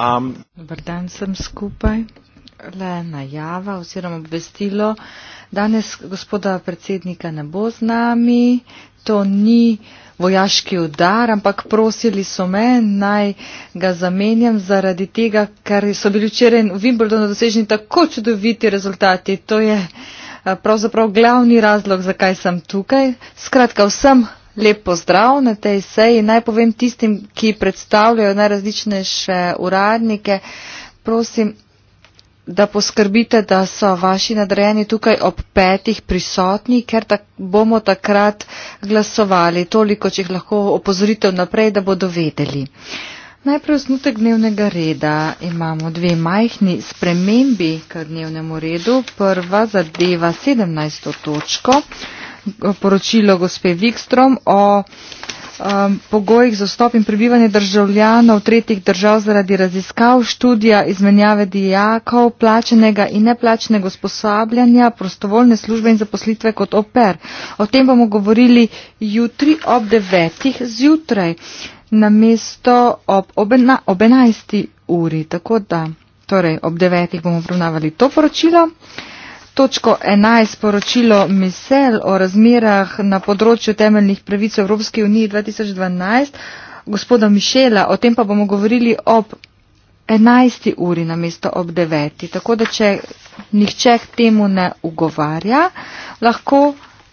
Um, Dobar dan sem skupaj. Le najava oziroma obvestilo. Danes gospoda predsednika ne bo z nami. To ni vojaški udar, ampak prosili so me, naj ga zamenjam zaradi tega, ker so bili včeraj v Wimbledonu doseženi tako čudoviti rezultati. To je eh, pravzaprav glavni razlog, zakaj sem tukaj. Skratka, vsem Lep pozdrav na tej seji. Naj povem tistim, ki predstavljajo najrazličnejše uradnike, prosim, da poskrbite, da so vaši nadrejeni tukaj ob petih prisotni, ker tak bomo takrat glasovali toliko, če jih lahko opozorite naprej, da bodo vedeli. Najprej osnutek dnevnega reda. Imamo dve majhni spremembi k dnevnemu redu. Prva zadeva 17. točko poročilo gospe Wikstrom o um, pogojih za stop in prebivanje državljanov tretjih držav zaradi raziskav, študija, izmenjave dijakov, plačenega in neplačenega usposabljanja, prostovoljne službe in zaposlitve kot oper. O tem bomo govorili jutri ob devetih zjutraj, namesto ob obenajsti uri. Tako da, torej ob devetih bomo obravnavali to poročilo točko enajst poročilo misel o razmerah na področju temeljnih pravic v Evropski uniji 2012 gospoda Mišela, o tem pa bomo govorili ob enajsti uri na mesto ob deveti. Tako da, če nihče k temu ne ugovarja, lahko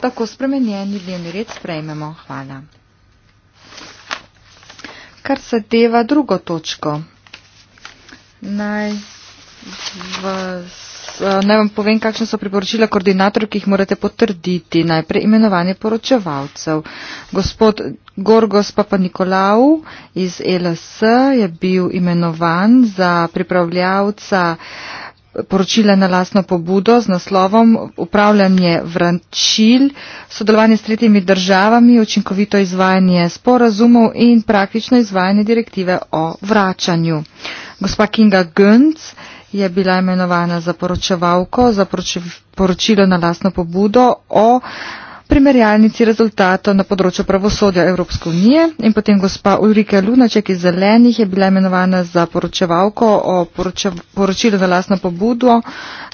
tako spremenjeni dnevni red sprejmemo. Hvala. Kar se deva drugo točko. Naj vas Eh, naj vam povem, kakšne so priporočila koordinatorjev, ki jih morate potrditi. Najprej imenovanje poročevalcev. Gospod Gorgos Papa Nikolau iz LS je bil imenovan za pripravljavca poročila na lastno pobudo z naslovom Upravljanje vrančil, sodelovanje s tretjimi državami, učinkovito izvajanje sporazumov in praktično izvajanje direktive o vračanju. Gospa Kinga Gönc je bila imenovana za poročevalko, za poročilo na lastno pobudo o primerjalnici rezultatov na področju pravosodja Evropske unije in potem gospa Ulrike Lunaček iz Zelenih je bila imenovana za poročevalko o poročilu na lastno pobudo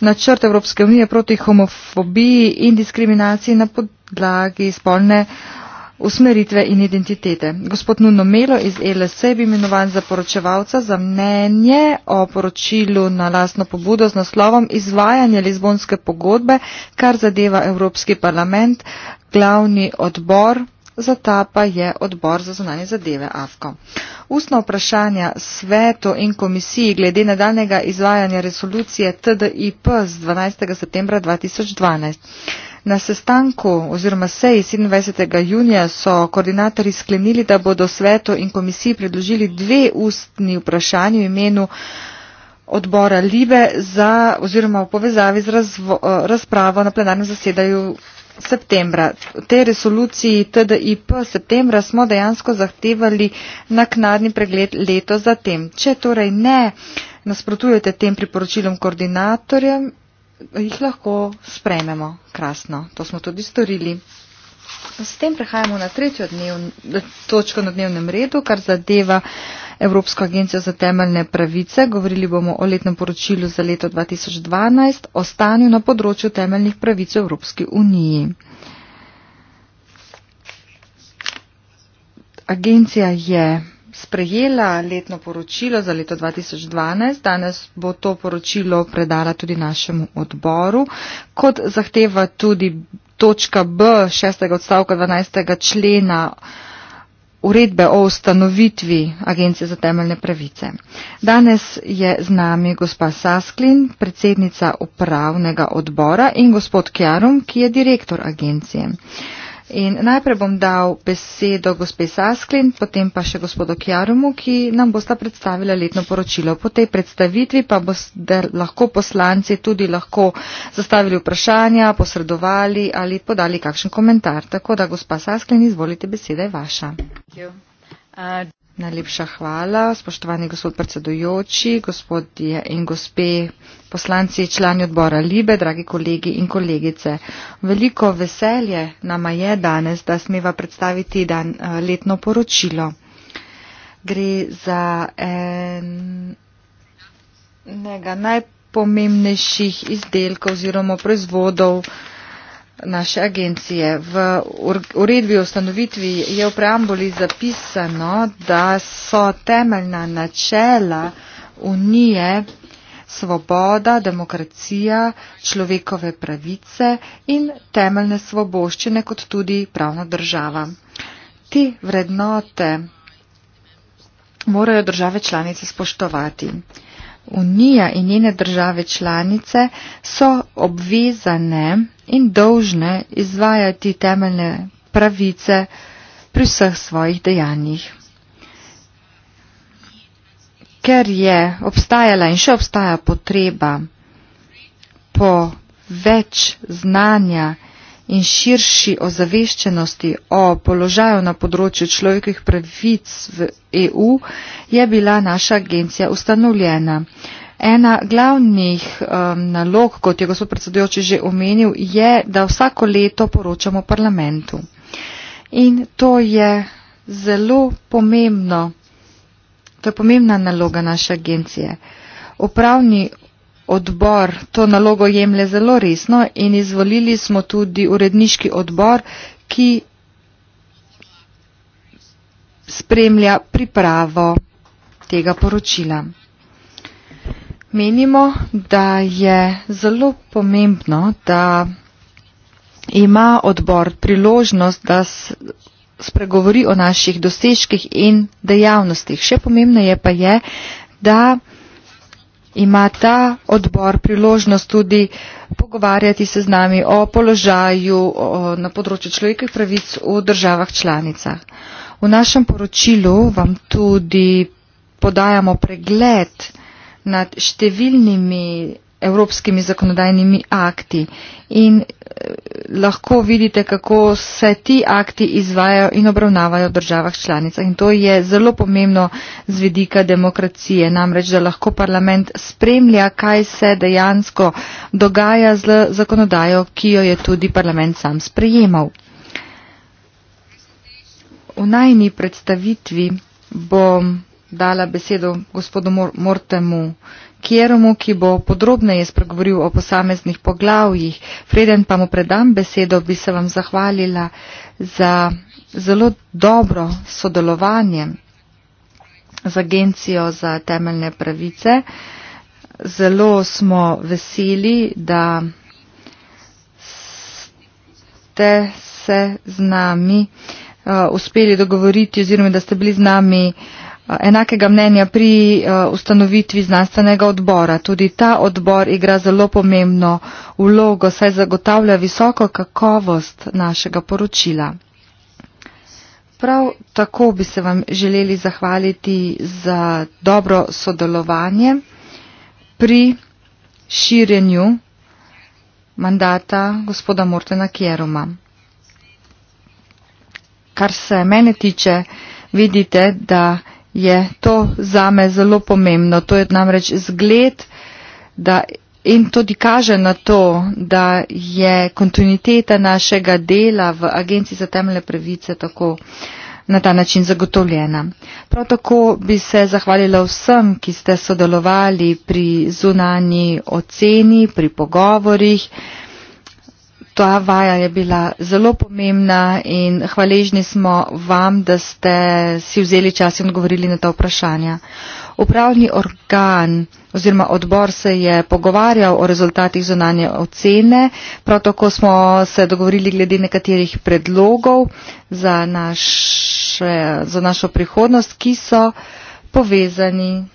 načrt Evropske unije proti homofobiji in diskriminaciji na podlagi spolne uh, usmeritve in identitete. Gospod Nuno Melo iz e LSE bi imenovan za poročevalca za mnenje o poročilu na lastno pobudo z naslovom Izvajanje Lizbonske pogodbe, kar zadeva Evropski parlament, glavni odbor za ta pa je odbor za zunanje zadeve AFKO. Ustna vprašanja svetu in komisiji glede nadaljnega izvajanja resolucije TDIP z 12. septembra 2012. Na sestanku oziroma seji 27. junija so koordinatorji sklenili, da bodo svetu in komisiji predložili dve ustni vprašanje v imenu odbora Libe za, oziroma v povezavi z razvo, eh, razpravo na plenarnem zasedaju septembra. V tej resoluciji TDIP septembra smo dejansko zahtevali naknadni pregled leto za tem. Če torej ne nasprotujete tem priporočilom koordinatorjem, jih lahko sprejmemo. Krasno, to smo tudi storili. S tem prehajamo na tretjo točko na dnevnem redu, kar zadeva Evropsko agencijo za temeljne pravice. Govorili bomo o letnem poročilu za leto 2012 o stanju na področju temeljnih pravic v Evropski uniji. Agencija je sprejela letno poročilo za leto 2012. Danes bo to poročilo predala tudi našemu odboru. Kot zahteva tudi točka B šestega odstavka 12. člena uredbe o ustanovitvi Agencije za temeljne pravice. Danes je z nami gospa Sasklin, predsednica upravnega odbora in gospod Kjarum, ki je direktor agencije. Uh, In najprej bom dal besedo gospe Sasklin, potem pa še gospodu Kjarumu, ki nam bosta predstavila letno poročilo. Po tej predstavitvi pa boste lahko poslanci tudi lahko zastavili vprašanja, posredovali ali podali kakšen komentar. Tako da, gospa Sasklin, izvolite, beseda je vaša. Uh, Najlepša hvala, spoštovani gospod predsedujoči, gospodje in gospe poslanci, člani odbora Libe, dragi kolegi in kolegice. Veliko veselje nama je danes, da smeva predstaviti dan eh, letno poročilo. Gre za enega najpomembnejših izdelkov oziroma proizvodov naše agencije. V uredbi o ustanovitvi je v preambuli zapisano, da so temeljna načela unije svoboda, demokracija, človekove pravice in temeljne svoboščine, kot tudi pravna država. Te vrednote morajo države članice spoštovati. Unija in njene države članice so obvezane in dolžne izvajati temeljne pravice pri vseh svojih dejanjih ker je obstajala in še obstaja potreba po več znanja in širši ozaveščenosti o položaju na področju človekovih pravic v EU, je bila naša agencija ustanovljena. Ena glavnih um, nalog, kot je gospod predsedujoči že omenil, je, da vsako leto poročamo parlamentu. In to je zelo pomembno. To je pomembna naloga naše agencije. Upravni odbor to nalogo jemlje zelo resno in izvolili smo tudi uredniški odbor, ki spremlja pripravo tega poročila. Menimo, da je zelo pomembno, da ima odbor priložnost, da spregovori o naših dosežkih in dejavnostih. Še pomembneje pa je, da ima ta odbor priložnost tudi pogovarjati se z nami o položaju na področju človekovih pravic v državah članicah. V našem poročilu vam tudi podajamo pregled nad številnimi evropskimi zakonodajnimi akti. In eh, lahko vidite, kako se ti akti izvajajo in obravnavajo v državah članicah. In to je zelo pomembno z vidika demokracije. Namreč, da lahko parlament spremlja, kaj se dejansko dogaja z zakonodajo, ki jo je tudi parlament sam sprejemal. V najni predstavitvi bom dala besedo gospodu Mortemu Kjeromu, ki bo podrobneje spregovoril o posameznih poglavjih. Preden pa mu predam besedo, bi se vam zahvalila za zelo dobro sodelovanje z Agencijo za temeljne pravice. Zelo smo veseli, da ste se z nami uh, uspeli dogovoriti oziroma da ste bili z nami uh, enakega mnenja pri ustanovitvi znanstvenega odbora. Tudi ta odbor igra zelo pomembno vlogo, saj zagotavlja visoko kakovost našega poročila. Prav tako bi se vam želeli zahvaliti za dobro sodelovanje pri širjenju mandata gospoda Mortena Kjeroma. Kar se mene tiče, vidite, da je to zame zelo pomembno. To je namreč zgled da, in tudi kaže na to, da je kontinuiteta našega dela v Agenciji za temeljne pravice tako na ta način zagotovljena. Prav tako bi se zahvalila vsem, ki ste sodelovali pri zunanji oceni, pri pogovorjih ta vaja je bila zelo pomembna in hvaležni smo vam, da ste si vzeli čas in odgovorili na ta vprašanja. Upravni organ oziroma odbor se je pogovarjal o rezultatih zonanje ocene, prav tako smo se dogovorili glede nekaterih predlogov za, naš, za našo prihodnost, ki so povezani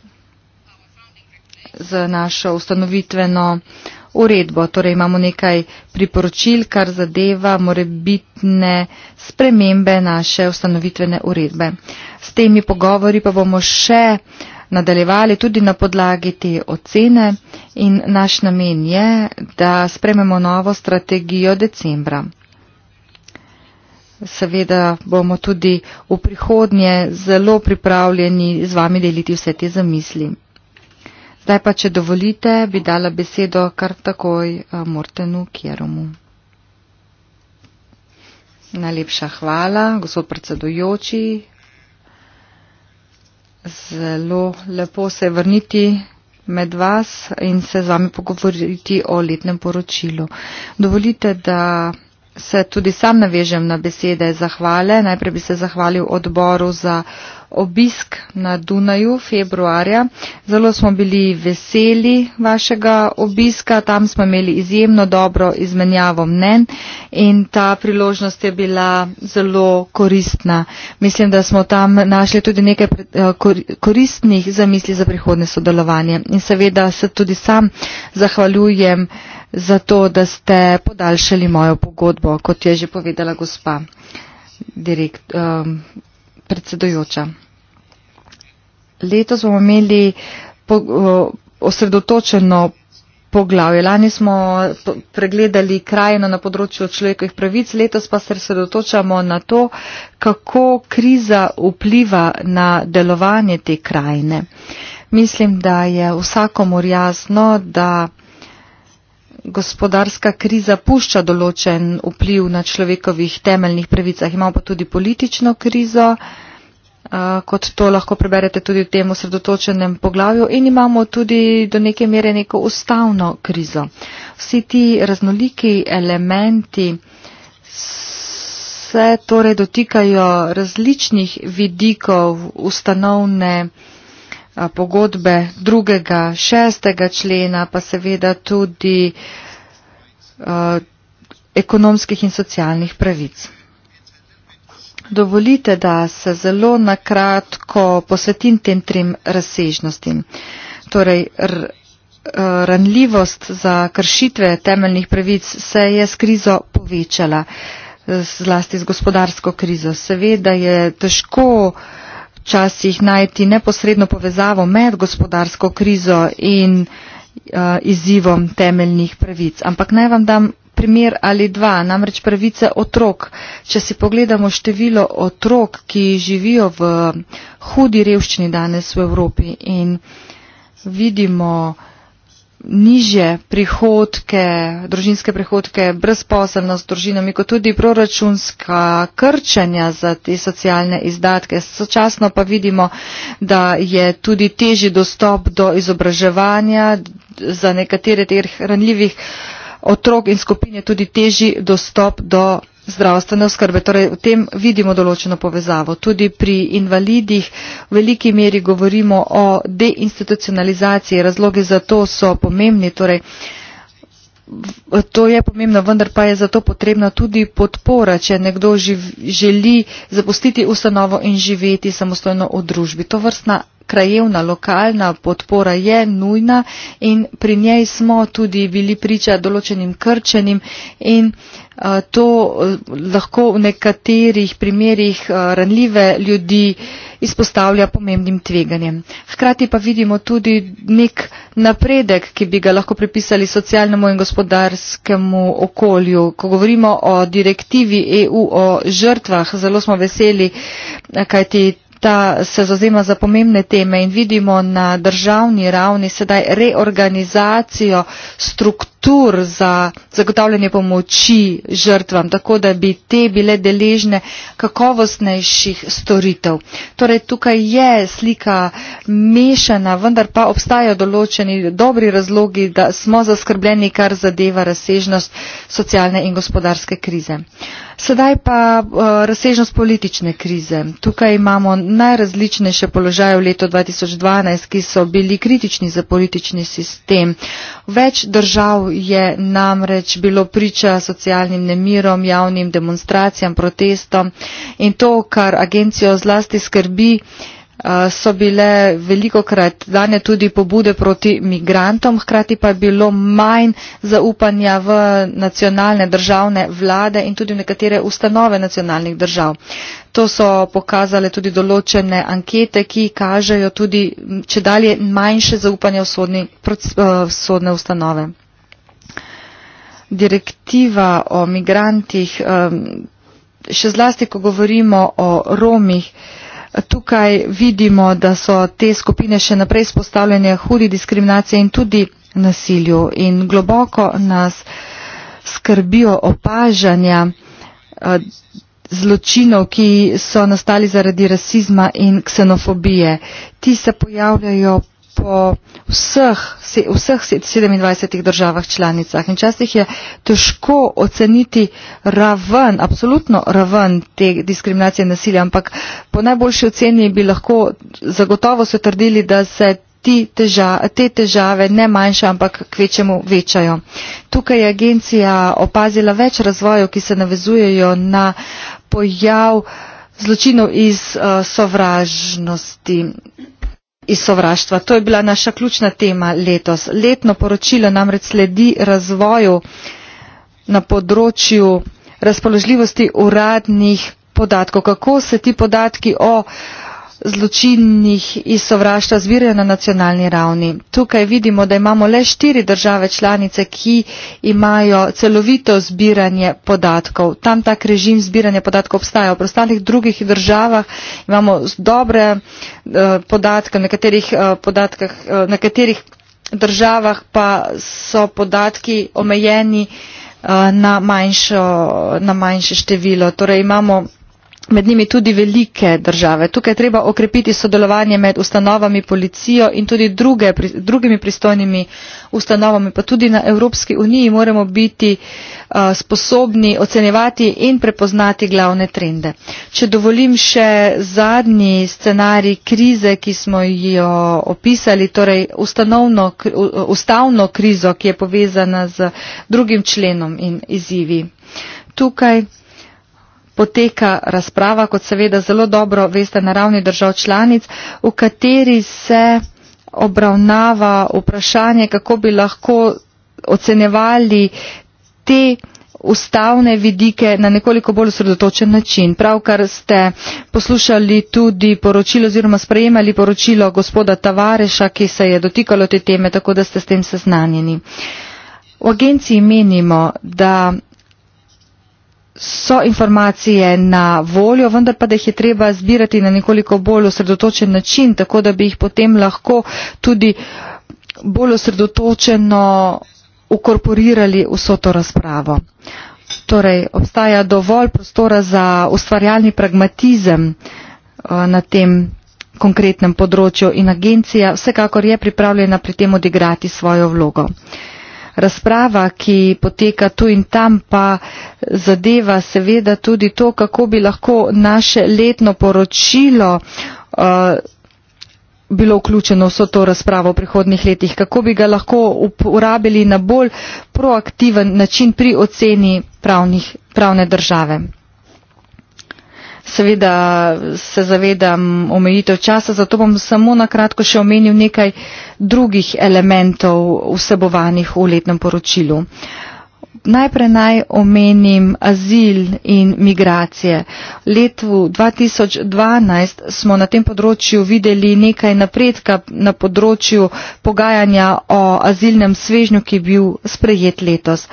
z našo ustanovitveno uh, uredbo. Torej imamo nekaj priporočil, kar zadeva morebitne spremembe naše ustanovitvene uredbe. S temi pogovori pa bomo še nadaljevali tudi na podlagi te ocene in naš namen je, da sprememo novo strategijo decembra. Seveda bomo tudi v prihodnje zelo pripravljeni z vami deliti vse te zamisli. Zdaj pa, če dovolite, bi dala besedo kar takoj eh, Mortenu Kjeromu. Najlepša hvala, gospod predsedujoči. Zelo lepo se je vrniti med vas in se z vami pogovoriti o letnem poročilu. Dovolite, da se tudi sam navežem na besede zahvale. Najprej bi se zahvalil odboru za obisk na Dunaju februarja. Zelo smo bili veseli vašega obiska, tam smo imeli izjemno dobro izmenjavo mnen in ta priložnost je bila zelo koristna. Mislim, da smo tam našli tudi nekaj eh, koristnih zamisli za prihodne sodelovanje. In seveda se tudi sam zahvaljujem za to, da ste podaljšali mojo pogodbo, kot je že povedala gospa direkt, um, predsedujoča letos bomo imeli po, osredotočeno poglavje. Lani smo pregledali krajino na področju človekovih pravic, letos pa se osredotočamo na to, kako kriza vpliva na delovanje te krajine. Mislim, da je vsakomor jasno, da gospodarska kriza pušča določen vpliv na človekovih temeljnih pravicah. Imamo pa tudi politično krizo. Uh, kot to lahko preberete tudi v tem osredotočenem poglavju in imamo tudi do neke mere neko ustavno krizo. Vsi ti raznoliki elementi se torej dotikajo različnih vidikov ustanovne pogodbe drugega, šestega člena, pa seveda tudi uh, ekonomskih in socialnih pravic. Dovolite, da se zelo nakratko posvetim tem trim razsežnostim. Torej, eh, ranljivost za kršitve temeljnih pravic se je s krizo povečala, eh, zlasti z gospodarsko krizo. Seveda je težko včasih najti neposredno povezavo med gospodarsko krizo in eh, izzivom temeljnih pravic. Ampak naj vam dam primer ali dva, namreč pravice otrok. Če si pogledamo število otrok, ki živijo v hudi revščini danes v Evropi in vidimo niže prihodke, družinske prihodke, brezposelnost z družinami, kot tudi proračunska krčanja za te socialne izdatke. Sočasno pa vidimo, da je tudi teži dostop do izobraževanja za nekatere teh ranljivih uh, otrok in skupin je tudi težji dostop do zdravstvene oskrbe. Torej, v tem vidimo določeno povezavo. Tudi pri invalidih v veliki meri govorimo o deinstitucionalizaciji. Razlogi za to so pomembni. Torej, uh, To je pomembno, vendar pa je zato potrebna tudi podpora, če nekdo živ, želi zapustiti ustanovo in živeti samostojno v družbi. To vrstna krajevna, lokalna podpora je nujna in pri njej smo tudi bili priča določenim krčenim in a, to a, lahko v nekaterih primerjih a, ranljive ljudi. A, izpostavlja pomembnim tveganjem. Hkrati pa vidimo tudi nek napredek, ki bi ga lahko pripisali socialnemu in gospodarskemu okolju. Ko govorimo o direktivi EU o žrtvah, zelo smo veseli, kajti ta se zazema za pomembne teme in vidimo na državni ravni sedaj reorganizacijo struktur struktur za zagotavljanje pomoči žrtvam, tako da bi te bile deležne kakovostnejših storitev. Torej, tukaj je slika mešana, vendar pa obstajajo določeni dobri razlogi, da smo zaskrbljeni, kar zadeva razsežnost socialne in gospodarske krize. Sedaj pa uh, razsežnost politične krize. Tukaj imamo najrazličnejše položaje v letu 2012, ki so bili kritični za politični sistem. Več držav je namreč bilo priča socialnim nemirom, javnim demonstracijam, protestom in to, kar agencijo zlasti skrbi, eh, so bile veliko krat dane tudi pobude proti migrantom, hkrati pa je bilo manj zaupanja v nacionalne državne vlade in tudi v nekatere ustanove nacionalnih držav. To so pokazale tudi določene ankete, ki kažejo tudi, če dalje, manjše zaupanje v, sodni, eh, v sodne ustanove direktiva o migrantih, še zlasti, ko govorimo o Romih, tukaj vidimo, da so te skupine še naprej spostavljene hudi diskriminacije in tudi nasilju. In globoko nas skrbijo opažanja e, zločinov, ki so nastali zaradi rasizma in ksenofobije. Ti se pojavljajo po vseh, vseh 27 državah članicah. In včasih je težko oceniti raven, absolutno raven te diskriminacije in nasilja, ampak po najboljši oceni bi lahko zagotovo se trdili, da se te težave ne manjša, ampak k večjemu večajo. Tukaj je agencija opazila več razvojev, ki se navezujejo na pojav zločinov iz uh, sovražnosti iz sovraštva. To je bila naša ključna tema letos. Letno poročilo namreč sledi razvoju na področju razpoložljivosti uradnih podatkov. Kako se ti podatki o uh, zločinnih iz sovraštva zbirajo na nacionalni ravni. Tukaj vidimo, da imamo le štiri države članice, ki imajo celovito zbiranje podatkov. Tam tak režim zbiranja podatkov obstaja. V preostalih drugih državah imamo dobre eh, podatke, na katerih, eh, podatkah, eh, na katerih državah pa so podatki omejeni na, manjšo, na manjše število. Torej imamo med njimi tudi velike države. tukaj je treba okrepiti sodelovanje med ustanovami policijo in tudi druge, pri, drugimi pristojnimi ustanovami pa tudi na evropski uniji moramo biti uh, sposobni ocenjevati in prepoznati glavne trende. če dovolim še zadnji scenarij krize ki smo jo opisali torej ustanovno, ustavno krizo ki je povezana z drugim členom in izzivi tukaj poteka razprava, kot seveda zelo dobro veste na ravni držav članic, v kateri se obravnava vprašanje, kako bi lahko ocenevali te ustavne vidike na nekoliko bolj osredotočen način. Pravkar ste poslušali tudi poročilo oziroma sprejemali poročilo gospoda Tavareša, ki se je dotikalo te teme, tako da ste s tem seznanjeni. V agenciji menimo, da so informacije na voljo, vendar pa da jih je treba zbirati na nekoliko bolj osredotočen način, tako da bi jih potem lahko tudi bolj osredotočeno ukorporirali vso to razpravo. Torej, obstaja dovolj prostora za ustvarjalni pragmatizem eh, na tem konkretnem področju in agencija vsekakor je pripravljena pri tem odigrati svojo vlogo. Uh, razprava, ki poteka tu in tam, pa zadeva seveda tudi to, kako bi lahko naše letno poročilo uh, bilo vključeno v vso to razpravo v prihodnih letih, kako bi ga lahko uporabili na bolj proaktiven način pri oceni pravnih, pravne države. Seveda se zavedam omejitev časa, zato bom samo na kratko še omenil nekaj drugih elementov vsebovanih v letnem poročilu. Najprej naj omenim azil in migracije. Letu 2012 smo na tem področju videli nekaj napredka na področju pogajanja o azilnem svežnju, ki je bil sprejet letos.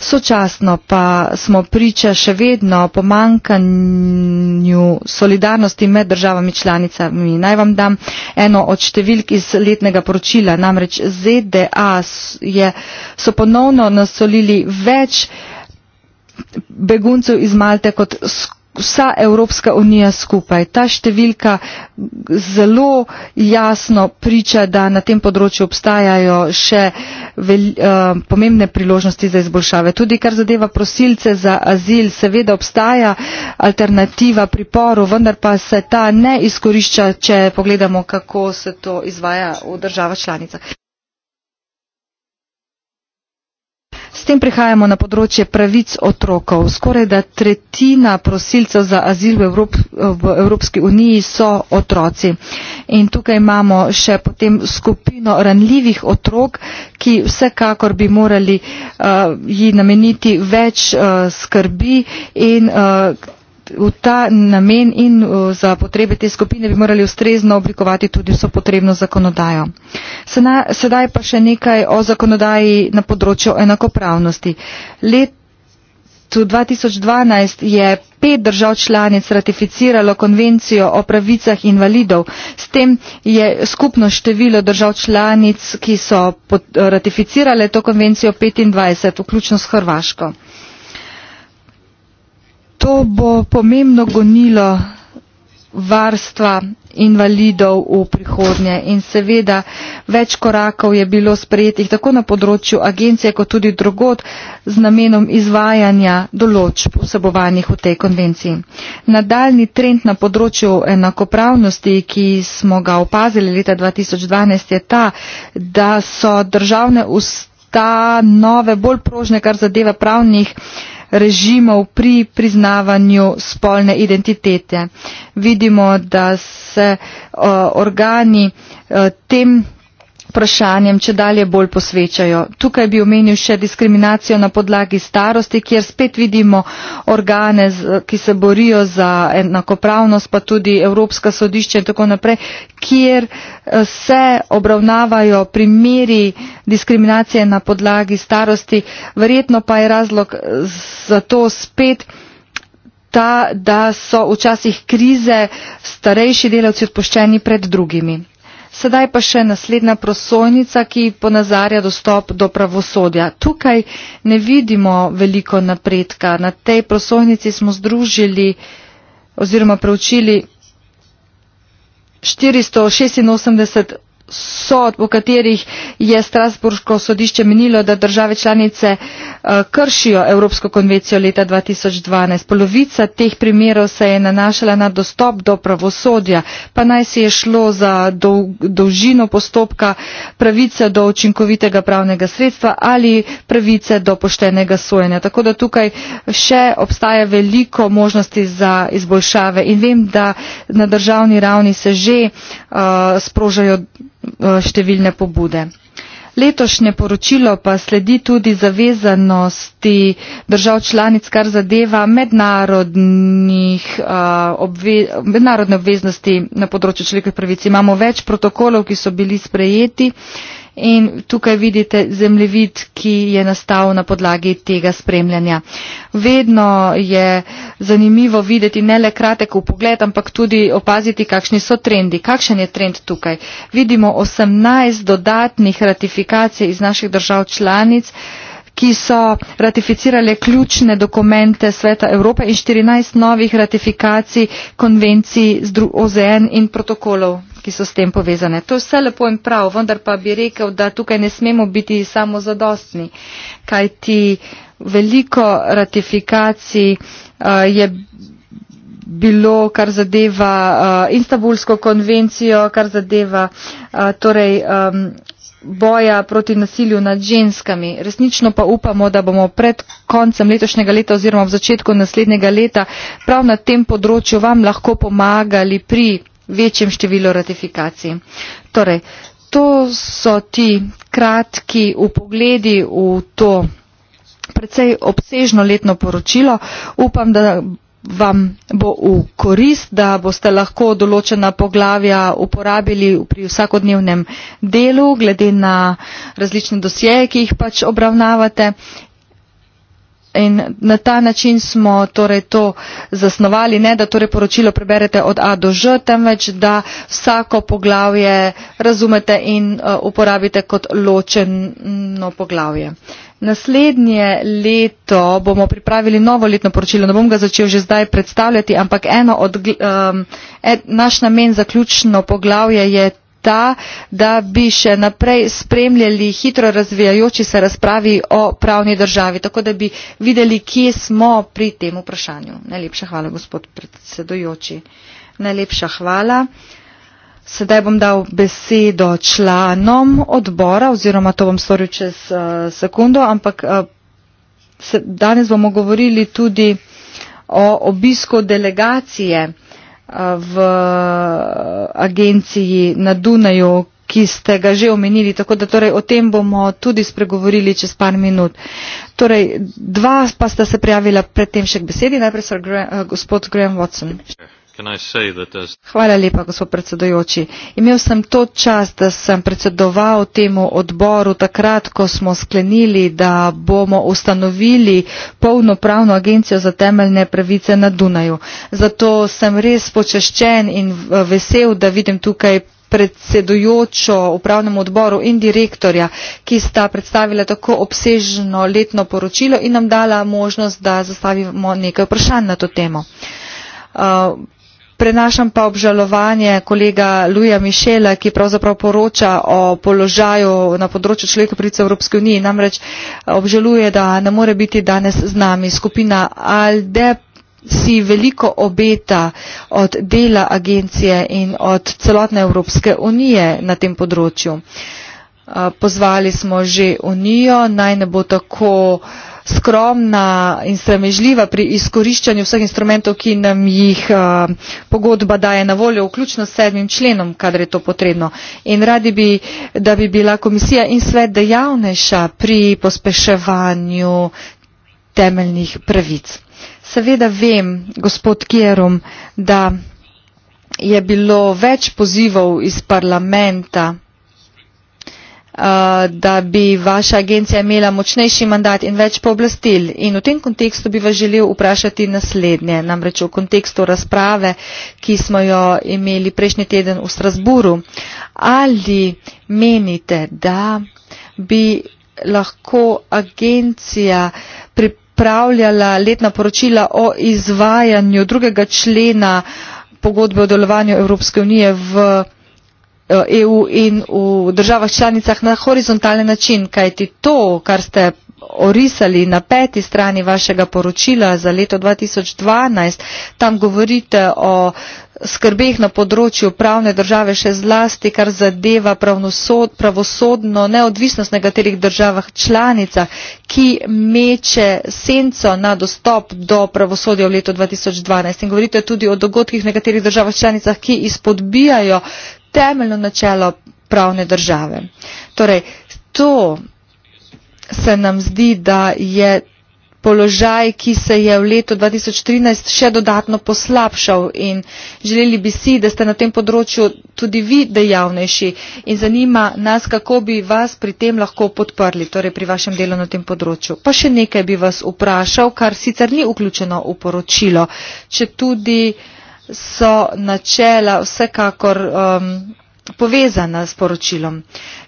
Sočasno pa smo priča še vedno pomankanju solidarnosti med državami članicami. Naj vam dam eno od številk iz letnega poročila. Namreč ZDA je, so ponovno nasolili več več beguncev iz Malte kot vsa Evropska unija skupaj. Ta številka zelo jasno priča, da na tem področju obstajajo še vel, uh, pomembne priložnosti za izboljšave. Tudi kar zadeva prosilce za azil, seveda obstaja alternativa priporu, vendar pa se ta ne izkorišča, če pogledamo, kako se to izvaja v državah članicah. S tem prihajamo na področje pravic otrokov. Skoraj da tretjina prosilcev za azil v, Evrop, v Evropski uniji so otroci. In tukaj imamo še potem skupino ranljivih otrok, ki vsekakor bi morali uh, ji nameniti več uh, skrbi in uh, v ta namen in uh, za potrebe te skupine bi morali ustrezno oblikovati tudi vso potrebno zakonodajo. Sedaj pa še nekaj o zakonodaji na področju enakopravnosti. Let V 2012 je pet držav članic ratificiralo konvencijo o pravicah invalidov. S tem je skupno število držav članic, ki so ratificirale to konvencijo, 25, vključno s Hrvaško to bo pomembno gonilo varstva invalidov v prihodnje in seveda več korakov je bilo sprejetih tako na področju agencije kot tudi drugot z namenom izvajanja določb vsebovanih v tej konvenciji. Nadaljni trend na področju enakopravnosti, ki smo ga opazili leta 2012, je ta, da so državne ustanove bolj prožne, kar zadeva pravnih režimov pri priznavanju spolne identitete. Vidimo, da se uh, organi uh, tem vprašanjem, če dalje bolj posvečajo. Tukaj bi omenil še diskriminacijo na podlagi starosti, kjer spet vidimo organe, ki se borijo za enakopravnost, pa tudi Evropska sodišča in tako naprej, kjer eh, se obravnavajo primeri diskriminacije na podlagi starosti. Verjetno pa je razlog eh, za to spet ta, da so včasih krize starejši delavci odpoščeni pred drugimi. Sedaj pa še naslednja prosojnica, ki ponazarja dostop do pravosodja. Tukaj ne vidimo veliko napredka. Na tej prosojnici smo združili oziroma preučili 486 sod, v katerih je Strasburško sodišče menilo, da države članice uh, Eh, kršijo Evropsko konvencijo leta 2012. Polovica teh primerov se je nanašala na dostop do pravosodja, pa naj se je šlo za dol, dolžino postopka, pravice do učinkovitega pravnega sredstva ali pravice do poštenega sojenja. Tako da tukaj še obstaja veliko možnosti za izboljšave in vem, da na državni ravni se že uh, sprožajo eh, številne pobude. Letošnje poročilo pa sledi tudi zavezanosti držav članic, kar zadeva uh, obve, mednarodne obveznosti na področju človekovih pravic. Imamo več protokolov, ki so bili sprejeti. Uh, in tukaj vidite zemljevid, ki je nastal na podlagi tega spremljanja. Vedno je zanimivo videti ne le kratek v pogled, ampak tudi opaziti, kakšni so trendi, kakšen je trend tukaj. Vidimo 18 dodatnih ratifikacij iz naših držav članic ki so ratificirale ključne dokumente Sveta Evrope in 14 novih ratifikacij konvencij OZN in protokolov ki so s tem povezane. To je vse lepo in prav, vendar pa bi rekel, da tukaj ne smemo biti samo zadostni, kaj ti veliko ratifikacij uh, je bilo, kar zadeva uh, Istanbulsko konvencijo, kar zadeva uh, torej, um, boja proti nasilju nad ženskami. Resnično pa upamo, da bomo pred koncem letošnjega leta oziroma v začetku naslednjega leta prav na tem področju vam lahko pomagali pri večjem številu ratifikacij. Torej, to so ti kratki upogledi v to precej obsežno letno poročilo. Upam, da vam bo v korist, da boste lahko določena poglavja uporabili pri vsakodnevnem delu, glede na različne dosjeje, ki jih pač obravnavate In na ta način smo torej to zasnovali, ne da torej poročilo preberete od A do Ž, temveč da vsako poglavje razumete in eh, uporabite kot ločeno poglavje. Naslednje leto bomo pripravili novo letno poročilo. Ne bom ga začel že zdaj predstavljati, ampak eno od um, et, eh, naš namen za ključno poglavje je ta, da bi še naprej spremljali hitro razvijajoči se razpravi o pravni državi, tako da bi videli, kje smo pri tem vprašanju. Najlepša hvala, gospod predsedujoči. Najlepša hvala. Sedaj bom dal besedo članom odbora, oziroma to bom storil čez uh, sekundo, ampak uh, se, danes bomo govorili tudi o obisku delegacije v agenciji na Dunaju, ki ste ga že omenili, tako da torej o tem bomo tudi spregovorili čez par minut. Torej, dva pa sta se prijavila predtem še k besedi, najprej eh, gospod Graham Watson. Yeah. Hvala lepa, gospod predsedojoči. Imel sem to čast, da sem predsedoval temu odboru takrat, ko smo sklenili, da bomo ustanovili polnopravno agencijo za temeljne pravice na Dunaju. Zato sem res počaščen in vesel, da vidim tukaj predsedujočo upravnemu odboru in direktorja, ki sta predstavila tako obsežno letno poročilo in nam dala možnost, da zastavimo nekaj vprašanj na to temo. Uh, prenašam pa obžalovanje kolega louisa michela ki pravzaprav poroča o položaju na področju človekovih pravic v evropski uniji namreč eh, obžaluje da ne more biti danes z nami skupina alde si veliko obeta od dela agencije in od celotne evropske unije na tem področju. Eh, pozvali smo že unijo, naj ne bo tako uh, skromna in sramežljiva pri izkoriščanju vseh instrumentov, ki nam jih uh, pogodba daje na voljo, vključno s sedmim členom, kadar je to potrebno. In radi bi, da bi bila komisija in svet dejavnejša pri pospeševanju temeljnih pravic. Seveda vem, gospod Kjerom, da je bilo več pozivov iz parlamenta Uh, da bi vaša agencija imela močnejši mandat in več pooblastil. In v tem kontekstu bi vas želel vprašati naslednje, namreč v kontekstu razprave, ki smo jo imeli prejšnji teden v Strasburu. Ali menite, da bi lahko agencija pripravljala letna poročila o izvajanju drugega člena pogodbe o delovanju Evropske unije v EU eh, e in v državah članicah na horizontalen način, kajti to, kar ste orisali na peti strani vašega poročila za leto 2012, tam govorite o skrbeh na področju pravne države še zlasti, kar zadeva pravnosod, pravosodno neodvisnost nekaterih državah članica, ki meče senco na dostop do pravosodja v letu 2012. In govorite tudi o dogodkih v nekaterih državah članicah, ki izpodbijajo temeljno načelo pravne države. Torej, to se nam zdi, da je položaj, ki se je v letu 2013 še dodatno poslabšal in želeli bi si, da ste na tem področju tudi vi dejavnejši in zanima nas, kako bi vas pri tem lahko podprli, torej pri vašem delu na tem področju. Pa še nekaj bi vas vprašal, kar sicer ni vključeno v poročilo, če tudi so načela vsekakor. Um, povezana s poročilom.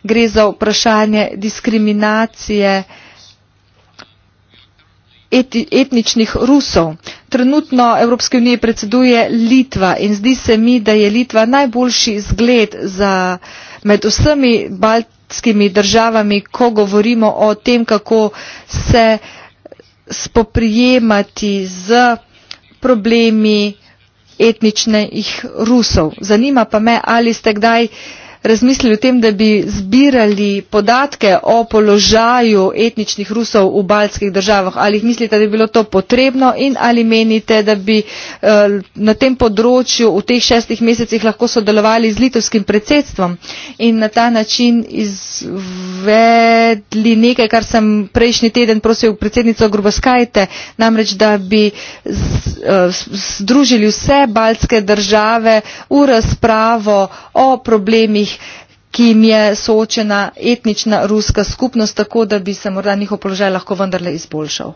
Gre za vprašanje diskriminacije etničnih rusov. trenutno evropski uniji predseduje litva in zdi se mi da je litva najboljši zgled za med vsemi baltskimi državami ko govorimo o tem kako se spoprijemati z problemi etničnih rusov. zanima pa me ali ste kdaj razmislili o tem, da bi zbirali podatke o položaju etničnih Rusov v baltskih državah. Ali mislite, da bi bilo to potrebno in ali menite, da bi eh, na tem področju v teh šestih mesecih lahko sodelovali z litovskim predsedstvom in na ta način izvedli nekaj, kar sem prejšnji teden prosil predsednico Grubaskajte, namreč, da bi eh, združili vse baltske države v razpravo o problemih krajih, ki jim je soočena etnična ruska skupnost, tako da bi se morda njihov položaj lahko vendarle izboljšal.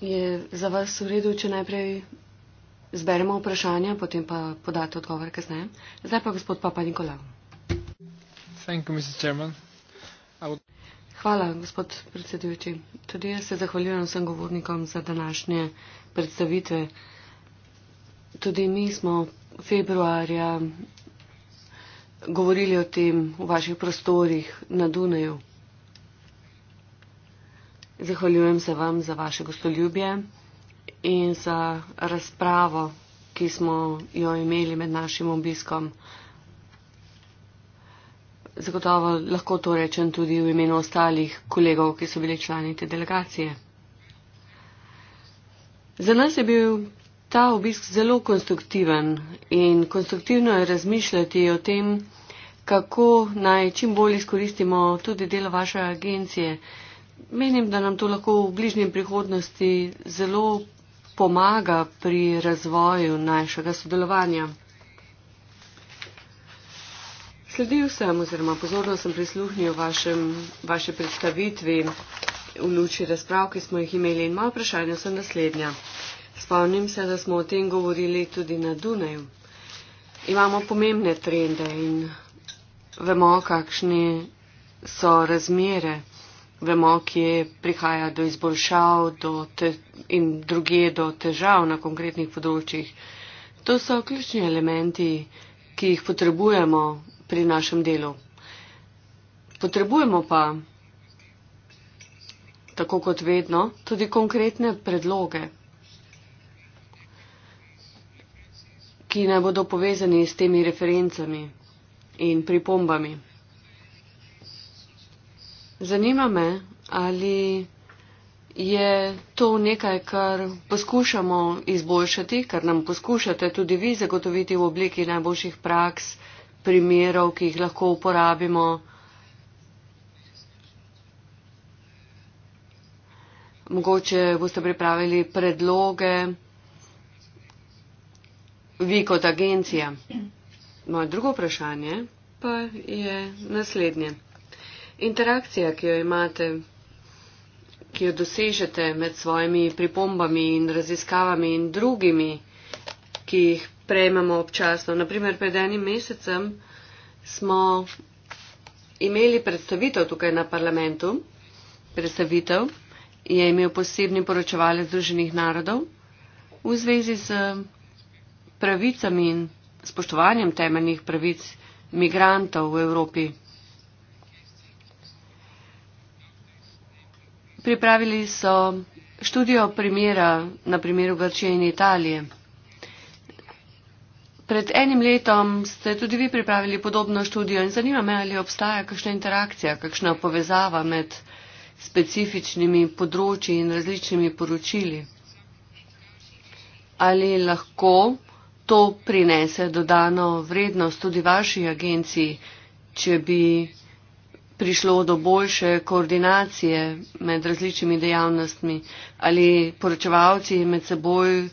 Je za vas v redu, če najprej zberemo vprašanja, potem pa podate odgovor kasneje? Zdaj pa gospod Papa Nikolaj. Hvala, gospod predsedujoči. Tudi jaz se zahvaljujem vsem govornikom za današnje predstavitve. Tudi mi smo februarja govorili o tem v vaših prostorih na Dunaju. Zahvaljujem se vam za vaše gostoljubje in za razpravo, ki smo jo imeli med našim obiskom. Zagotovo lahko to rečem tudi v imenu ostalih kolegov, ki so bili člani te delegacije. Za nas je bil ta obisk zelo konstruktiven in konstruktivno je razmišljati o tem, kako naj čim bolj izkoristimo tudi delo vaše agencije. Menim, da nam to lahko v bližnji prihodnosti zelo pomaga pri razvoju našega sodelovanja. Sledil sem oziroma pozorno sem prisluhnil vašem, vaše predstavitvi v luči razprav, ki smo jih imeli in moja vprašanja so naslednja. Spomnim se, da smo o tem govorili tudi na Dunaju. Imamo pomembne trende in vemo, kakšne so razmere. Vemo, kje prihaja do izboljšav do te, in druge do težav na konkretnih področjih. To so ključni elementi, ki jih potrebujemo pri našem delu. Potrebujemo pa, tako kot vedno, tudi konkretne predloge. ki ne bodo povezani s temi referencami in pripombami. Zanima me, ali je to nekaj, kar poskušamo izboljšati, kar nam poskušate tudi vi zagotoviti v obliki najboljših praks, primerov, ki jih lahko uporabimo. Mogoče boste pripravili predloge vi kot agencija? Moje drugo vprašanje pa je naslednje. Interakcija, ki jo imate, ki jo dosežete med svojimi pripombami in raziskavami in drugimi, ki jih prejmemo občasno. Naprimer, pred enim mesecem smo imeli predstavitev tukaj na parlamentu. Predstavitev je imel posebni poročevalec Združenih narodov v zvezi z pravicami in spoštovanjem temeljnih pravic migrantov v Evropi. Pripravili so študijo primera na primeru Grčije in Italije. Pred enim letom ste tudi vi pripravili podobno študijo in zanima me, ali obstaja kakšna interakcija, kakšna povezava med specifičnimi področji in različnimi poročili. Ali lahko to prinese dodano vrednost tudi vaši agenciji, če bi prišlo do boljše koordinacije med različnimi dejavnostmi ali poročevalci med seboj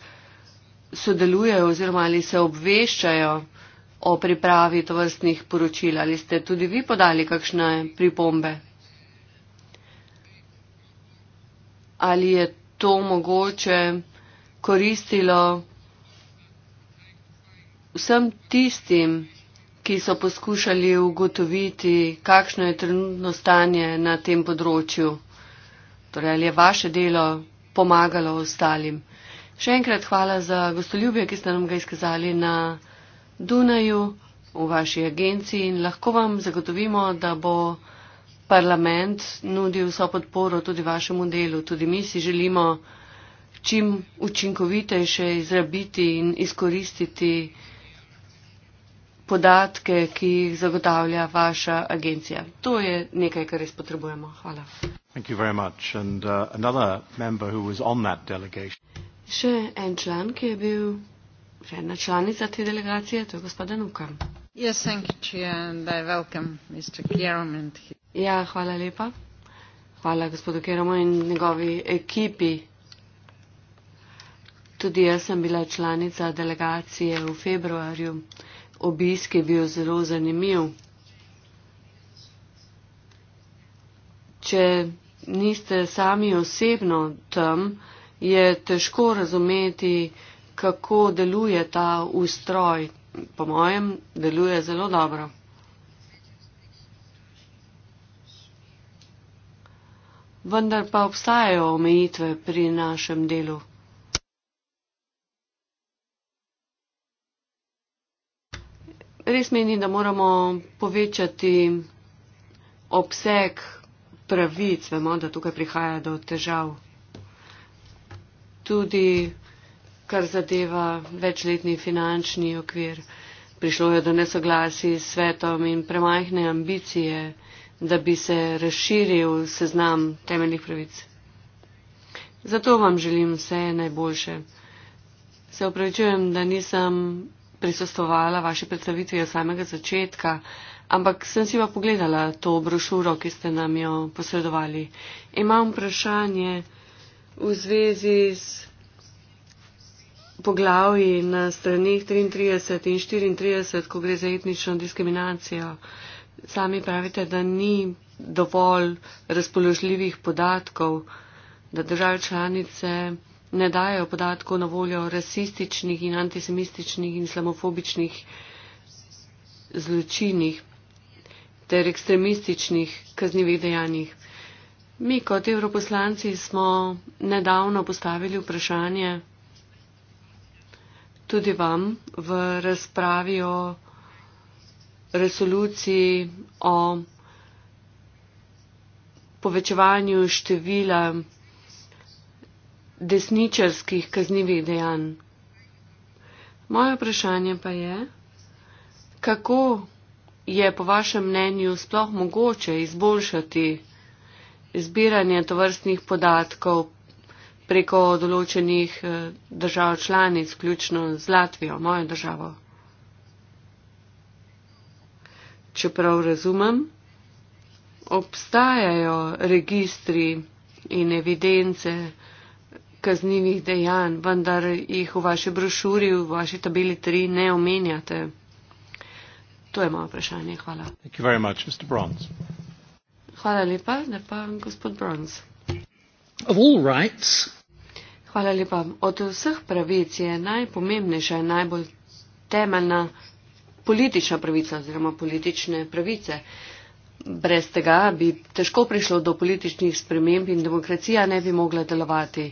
sodelujejo oziroma ali se obveščajo o pripravi tovrstnih poročil ali ste tudi vi podali kakšne pripombe. Ali je to mogoče koristilo vsem tistim, ki so poskušali ugotoviti, kakšno je trenutno stanje na tem področju, torej ali je vaše delo pomagalo ostalim. Še enkrat hvala za gostoljubje, ki ste nam ga izkazali na Dunaju v vaši agenciji in lahko vam zagotovimo, da bo parlament nudil vso podporo tudi vašemu delu. Tudi mi si želimo čim učinkovitejše izrabiti in izkoristiti podatke, ki jih zagotavlja vaša agencija. To je nekaj, kar res potrebujemo. Hvala. And, uh, še en član, ki je bil, še ena članica te delegacije, to je gospoda Nuka. Yes, welcome, ja, hvala lepa. Hvala gospodu Keromu in njegovi ekipi. Tudi jaz sem bila članica delegacije v februarju obisk je bil zelo zanimiv. Če niste sami osebno tam, je težko razumeti, kako deluje ta ustroj. Po mojem, deluje zelo dobro. Vendar pa obstajajo omejitve pri našem delu. res meni, da moramo povečati obseg pravic, vemo, da tukaj prihaja do težav. Tudi, kar zadeva večletni finančni okvir, prišlo je do nesoglasi s svetom in premajhne ambicije, da bi se razširil seznam temeljnih pravic. Zato vam želim vse najboljše. Se upravičujem, da nisem prisostovala vaše predstavitvi od samega začetka, ampak sem si pa pogledala to brošuro, ki ste nam jo posredovali. Imam vprašanje v zvezi s poglavji na stranih 33 in 34, ko gre za etnično diskriminacijo. Sami pravite, da ni dovolj razpoložljivih podatkov, da države članice ne dajo podatkov na voljo rasističnih in antisemističnih in islamofobičnih zločinih ter ekstremističnih kaznjivih dejanjih. Mi kot evroposlanci smo nedavno postavili vprašanje tudi vam v razpravi o resoluciji o povečevanju števila desničarskih kaznjivih dejanj. Moje vprašanje pa je, kako je po vašem mnenju sploh mogoče izboljšati zbiranje tovrstnih podatkov preko določenih eh, držav članic, vključno z Latvijo, mojo državo. Čeprav razumem, obstajajo registri in evidence, kaznjivih dejanj, vendar jih v vaši brošuri, v vaši tabeli 3 ne omenjate. To je moje vprašanje. Hvala. Much, Hvala lepa, da pa gospod Bronz. Rights, Hvala lepa. Od vseh pravic je najpomembnejša in najbolj temeljna politična pravica oziroma politične pravice. Brez tega bi težko prišlo do političnih sprememb in demokracija ne bi mogla delovati.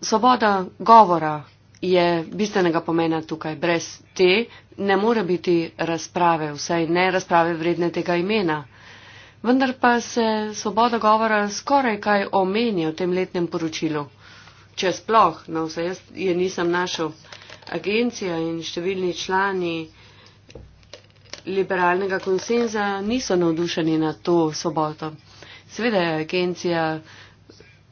Svoboda govora je bistvenega pomena tukaj. Brez te ne more biti razprave, vsaj ne razprave vredne tega imena. Vendar pa se svoboda govora skoraj kaj omeni v tem letnem poročilu. Če sploh, no vse jaz je nisem našel. Agencija in številni člani liberalnega konsenza niso navdušeni na to soboto. Seveda je agencija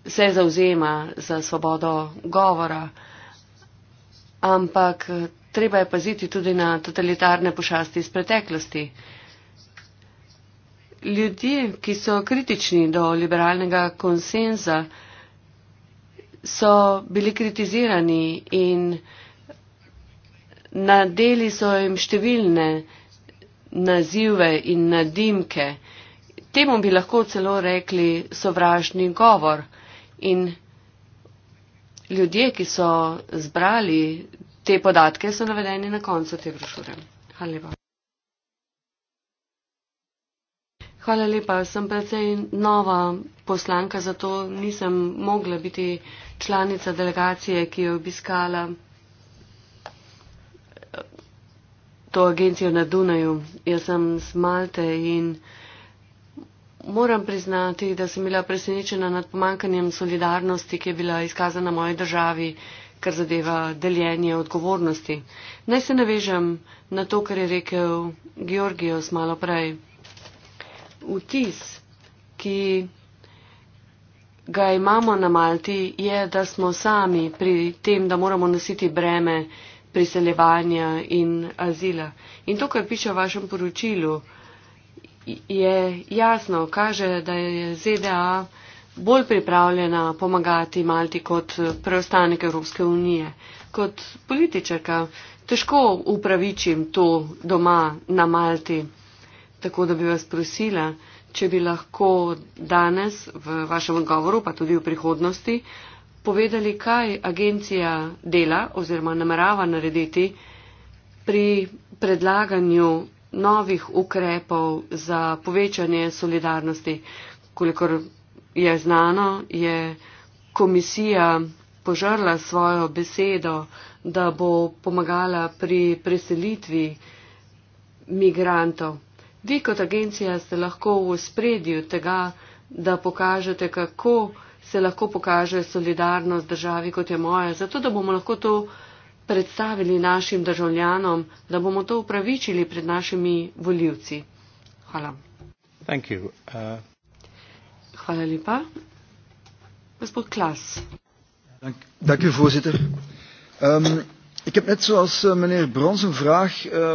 se zauzema za svobodo govora, ampak treba je paziti tudi na totalitarne pošasti iz preteklosti. Ljudje, ki so kritični do liberalnega konsenza, so bili kritizirani in nadeli so jim številne nazive in nadimke. Temu bi lahko celo rekli sovražni govor. In ljudje, ki so zbrali te podatke, so navedeni na koncu te brošure. Hvala lepa. Hvala lepa, sem predvsej nova poslanka, zato nisem mogla biti članica delegacije, ki je obiskala eh, to agencijo na Dunaju. Jaz sem z Malte in Moram priznati, da sem bila presenečena nad pomankanjem solidarnosti, ki je bila izkazana moji državi, kar zadeva deljenje odgovornosti. Naj se navežem na to, kar je rekel Georgios malo prej. Vtis, ki ga imamo na Malti, je, da smo sami pri tem, da moramo nositi breme priseljevanja in azila. In to, kar piše v vašem poročilu, je jasno, kaže, da je ZDA bolj pripravljena pomagati Malti kot preostanek Evropske unije. Kot političarka težko upravičim to doma na Malti, tako da bi vas prosila, če bi lahko danes v vašem govoru, pa tudi v prihodnosti, povedali, kaj agencija dela oziroma namerava narediti pri predlaganju novih ukrepov za povečanje solidarnosti. Kolikor je znano, je komisija požrla svojo besedo, da bo pomagala pri preselitvi migrantov. Vi kot agencija ste lahko v spredju tega, da pokažete, kako se lahko pokaže solidarnost državi kot je moja, zato da bomo lahko to predstavili našim državljanom, da bomo to upravičili pred našimi voljivci. Hvala. Thank you. Uh... Hvala lepa. Gospod Klas. Dank u, voorzitter. Um, ik heb net zoals uh, meneer Brons een vraag. Ja,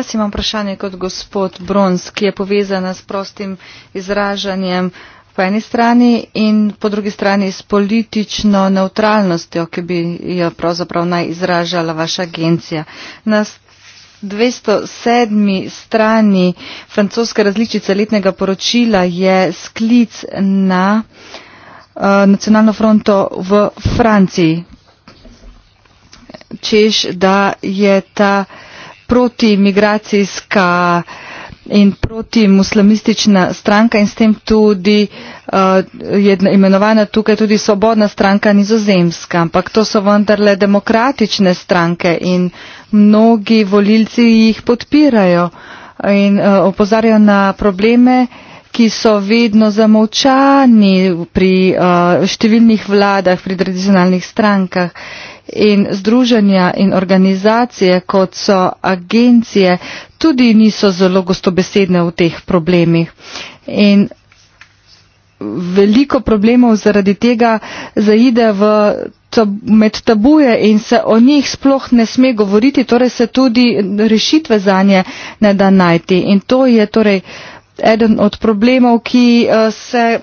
um... imam vprašanje kot gospod Brons, ki je povezana s prostim izražanjem po eni strani in po drugi strani s politično neutralnostjo, ki bi jo pravzaprav naj izražala vaša agencija. Na 207. strani francoske različice letnega poročila je sklic na uh, nacionalno fronto v Franciji. Češ, da je ta protimigracijska uh, in protimuslimistična stranka in s tem tudi uh, eh, je imenovana tukaj tudi svobodna stranka nizozemska, ampak to so vendarle demokratične stranke in mnogi volilci jih podpirajo in uh, opozarjajo na probleme, ki so vedno zamovčani pri uh, številnih vladah, pri tradicionalnih strankah. Uh, in združenja in organizacije, kot so agencije, tudi niso zelo gostobesedne v teh problemih. In Veliko problemov zaradi tega zaide v tab med tabuje in se o njih sploh ne sme govoriti, torej se tudi rešitve za nje ne da najti. In to je torej eden od problemov, ki eh, se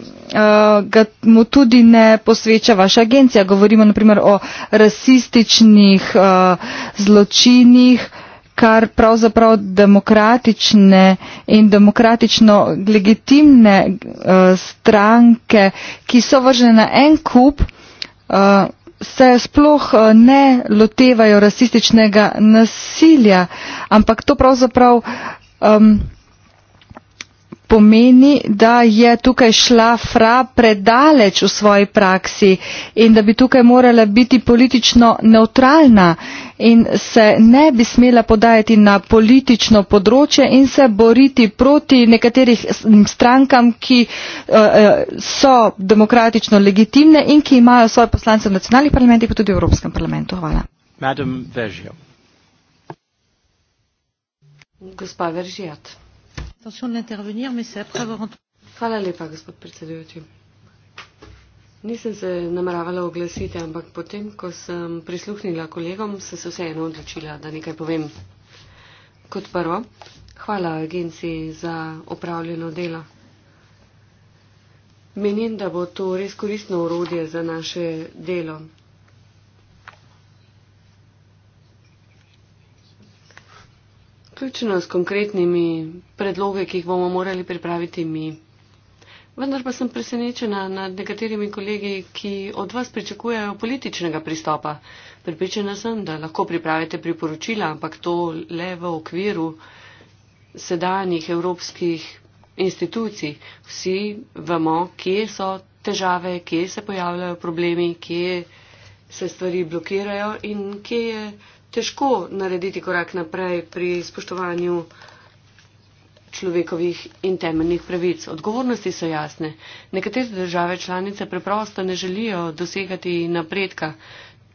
eh, mu tudi ne posveča vaša agencija. Govorimo naprimer o rasističnih eh, zločinih, kar pravzaprav demokratične in demokratično legitimne stranke, ki so vržene na en kup, se sploh ne lotevajo rasističnega nasilja, ampak to pravzaprav. Um, pomeni, da je tukaj šla fra predaleč v svoji praksi in da bi tukaj morala biti politično neutralna in se ne bi smela podajati na politično področje in se boriti proti nekaterih strankam, ki eh, eh, so demokratično legitimne in ki imajo svoje poslance v nacionalnih parlamentih, pa tudi v Evropskem parlamentu. Hvala. Gospa Veržijat l'intention d'intervenir, mais c'est après avoir entendu. Hvala lepa, gospod predsedujoči. Nisem se nameravala oglasiti, ampak potem, ko sem prisluhnila kolegom, sem se vseeno odločila, da nekaj povem. Kot prvo, hvala agenciji za upravljeno delo. Menim, da bo to res koristno urodje za naše delo. vključeno s konkretnimi predloge, ki jih bomo morali pripraviti mi. Vendar pa sem presenečena nad nekaterimi kolegi, ki od vas pričakujejo političnega pristopa. Pripričana sem, da lahko pripravite priporočila, ampak to le v okviru sedanjih evropskih institucij. Vsi vemo, kje so težave, kje se pojavljajo problemi, kje se stvari blokirajo in kje je težko narediti korak naprej pri spoštovanju človekovih in temeljnih pravic. Odgovornosti so jasne. Nekatere države članice preprosto ne želijo dosegati napredka.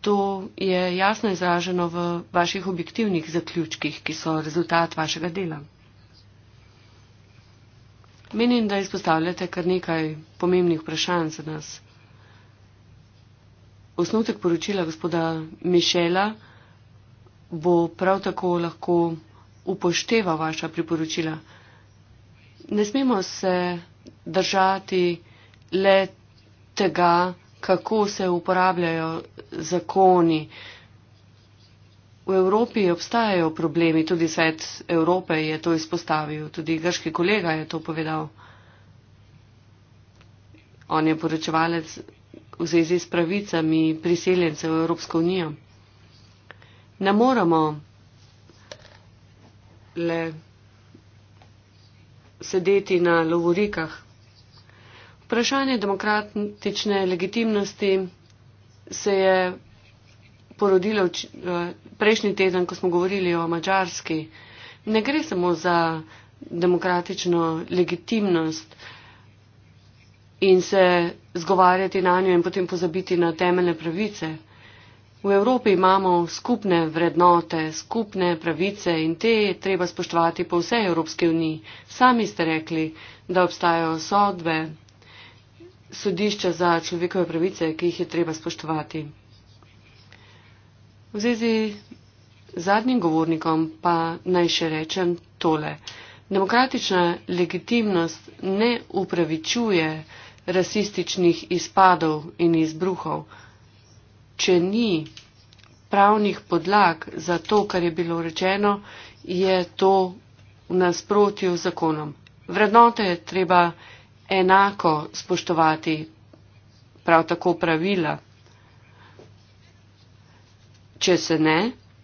To je jasno izraženo v vaših objektivnih zaključkih, ki so rezultat vašega dela. Menim, da izpostavljate kar nekaj pomembnih vprašanj za nas. Osnutek poročila gospoda Mišela bo prav tako lahko upošteval vaša priporočila. Ne smemo se držati le tega, kako se uporabljajo zakoni. V Evropi obstajajo problemi, tudi svet Evrope je to izpostavil, tudi grški kolega je to povedal. On je poročevalec v zvezi s pravicami priseljencev v Evropsko unijo ne moremo le sedeti na lovorikah. Vprašanje demokratične legitimnosti se je porodilo eh, prejšnji teden, ko smo govorili o mačarski. Ne gre samo za demokratično legitimnost in se zgovarjati na njo in potem pozabiti na temeljne pravice. V Evropi imamo skupne vrednote, skupne pravice in te treba spoštovati po vsej Evropski uniji. Sami ste rekli, da obstajajo sodbe, sodišča za človekove pravice, ki jih je treba spoštovati. V zvezi z zadnjim govornikom pa naj še rečem tole. Demokratična legitimnost ne upravičuje rasističnih izpadov in izbruhov če ni pravnih podlag za to, kar je bilo rečeno, je to v nasprotju z zakonom. Vrednote je treba enako spoštovati, prav tako pravila. Če se ne,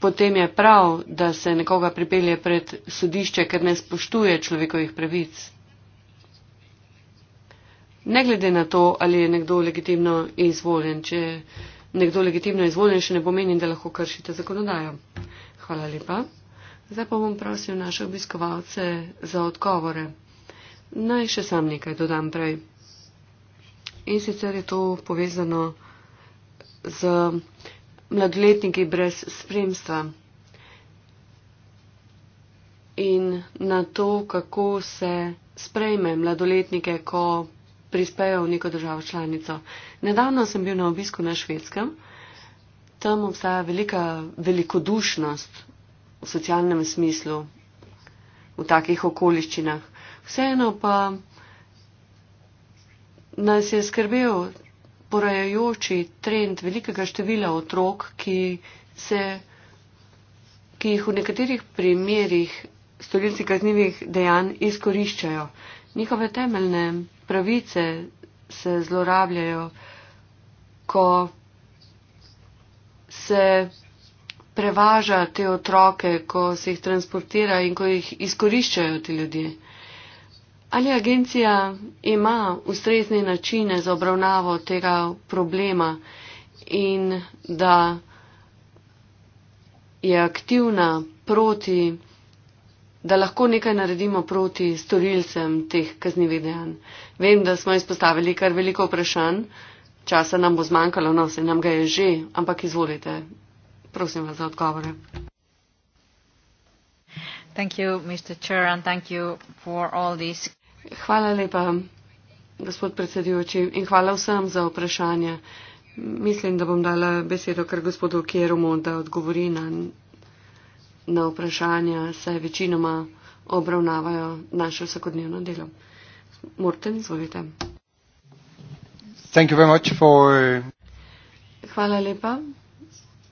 potem je prav, da se nekoga pripelje pred sodišče, ker ne spoštuje človekovih pravic. Ne glede na to, ali je nekdo legitimno izvoljen, če je nekdo legitimno izvoljen, še ne pomeni, da lahko kršite zakonodajo. Hvala lepa. Zdaj pa bom prosil naše obiskovalce za odgovore. Naj še sam nekaj dodam prej. In sicer je to povezano z mladoletniki brez spremstva in na to, kako se sprejme mladoletnike, ko prispejo v neko državo članico. Nedavno sem bil na obisku na švedskem, tam obstaja velika velikodušnost v socialnem smislu v takih okoliščinah. Vseeno pa nas je skrbel porajajoči trend velikega števila otrok, ki, se, ki jih v nekaterih primerjih storilci kaznjivih dejanj izkoriščajo. Njihove temeljne pravice se zlorabljajo, ko se prevaža te otroke, ko se jih transportira in ko jih izkoriščajo ti ljudje. Ali agencija ima ustrezne načine za obravnavo tega problema in da je aktivna proti da lahko nekaj naredimo proti storilcem teh kaznivih dejanj. Vem, da smo izpostavili kar veliko vprašanj, časa nam bo zmanjkalo, no se nam ga je že, ampak izvolite. Prosim vas za odgovore. Hvala lepa, gospod predsedujoči, in hvala vsem za vprašanje. Mislim, da bom dala besedo kar gospodu Kjeromu, da odgovori na na vprašanja se večinoma obravnavajo naše vsakodnevno delo. Morten, izvolite. For... Hvala lepa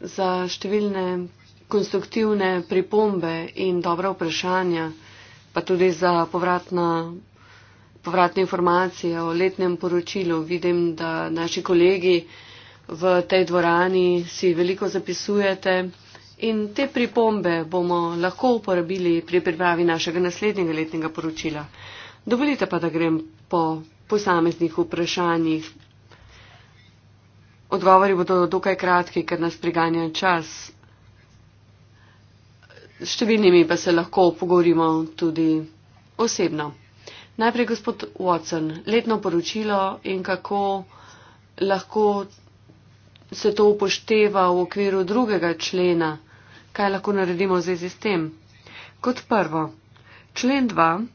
za številne konstruktivne pripombe in dobra vprašanja, pa tudi za povratna, povratne informacije o letnem poročilu. Vidim, da naši kolegi v tej dvorani si veliko zapisujete. In te pripombe bomo lahko uporabili pri pripravi našega naslednjega letnega poročila. Dovolite pa, da grem po posameznih vprašanjih. Odgovori bodo dokaj kratki, ker nas priganja čas. S številnimi pa se lahko pogovorimo tudi osebno. Najprej gospod Watson, letno poročilo in kako lahko se to upošteva v okviru drugega člena kaj lahko naredimo v zvezi s tem. Kot prvo, člen 2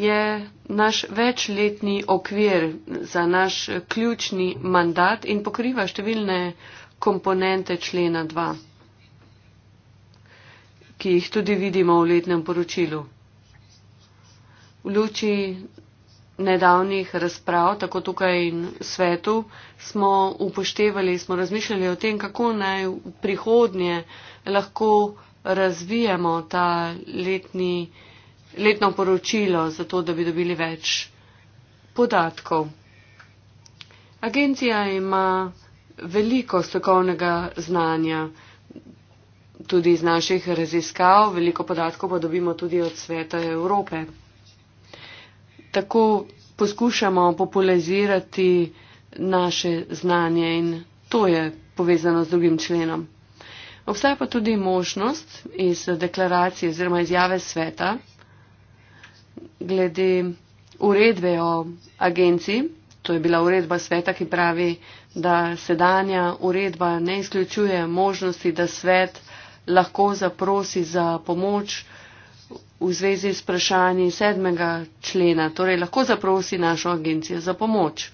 je naš večletni okvir za naš ključni mandat in pokriva številne komponente člena 2, ki jih tudi vidimo v letnem poročilu. V luči nedavnih razprav, tako tukaj in svetu, smo upoštevali, smo razmišljali o tem, kako naj v prihodnje lahko razvijemo ta letni, letno poročilo, zato da bi dobili več podatkov. Agencija ima veliko strokovnega znanja, tudi iz naših raziskav, veliko podatkov pa dobimo tudi od sveta Evrope tako poskušamo popularizirati naše znanje in to je povezano z drugim členom. Obstaja pa tudi možnost iz deklaracije oziroma izjave sveta glede uredbe o agenciji. To je bila uredba sveta, ki pravi, da sedanja uredba ne izključuje možnosti, da svet lahko zaprosi za pomoč v zvezi s vprašanji sedmega člena, torej lahko zaprosi našo agencijo za pomoč.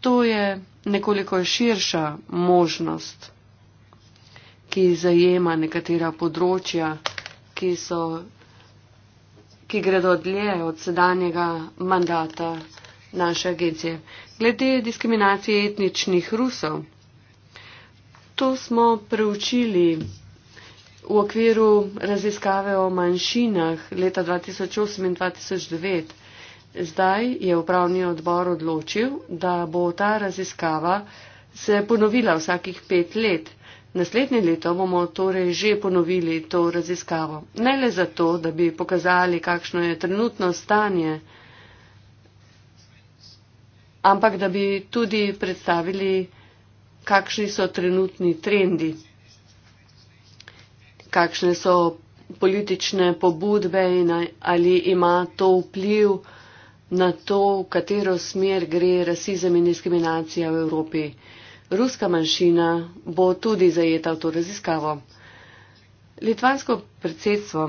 To je nekoliko širša možnost, ki zajema nekatera področja, ki so ki gredo dlje od sedanjega mandata naše agencije. Glede diskriminacije etničnih Rusov, to smo preučili v okviru raziskave o manjšinah leta 2008 in 2009. Zdaj je upravni odbor odločil, da bo ta raziskava se ponovila vsakih pet let. Naslednje leto bomo torej že ponovili to raziskavo. Ne le zato, da bi pokazali, kakšno je trenutno stanje, ampak da bi tudi predstavili, kakšni so trenutni trendi kakšne so politične pobudbe in ali ima to vpliv na to, v katero smer gre rasizem in diskriminacija v Evropi. Ruska manjšina bo tudi zajeta v to raziskavo. Litvansko predsedstvo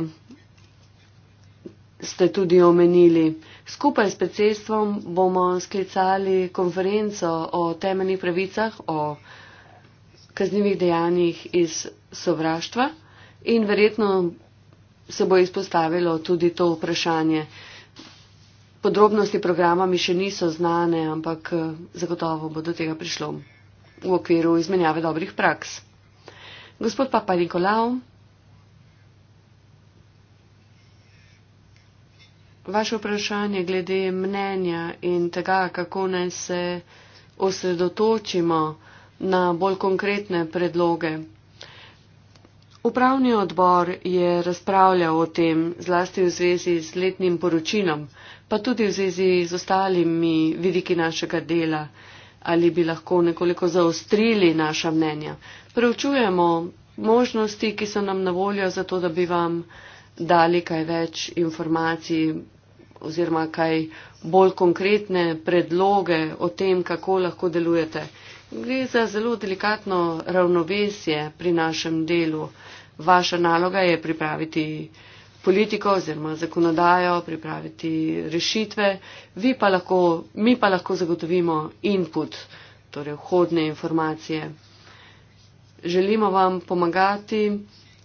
ste tudi omenili. Skupaj s predsedstvom bomo sklicali konferenco o temeljnih pravicah, o kaznjivih dejanjih iz sovraštva. In verjetno se bo izpostavilo tudi to vprašanje. Podrobnosti programa mi še niso znane, ampak eh, zagotovo bo do tega prišlo v okviru izmenjave dobrih praks. Gospod Papa Nikolao, vaše vprašanje glede mnenja in tega, kako naj se osredotočimo na bolj konkretne predloge Upravni odbor je razpravljal o tem zlasti v zvezi z letnim poročilom, pa tudi v zvezi z ostalimi vidiki našega dela, ali bi lahko nekoliko zaostrili naša mnenja. Preučujemo možnosti, ki so nam na voljo, zato da bi vam dali kaj več informacij oziroma kaj bolj konkretne predloge o tem, kako lahko delujete. Gre za zelo delikatno ravnovesje pri našem delu vaša naloga je pripraviti politiko oziroma zakonodajo, pripraviti rešitve, pa lahko, mi pa lahko zagotovimo input, torej vhodne informacije. Želimo vam pomagati,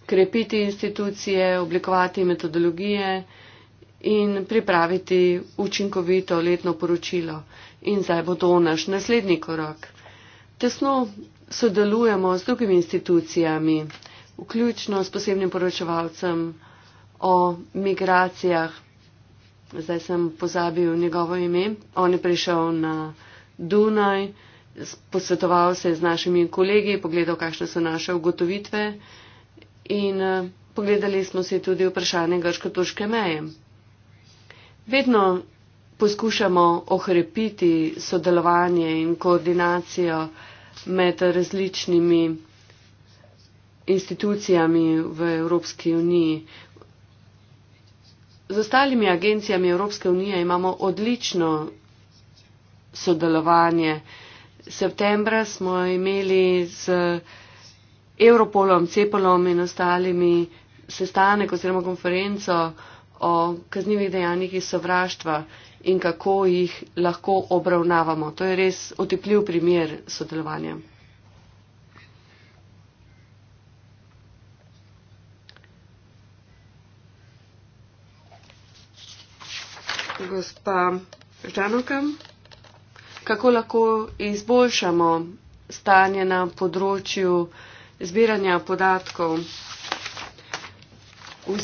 krepiti institucije, oblikovati metodologije in pripraviti učinkovito letno poročilo. In zdaj bo to naš naslednji korak. Tesno sodelujemo z drugimi institucijami vključno s posebnim poročevalcem o migracijah. Zdaj sem pozabil njegovo ime. On je prišel na Dunaj, posvetoval se je z našimi kolegi, pogledal, kakšne so naše ugotovitve in eh, pogledali smo si tudi vprašanje grško-turške meje. Vedno poskušamo ohrepiti sodelovanje in koordinacijo med različnimi institucijami v Evropski uniji. Z ostalimi agencijami Evropske unije imamo odlično sodelovanje. Septembra smo imeli z Europolom, Cepolom in ostalimi sestanek oziroma konferenco o kaznivih dejanjih iz sovraštva in kako jih lahko obravnavamo. To je res otepljiv primer sodelovanja. gospa Žanokam, kako lahko izboljšamo stanje na področju zbiranja podatkov v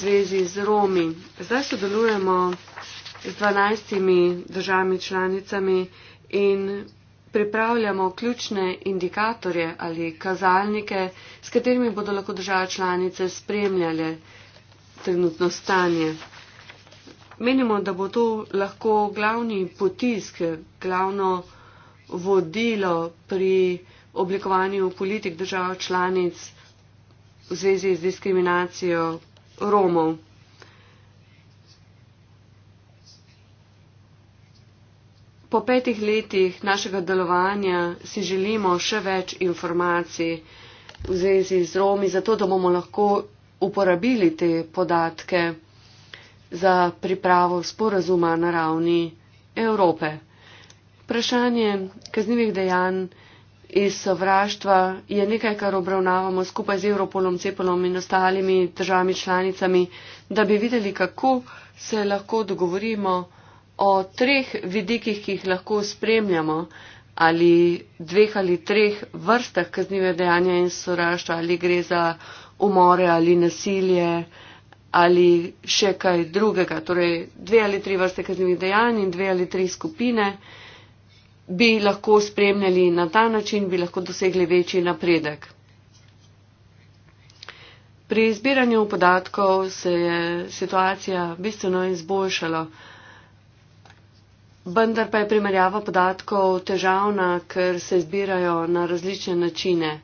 zvezi z Romi. Zdaj sodelujemo z 12 državami članicami in pripravljamo ključne indikatorje ali kazalnike, s katerimi bodo lahko države članice spremljale trenutno stanje menimo, da bo to lahko glavni potisk, glavno vodilo pri oblikovanju politik držav članic v zvezi z diskriminacijo Romov. Po petih letih našega delovanja si želimo še več informacij v zvezi z Romi, zato da bomo lahko uporabili te podatke za pripravo sporazuma na ravni Evrope. Vprašanje kaznivih dejanj iz sovraštva je nekaj, kar obravnavamo skupaj z Evropolom, Cepolom in ostalimi državami članicami, da bi videli, kako se lahko dogovorimo o treh vidikih, ki jih lahko spremljamo, ali dveh ali treh vrstah kaznive dejanja in sovraštva, ali gre za umore ali nasilje ali še kaj drugega, torej dve ali tri vrste kaznjivih dejanj in dve ali tri skupine, bi lahko spremljali na ta način, bi lahko dosegli večji napredek. Pri izbiranju podatkov se je situacija bistveno izboljšala, vendar pa je primerjava podatkov težavna, ker se zbirajo na različne načine.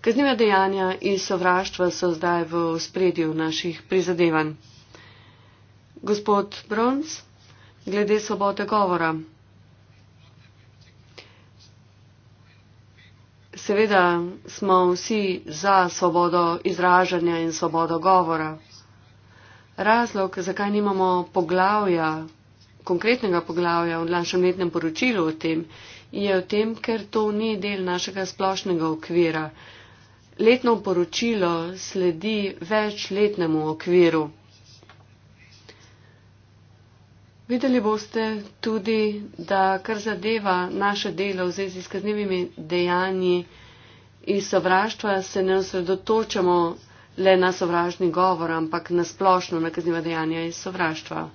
Kazniva dejanja in sovraštva so zdaj v spredju naših prizadevanj. Gospod Bronc, glede sobote govora. Seveda smo vsi za svobodo izražanja in svobodo govora. Razlog, zakaj nimamo poglavja, konkretnega poglavja v našem letnem poročilu o tem, je v tem, ker to ni del našega splošnega okvira letno poročilo sledi večletnemu okviru. Videli boste tudi, da kar zadeva naše delo v zvezi s kaznjivimi dejanji iz sovraštva, se ne osredotočamo le na sovražni govor, ampak na splošno na kaznjiva dejanja iz sovraštva.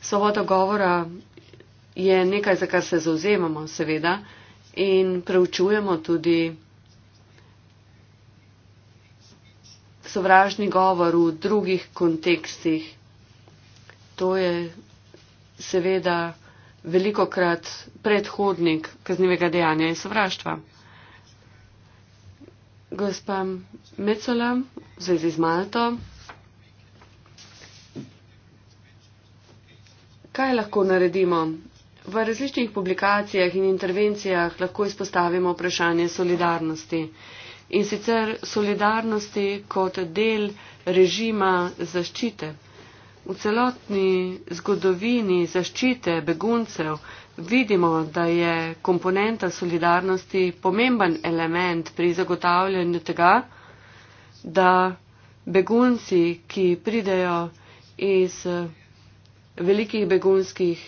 Svoboda govora je nekaj, za kar se zauzemamo, seveda, in preučujemo tudi sovražni govor v drugih kontekstih. To je seveda veliko krat predhodnik kaznivega dejanja in sovraštva. Gospa Mecola, v zvezi z Malto, kaj lahko naredimo? V različnih publikacijah in intervencijah lahko izpostavimo vprašanje solidarnosti in sicer solidarnosti kot del režima zaščite. V celotni zgodovini zaščite beguncev vidimo, da je komponenta solidarnosti pomemben element pri zagotavljanju tega, da begunci, ki pridejo iz velikih begunskih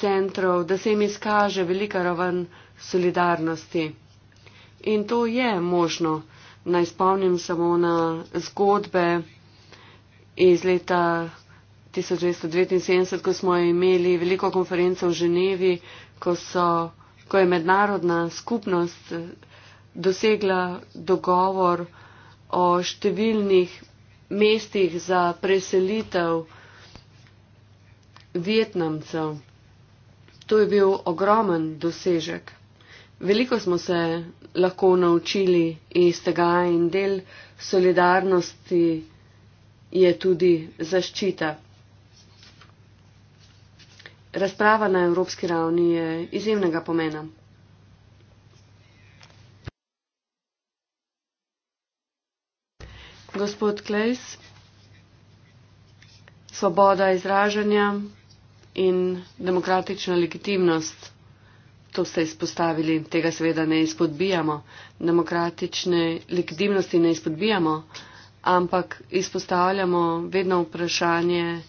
centrov, da se jim izkaže velika raven solidarnosti. In to je možno. Naj spomnim samo na zgodbe iz leta 1979, ko smo imeli veliko konferenco v Ženevi, ko, so, ko je mednarodna skupnost eh, dosegla dogovor o številnih mestih za preselitev Vietnamcev. To je bil ogromen dosežek. Veliko smo se lahko naučili iz tega in del solidarnosti je tudi zaščita. Razprava na evropski ravni je izjemnega pomena. Gospod Klejs, svoboda izražanja in demokratična legitimnost to ste izpostavili, tega seveda ne izpodbijamo, demokratične legitimnosti ne izpodbijamo, ampak izpostavljamo vedno vprašanje.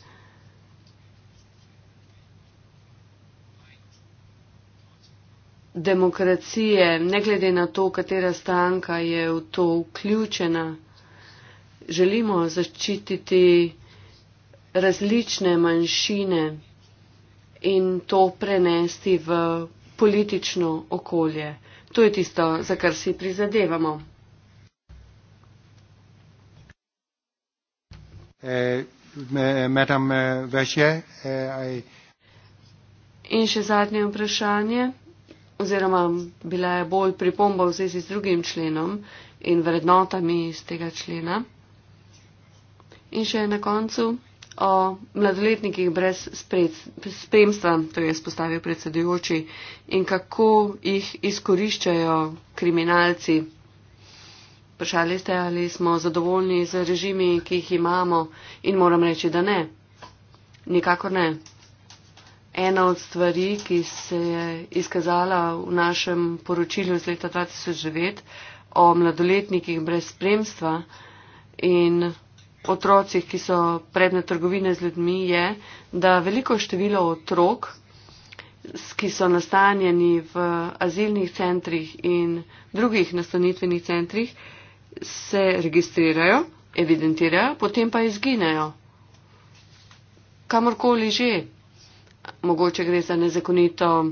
demokracije, ne glede na to, katera stranka je v to vključena, želimo zaščititi različne manjšine in to prenesti v politično okolje. To je tisto, za kar si prizadevamo. Eh, eh, eh, in še zadnje vprašanje, oziroma bila je bolj pripomba v zvezi z drugim členom in vrednotami iz tega člena. In še na koncu o mladoletnikih brez spremstva, to je spostavil predsedujoči, in kako jih izkoriščajo kriminalci. Vprašali ste, ali smo zadovoljni z režimi, ki jih imamo in moram reči, da ne. Nikakor ne. Ena od stvari, ki se je izkazala v našem poročilju iz leta 2009 o mladoletnikih brez spremstva in otrocih, ki so predmet trgovine z ljudmi, je, da veliko število otrok, ki so nastanjeni v azilnih centrih in drugih nastanitvenih centrih, se registrirajo, evidentirajo, potem pa izginejo. Kamorkoli že. Mogoče gre za nezakonito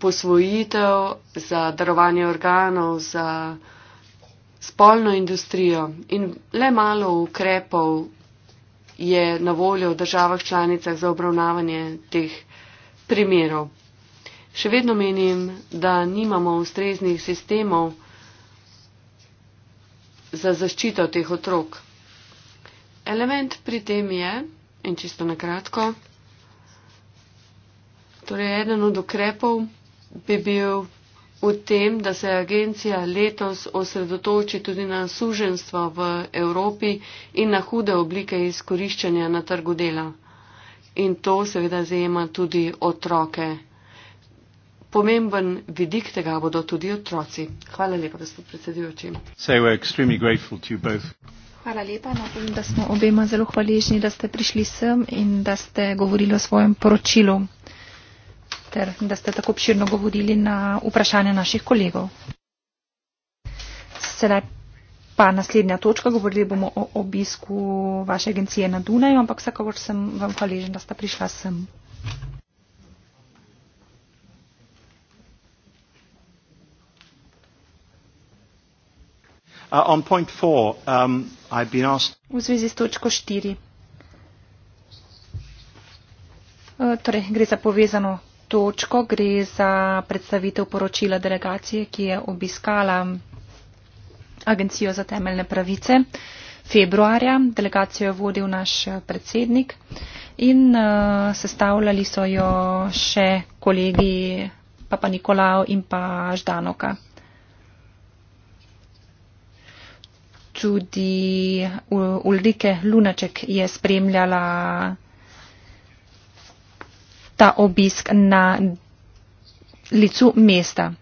posvojitev, za darovanje organov, za spolno industrijo in le malo ukrepov je na voljo v državah članicah za obravnavanje teh primerov. Še vedno menim, da nimamo ustreznih sistemov za zaščito teh otrok. Element pri tem je, in čisto na kratko, torej eden od ukrepov bi bil v tem, da se agencija letos osredotoči tudi na suženstvo v Evropi in na hude oblike izkoriščanja na trgu dela. In to seveda zajema tudi otroke. Pomemben vidik tega bodo tudi otroci. Hvala lepa, gospod predsedujoči. Hvala lepa. Napovem, no, da smo obema zelo hvaležni, da ste prišli sem in da ste govorili o svojem poročilu ter da ste tako obširno govorili na vprašanje naših kolegov. Sedaj pa naslednja točka, govorili bomo o obisku vaše agencije na Dunaju, ampak vsakogor sem vam hvaležen, da ste prišla sem. Uh, on point four, um, I've been asked. V zvezi s točko štiri. Uh, torej, gre za povezano točko gre za predstavitev poročila delegacije, ki je obiskala Agencijo za temeljne pravice februarja. Delegacijo je vodil naš eh, predsednik in uh, sestavljali so jo še kolegi Papa Nikolao in pa Ždanoka. Tudi eh, Ulrike Lunaček je spremljala ta obisk na licu mesta.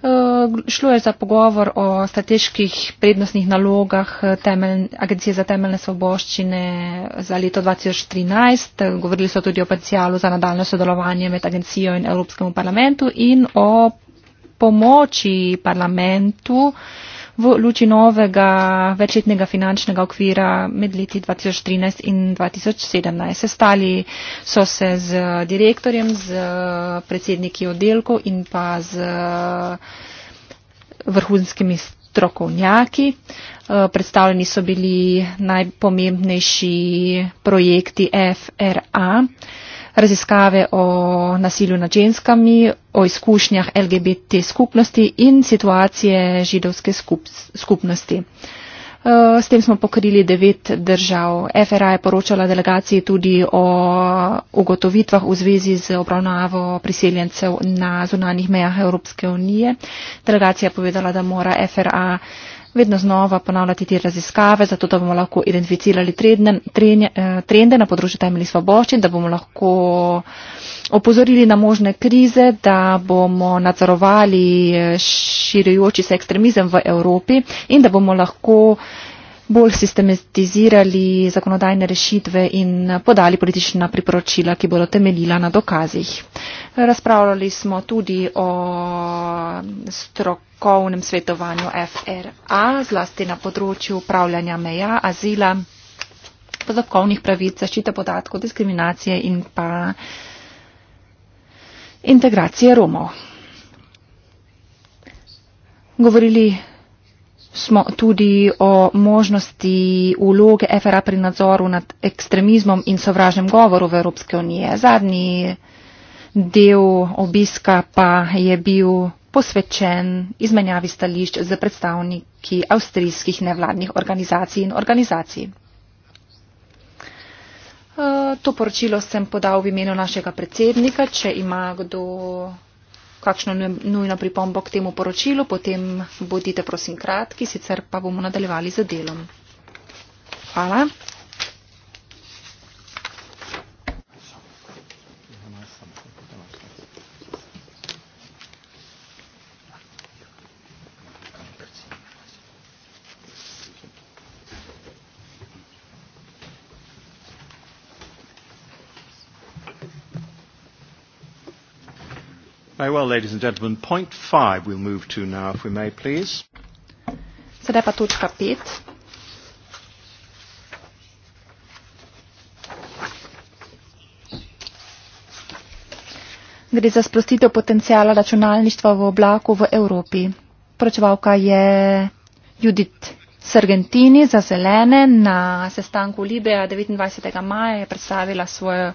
Eh, šlo je za pogovor o strateških prednostnih nalogah eh, temelj, Agencije za temeljne svoboščine za leto 2013. Govorili so tudi o potencijalu za nadaljno sodelovanje med agencijo in Evropskemu parlamentu in o pomoči parlamentu uh, v luči novega večletnega finančnega okvira med leti 2013 in 2017. Sestali so se z direktorjem, z predsedniki oddelkov in pa z vrhunskimi strokovnjaki. Eh, predstavljeni so bili najpomembnejši projekti FRA raziskave o nasilju nad ženskami, o izkušnjah LGBT skupnosti in situacije židovske skupnosti. Eh, s tem smo pokrili devet držav. FRA je poročala delegaciji tudi o ugotovitvah v zvezi z obravnavo priseljencev na zunanjih mejah Evropske unije. Delegacija je povedala, da mora FRA vedno znova ponavljati te raziskave, zato da bomo lahko identificirali trendne, trenje, eh, trende na področju temeljih svoboščin, da bomo lahko opozorili na možne krize, da bomo nadzorovali eh, širjujoči se ekstremizem v Evropi in da bomo lahko bolj sistematizirali zakonodajne rešitve in eh, podali politična priporočila, ki bodo temeljila na dokazih. Razpravljali smo tudi o strokovnem svetovanju FRA, zlasti na področju upravljanja meja, azila, podatkovnih pravic, zaščite podatkov, diskriminacije in pa integracije Romov. Govorili smo tudi o možnosti vloge FRA pri nadzoru nad ekstremizmom in sovražnem govoru v Evropske unije. Zadnji del obiska pa je bil posvečen izmenjavi stališč z predstavniki avstrijskih nevladnih organizacij in organizacij. Eh, to poročilo sem podal v imenu našega predsednika. Če ima kdo kakšno nujno pripombo k temu poročilu, potem bodite prosim kratki, sicer pa bomo nadaljevali z delom. Hvala. Very well, ladies and gentlemen. Point five we'll move to now, if we may, please. Sedaj pa točka pet. Gre za sprostitev potencijala računalništva v oblaku v Evropi. Pročevalka je Judith Sargentini za zelene na sestanku Libreja 29. maja je predstavila svoj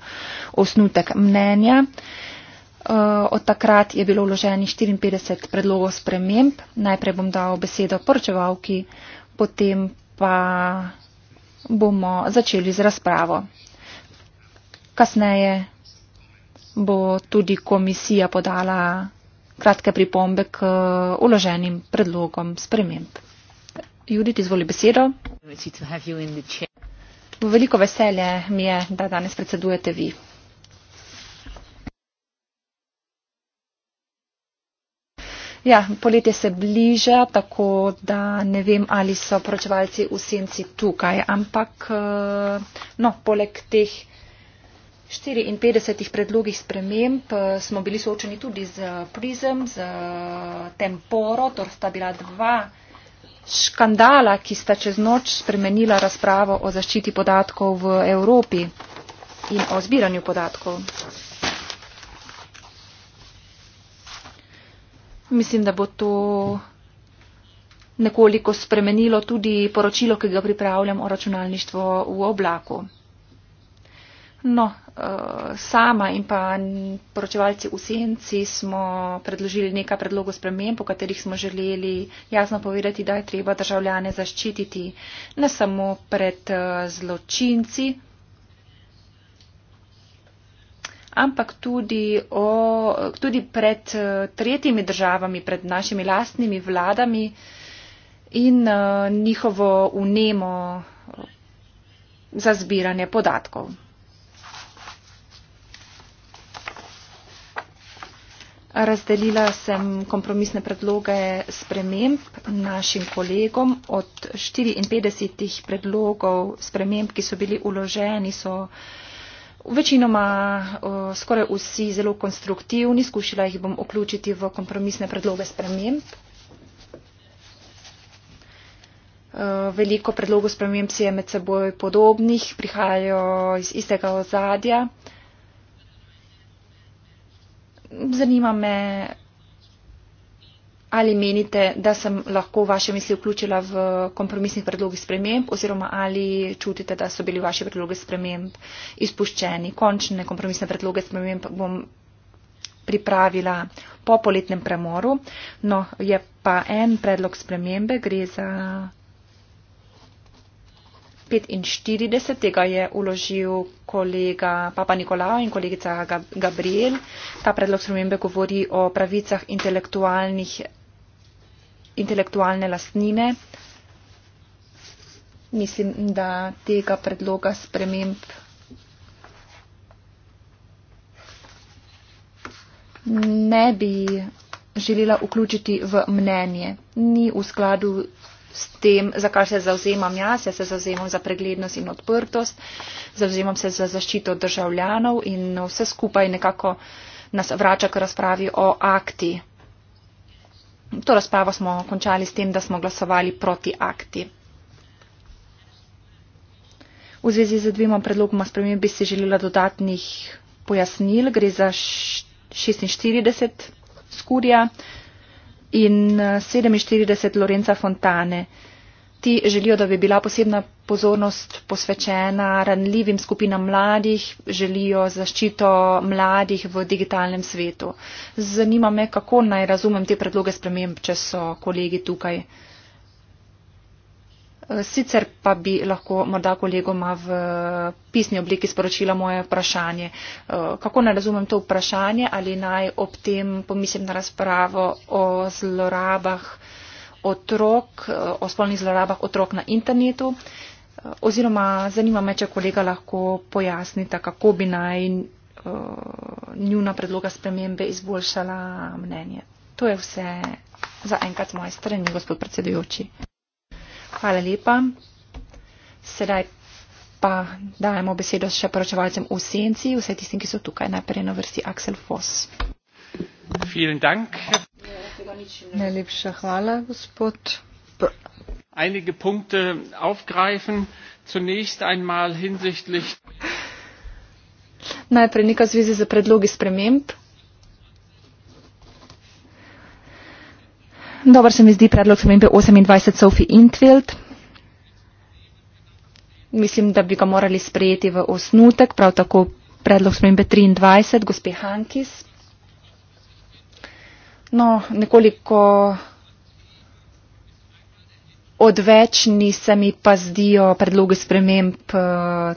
osnutek mnenja. Uh, Eh, od takrat je bilo vloženi 54 predlogov sprememb. Najprej bom dal besedo poročevalki, potem pa bomo začeli z razpravo. Kasneje bo tudi komisija podala kratke pripombe k uloženim eh, predlogom sprememb. Judith, izvoli besedo. V veliko veselje mi je, da danes predsedujete vi. Ja, poletje se bliža, tako da ne vem, ali so pročevalci v senci tukaj, ampak eh, no, poleg teh 54 predlogih sprememb eh, smo bili soočeni tudi z prizem, z eh, temporo, torej sta bila dva škandala, ki sta čez noč spremenila razpravo o zaščiti podatkov v Evropi in o zbiranju podatkov. mislim, da bo to nekoliko spremenilo tudi poročilo, ki ga pripravljam o računalništvu v oblaku. No, eh, sama in pa poročevalci v senci smo predložili nekaj predlogov sprememb, po katerih smo želeli jasno povedati, da je treba državljane zaščititi ne samo pred eh, zločinci, ampak tudi, o, tudi pred eh, tretjimi državami, pred našimi lastnimi vladami in uh, njihovo unemo eh, za zbiranje podatkov. Razdelila sem kompromisne predloge sprememb našim kolegom. Od 54 predlogov sprememb, ki so bili uloženi, so. Večinoma eh, skoraj vsi zelo konstruktivni, skušala jih bom vključiti v kompromisne predloge sprememb. Eh, veliko predlogov sprememb si je med seboj podobnih, prihajajo iz istega ozadja. Zanima me ali menite, da sem lahko vaše misli vključila v kompromisni predlog sprememb oziroma ali čutite, da so bili vaše predloge sprememb izpuščeni. Končne kompromisne predloge sprememb bom pripravila po poletnem premoru. No, je pa en predlog spremembe, gre za 45, tega je uložil kolega Papa Nikolao in kolegica Gabriel. Ta predlog spremembe govori o pravicah intelektualnih intelektualne lastnine. Mislim, da tega predloga sprememb ne bi želela vključiti v mnenje. Ni v skladu s tem, za kar se zauzemam jaz. Jaz se zauzemam za preglednost in odprtost, zauzemam se za zaščito državljanov in vse skupaj nekako nas vrača k razpravi o akti. To razpravo smo končali s tem, da smo glasovali proti akti. V zvezi z dvema predlogoma spremembi bi si želela dodatnih pojasnil. Gre za 46 skurja in 47 eh, Lorenca Fontane ti želijo, da bi bila posebna pozornost posvečena ranljivim skupinam mladih, želijo zaščito mladih v digitalnem svetu. Zanima me, kako naj razumem te predloge sprememb, če so kolegi tukaj. Eh, sicer pa bi lahko morda kolegoma v pisni obliki sporočila moje vprašanje. Eh, kako naj razumem to vprašanje, ali naj ob tem pomislim na razpravo o zlorabah? otrok, eh, o spolnih zlorabah otrok na internetu. Eh, oziroma, zanima me, če kolega lahko pojasnite, kako bi naj eh, njuna predloga spremembe izboljšala mnenje. To je vse za enkrat z moje strani, gospod predsedujoči. Hvala lepa. Sedaj pa dajemo besedo še poročevalcem v senci, vse tistim, ki so tukaj. Najprej na vrsti Aksel Foss. Vielen Dank, Herr Najlepša hvala, gospod. Einige Punkte aufgreifen. Zunächst einmal hinsichtlich. Najprej neka zvezi za predlogi sprememb. Dobar se mi zdi predlog spremembe 28 Sophie Intfield. Mislim, da bi ga morali sprejeti v osnutek, prav tako predlog spremembe 23 gospe Hankis no, nekoliko odvečni se mi pa zdijo predloge sprememb 13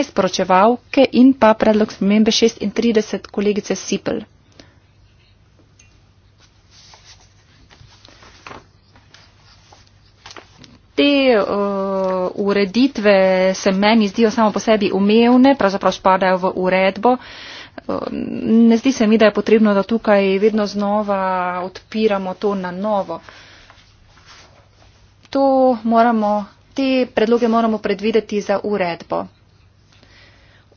eh, poročevalke in pa predlog spremembe 36 kolegice Sipel. Te uh, ureditve se meni zdijo samo po sebi umevne, pravzaprav spadajo v uredbo. Uh, ne zdi se mi, da je potrebno, da tukaj vedno znova odpiramo to na novo. To moramo, te predloge moramo predvideti za uredbo.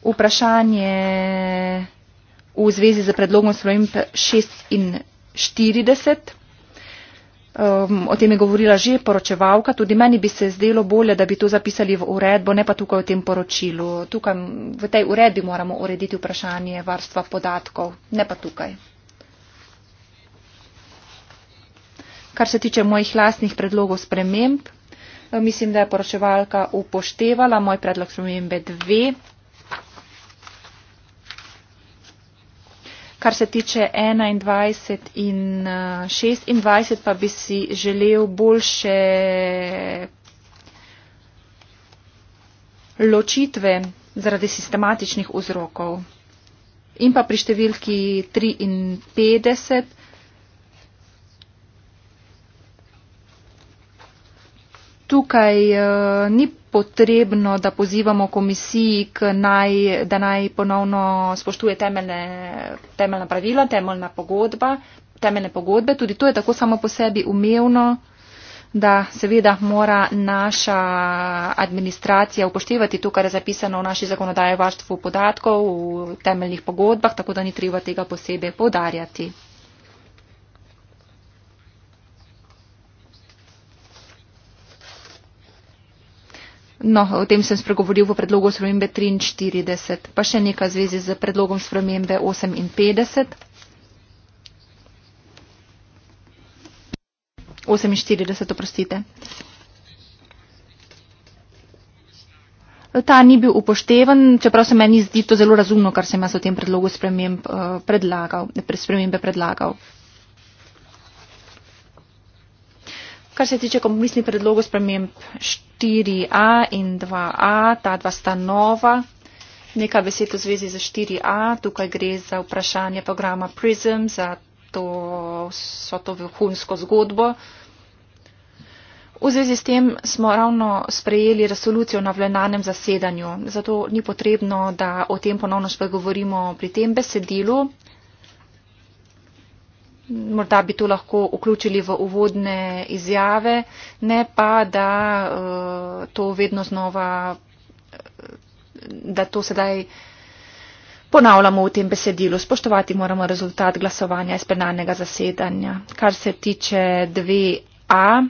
Vprašanje v zvezi z predlogom spremembe 46 um, o tem je govorila že poročevalka, tudi meni bi se zdelo bolje, da bi to zapisali v uredbo, ne pa tukaj v tem poročilu. Tukaj v tej uredbi moramo urediti vprašanje varstva podatkov, ne pa tukaj. Kar se tiče mojih lastnih predlogov sprememb, eh, mislim, da je poročevalka upoštevala moj predlog spremembe 2. kar se tiče 21 in 26, eh, pa bi si želel boljše ločitve zaradi sistematičnih vzrokov. In pa pri številki 53. Tukaj uh, ni potrebno, da pozivamo komisiji, naj, da naj ponovno spoštuje temeljne, temeljna pravila, temeljna pogodba, temeljne pogodbe. Tudi to je tako samo po sebi umevno, da seveda mora naša administracija upoštevati to, kar je zapisano v naši zakonodaje o varstvu podatkov, v temeljnih pogodbah, tako da ni treba tega posebej povdarjati. No, o tem sem spregovoril v predlogu spremembe 43, pa še nekaj v zvezi z predlogom spremembe 58. 48, oprostite. Ta ni bil upoštevan, čeprav se meni zdi to zelo razumno, kar sem jaz v tem predlogu sprememb, uh, predlagal, spremembe predlagal. Kar se tiče kompromisnih predlogov sprememb 4a in 2a, ta dva sta nova. Nekaj besed v zvezi z 4a, tukaj gre za vprašanje programa PRISM, za to, so to vrhunsko zgodbo. V zvezi s tem smo ravno sprejeli resolucijo na vlenanem zasedanju, zato ni potrebno, da o tem ponovno spregovorimo pri tem besedilu morda bi to lahko vključili v uvodne izjave, ne pa, da eh, to vedno znova, eh, da to sedaj ponavljamo v tem besedilu. Spoštovati moramo rezultat glasovanja iz plenarnega zasedanja. Kar se tiče 2a,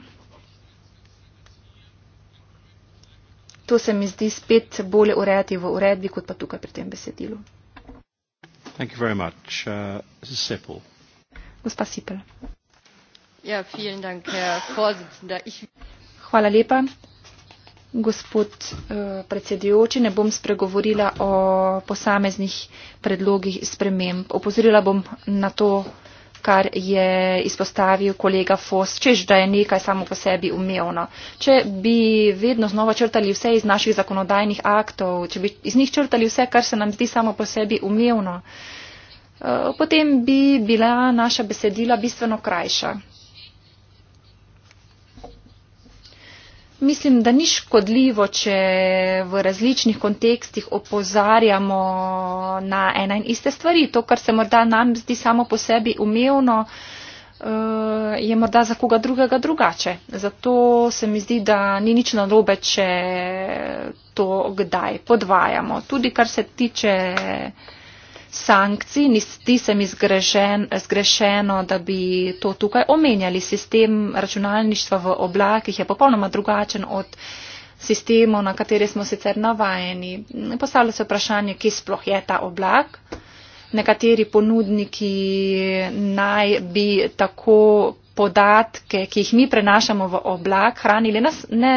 to se mi zdi spet bolje urejati v uredbi, kot pa tukaj pri tem besedilu. Thank you very much. Uh, this is simple. Ja, Hvala lepa, gospod uh, predsedujoči. Ne bom spregovorila o posameznih predlogih sprememb. Opozorila bom na to, kar je izpostavil kolega Fos, čež da je nekaj samo po sebi umevno. Če bi vedno znova črtali vse iz naših zakonodajnih aktov, če bi iz njih črtali vse, kar se nam zdi samo po sebi umevno, uh, Eh, potem bi bila naša besedila bistveno krajša. Mislim, da ni škodljivo, če v različnih kontekstih opozarjamo na ena in iste stvari. To, kar se morda nam zdi samo po sebi umevno, eh, je morda za koga drugega drugače. Zato se mi zdi, da ni nič narobe, če to kdaj podvajamo. Tudi kar se tiče sankcij, ti se mi zgrešen, zgrešeno, da bi to tukaj omenjali. Sistem računalništva v oblakih je popolnoma drugačen od sistemov, na katere smo sicer navajeni. Postavlja se vprašanje, kje sploh je ta oblak. Nekateri ponudniki naj bi tako podatke, ki jih mi prenašamo v oblak, hranili nas ne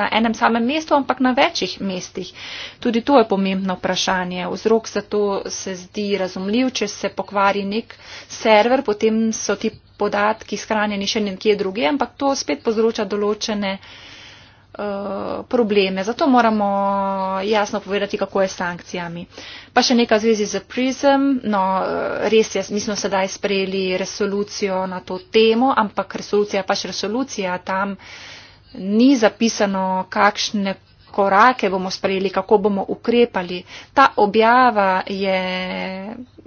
na enem samem mestu, ampak na večjih mestih. Tudi to je pomembno vprašanje. Vzrok za to se zdi razumljiv, če se pokvari nek server, potem so ti podatki shranjeni še nekje druge, ampak to spet povzroča določene. Eh, probleme. Zato moramo jasno povedati, kako je s sankcijami. Pa še nekaj v zvezi z PRISM. No, eh, res je, mi smo sedaj sprejeli resolucijo na to temo, ampak resolucija je pač resolucija. Tam ni zapisano, kakšne korake bomo sprejeli, kako bomo ukrepali. Ta objava je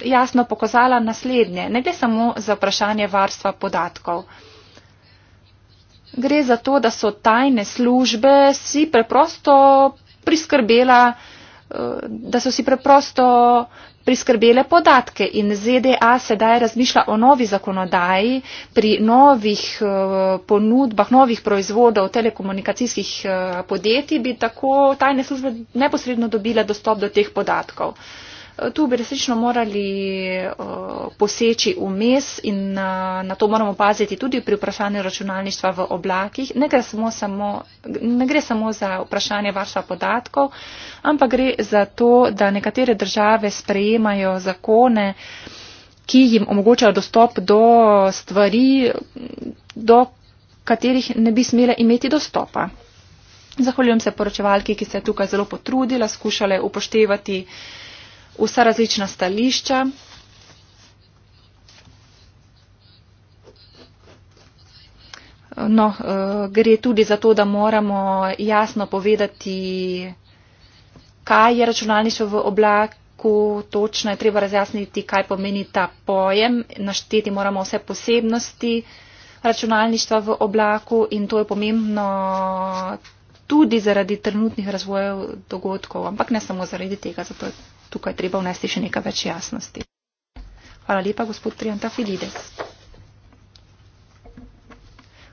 jasno pokazala naslednje. Ne gre samo za vprašanje varstva podatkov gre za to, da so tajne službe si preprosto priskrbela, eh, da so si preprosto priskrbele podatke in ZDA sedaj razmišlja o novi zakonodaji pri novih eh, ponudbah, novih proizvodov telekomunikacijskih eh, podjetij, bi tako tajne službe neposredno dobile dostop do teh podatkov tu bi resnično morali eh, poseči vmes in eh, na to moramo paziti tudi pri vprašanju računalništva v oblakih. Ne gre samo, samo, ne gre samo za vprašanje varstva podatkov, ampak gre za to, da nekatere države sprejemajo zakone, ki jim omogočajo dostop do stvari, do katerih ne bi smele imeti dostopa. Zahvaljujem se poročevalki, ki se je tukaj zelo potrudila, skušala upoštevati uh, vsa različna stališča. No, eh, gre tudi za to, da moramo jasno povedati, kaj je računalništvo v oblaku, točno je treba razjasniti, kaj pomeni ta pojem, našteti moramo vse posebnosti računalništva v oblaku in to je pomembno tudi zaradi trenutnih razvojev dogodkov, ampak ne samo zaradi tega. Zato je tukaj treba vnesti še nekaj več jasnosti. Hvala lepa, gospod Trianta Filides.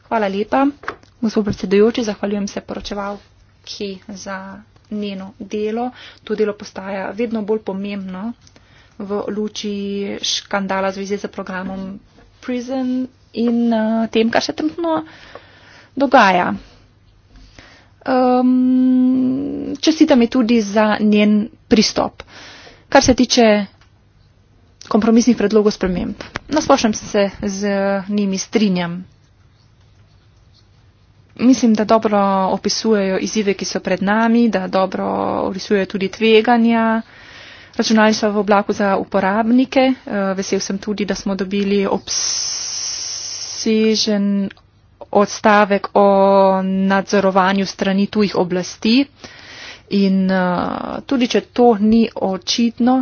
Hvala lepa, gospod predsedujoči, zahvaljujem se poročevalki za njeno delo. To delo postaja vedno bolj pomembno v luči škandala zvezi z programom Prison in uh, tem, kar se trenutno dogaja um, čestita mi tudi za njen pristop. Kar se tiče kompromisnih predlogov sprememb, nasplošno se z njimi strinjam. Mislim, da dobro opisujejo izzive, ki so pred nami, da dobro opisujejo tudi tveganja. Računalništvo v oblaku za uporabnike. Vesel sem tudi, da smo dobili obsežen odstavek o nadzorovanju strani tujih oblasti. In uh, tudi, če to ni očitno,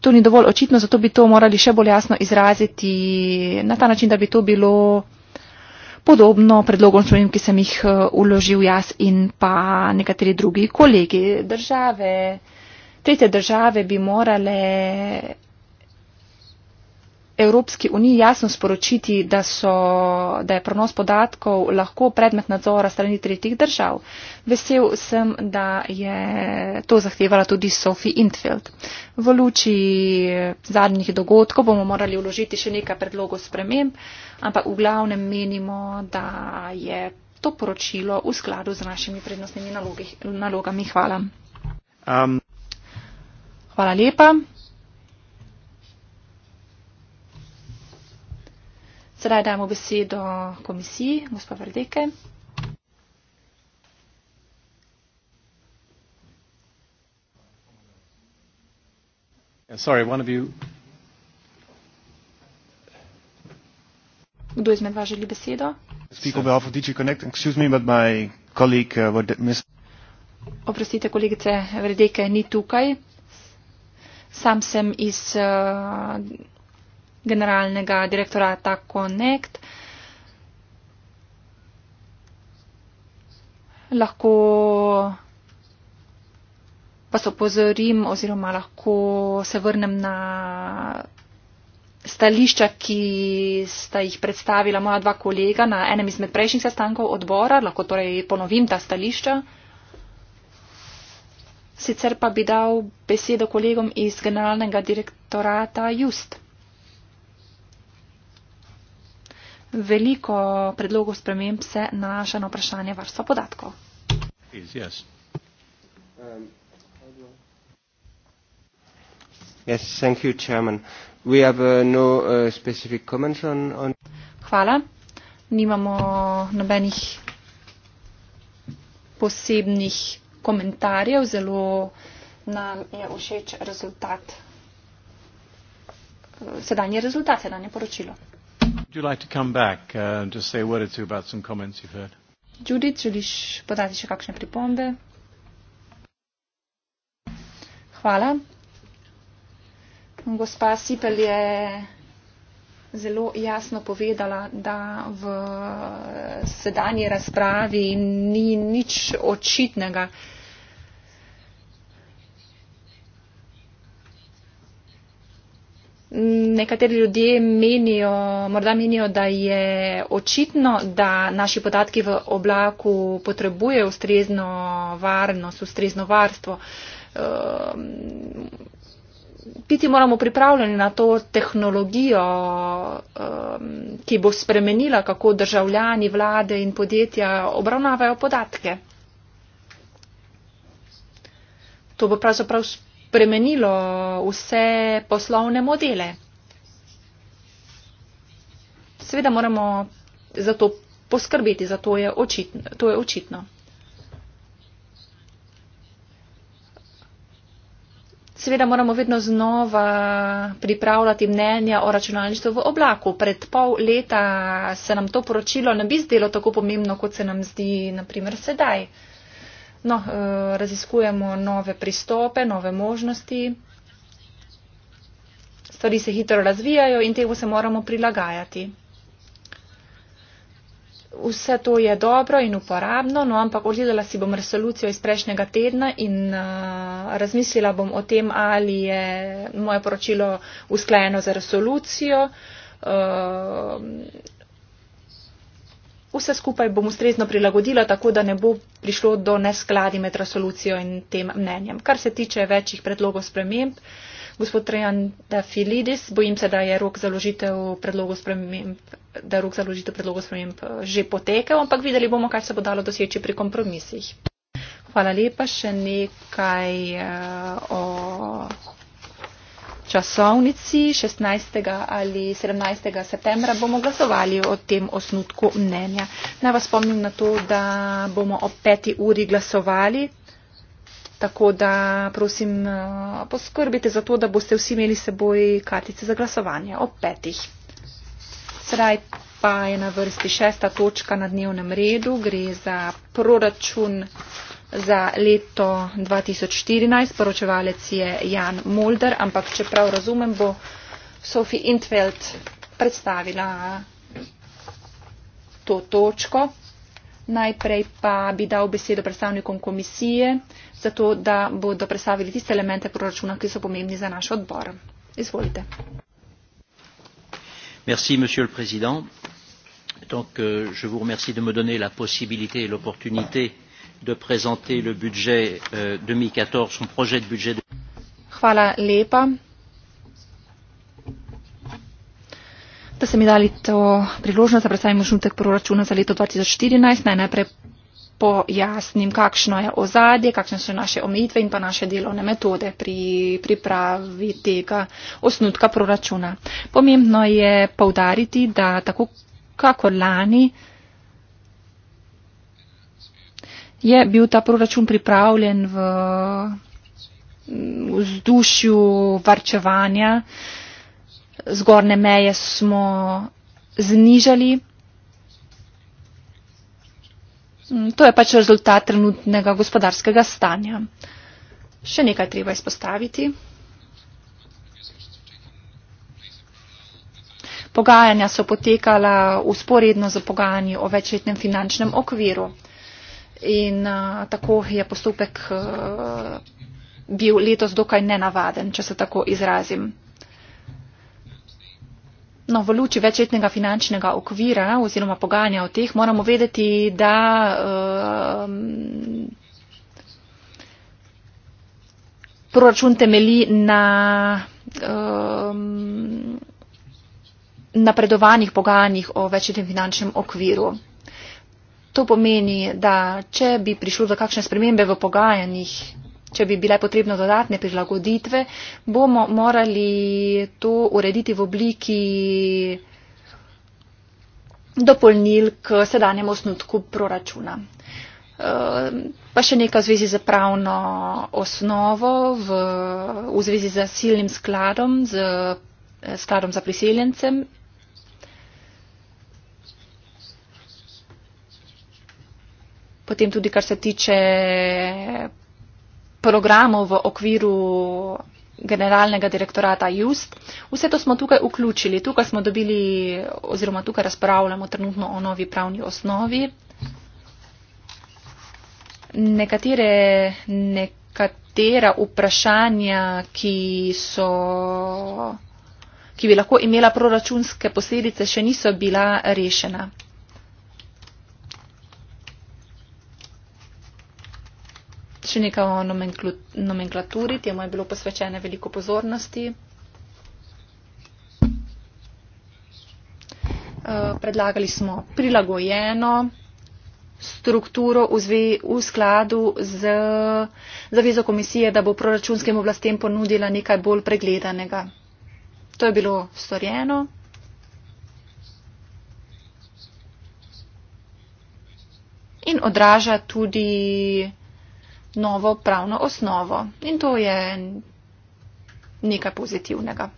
to ni dovolj očitno, zato bi to morali še bolj jasno izraziti na ta način, da bi to bilo podobno predlogom spremem, ki sem jih eh, uložil jaz in pa nekateri drugi kolegi države. Tretje države bi morale Evropski uniji jasno sporočiti, da, so, da je prenos podatkov lahko predmet nadzora strani tretjih držav. Vesel sem, da je to zahtevala tudi Sophie Intfeld. V luči zadnjih dogodkov bomo morali vložiti še nekaj predlogov sprememb, ampak v glavnem menimo, da je to poročilo v skladu z našimi prednostnimi nalogi, nalogami. Hvala. Um. Hvala lepa. Sedaj dajmo besedo komisiji, gospod Verdeke. Kdo izmed vas želi besedo? Uh, Oprostite, kolegice Verdeke ni tukaj. Sam sem iz. Uh, generalnega direktorata Connect. Lahko vas opozorim oziroma lahko se vrnem na stališča, ki sta jih predstavila moja dva kolega na enem izmed prejšnjih sestankov odbora. Lahko torej ponovim ta stališča. Sicer pa bi dal besedo kolegom iz generalnega direktorata Just. Veliko predlogov sprememb se nanaša na vprašanje varstva podatkov. Yes. Yes, thank you, Chairman. We have uh, no uh, specific comments on, on... Hvala. Nimamo nobenih posebnih komentarjev. Zelo nam je všeč rezultat. Uh, sedanje rezultate, sedanje poročilo. Would you like to come back uh, and just say a word or two about some comments you've heard? Judith, želiš podati še kakšne pripombe? Hvala. Gospa Sipel je zelo jasno povedala, da v sedanji razpravi ni nič očitnega. Uh, nekateri ljudje menijo, morda menijo, da je očitno, da naši podatki v oblaku potrebujejo ustrezno varnost, ustrezno varstvo. Piti ehm, moramo pripravljeni na to tehnologijo, ehm, ki bo spremenila, kako državljani, vlade in podjetja obravnavajo podatke. To bo pravzaprav spremenilo vse poslovne modele. Seveda moramo za to poskrbeti, zato je očitno. To je očitno. Seveda moramo vedno znova pripravljati mnenja o računalništvu v oblaku. Pred pol leta se nam to poročilo ne bi zdelo tako pomembno, kot se nam zdi naprimer sedaj. Uh, no, eh, raziskujemo nove pristope, nove možnosti. Stvari se hitro razvijajo in temu se moramo prilagajati. Vse to je dobro in uporabno, no, ampak ogledala si bom resolucijo iz prejšnjega tedna in uh, razmislila bom o tem, ali je moje poročilo usklajeno za resolucijo. Uh, vse skupaj bom ustrezno prilagodila, tako da ne bo prišlo do neskladi med resolucijo in tem mnenjem. Kar se tiče večjih predlogov sprememb, gospod Trajan Dafilidis, bojim se, da je rok založitev predlogov sprememb, da rok založitev predlogov sprememb eh, že potekel, ampak videli bomo, kaj se bo dalo doseči pri kompromisih. Hvala lepa, še nekaj uh, o časovnici 16. ali 17. septembra bomo glasovali o tem osnutku mnenja. Naj vas spomnim na to, da bomo ob 5. uri glasovali, tako da prosim poskrbite za to, da boste vsi imeli seboj kartice za glasovanje ob 5. Sedaj pa je na vrsti šesta točka na dnevnem redu, gre za proračun za leto 2014. Poročevalec je Jan Mulder, ampak če prav razumem, bo Sofi Intveld predstavila to točko. Najprej pa bi dal besedo predstavnikom komisije, zato da bodo predstavili tiste elemente proračuna, ki so pomembni za naš odbor. Izvolite. Merci, monsieur le président. Donc, euh, je vous remercie de me donner la possibilité et l'opportunité euh, de présenter le budget euh, 2014, son projet de budget. Hvala lepa, da ste mi dali to priložnost, da predstavim žuntek proračuna za leto 2014. Naj najprej pojasnim, kakšno je ozadje, kakšne so naše omejitve in pa naše delovne metode pri pripravi tega osnutka proračuna. Pomembno je povdariti, da tako kako lani je bil ta proračun pripravljen v vzdušju varčevanja. Zgornje meje smo znižali. Mm, to je pač rezultat trenutnega gospodarskega stanja. Še nekaj treba izpostaviti. Pogajanja so potekala usporedno z pogajanji o večletnem finančnem okviru in uh, tako je postopek uh, bil letos dokaj nenavaden, če se tako izrazim. No, v luči večletnega finančnega okvira oziroma pogajanja o teh moramo vedeti, da um, proračun temeli na um, napredovanih pogajanjih o večletnem finančnem okviru. To pomeni, da če bi prišlo do kakšne spremembe v pogajanjih, če bi bile potrebno dodatne prilagoditve, bomo morali to urediti v obliki dopolnil k sedanjemu osnutku proračuna. Eh, pa še nekaj v zvezi z pravno osnovo, v, v zvezi z silnim skladom, z eh, skladom za priseljencem potem tudi kar se tiče programov v okviru generalnega direktorata Just. Vse to smo tukaj vključili. Tukaj smo dobili oziroma tukaj razpravljamo trenutno o novi pravni osnovi. Nekatere, nekatera vprašanja, ki, so, ki bi lahko imela proračunske posledice, še niso bila rešena. še nekaj o nomenklaturi, temu je bilo posvečene veliko pozornosti. Eh, predlagali smo prilagojeno strukturo v, zve, v skladu z zavezo komisije, da bo proračunskim oblastem ponudila nekaj bolj pregledanega. To je bilo storjeno. In odraža tudi novo pravno osnovo. In to je nekaj pozitivnega.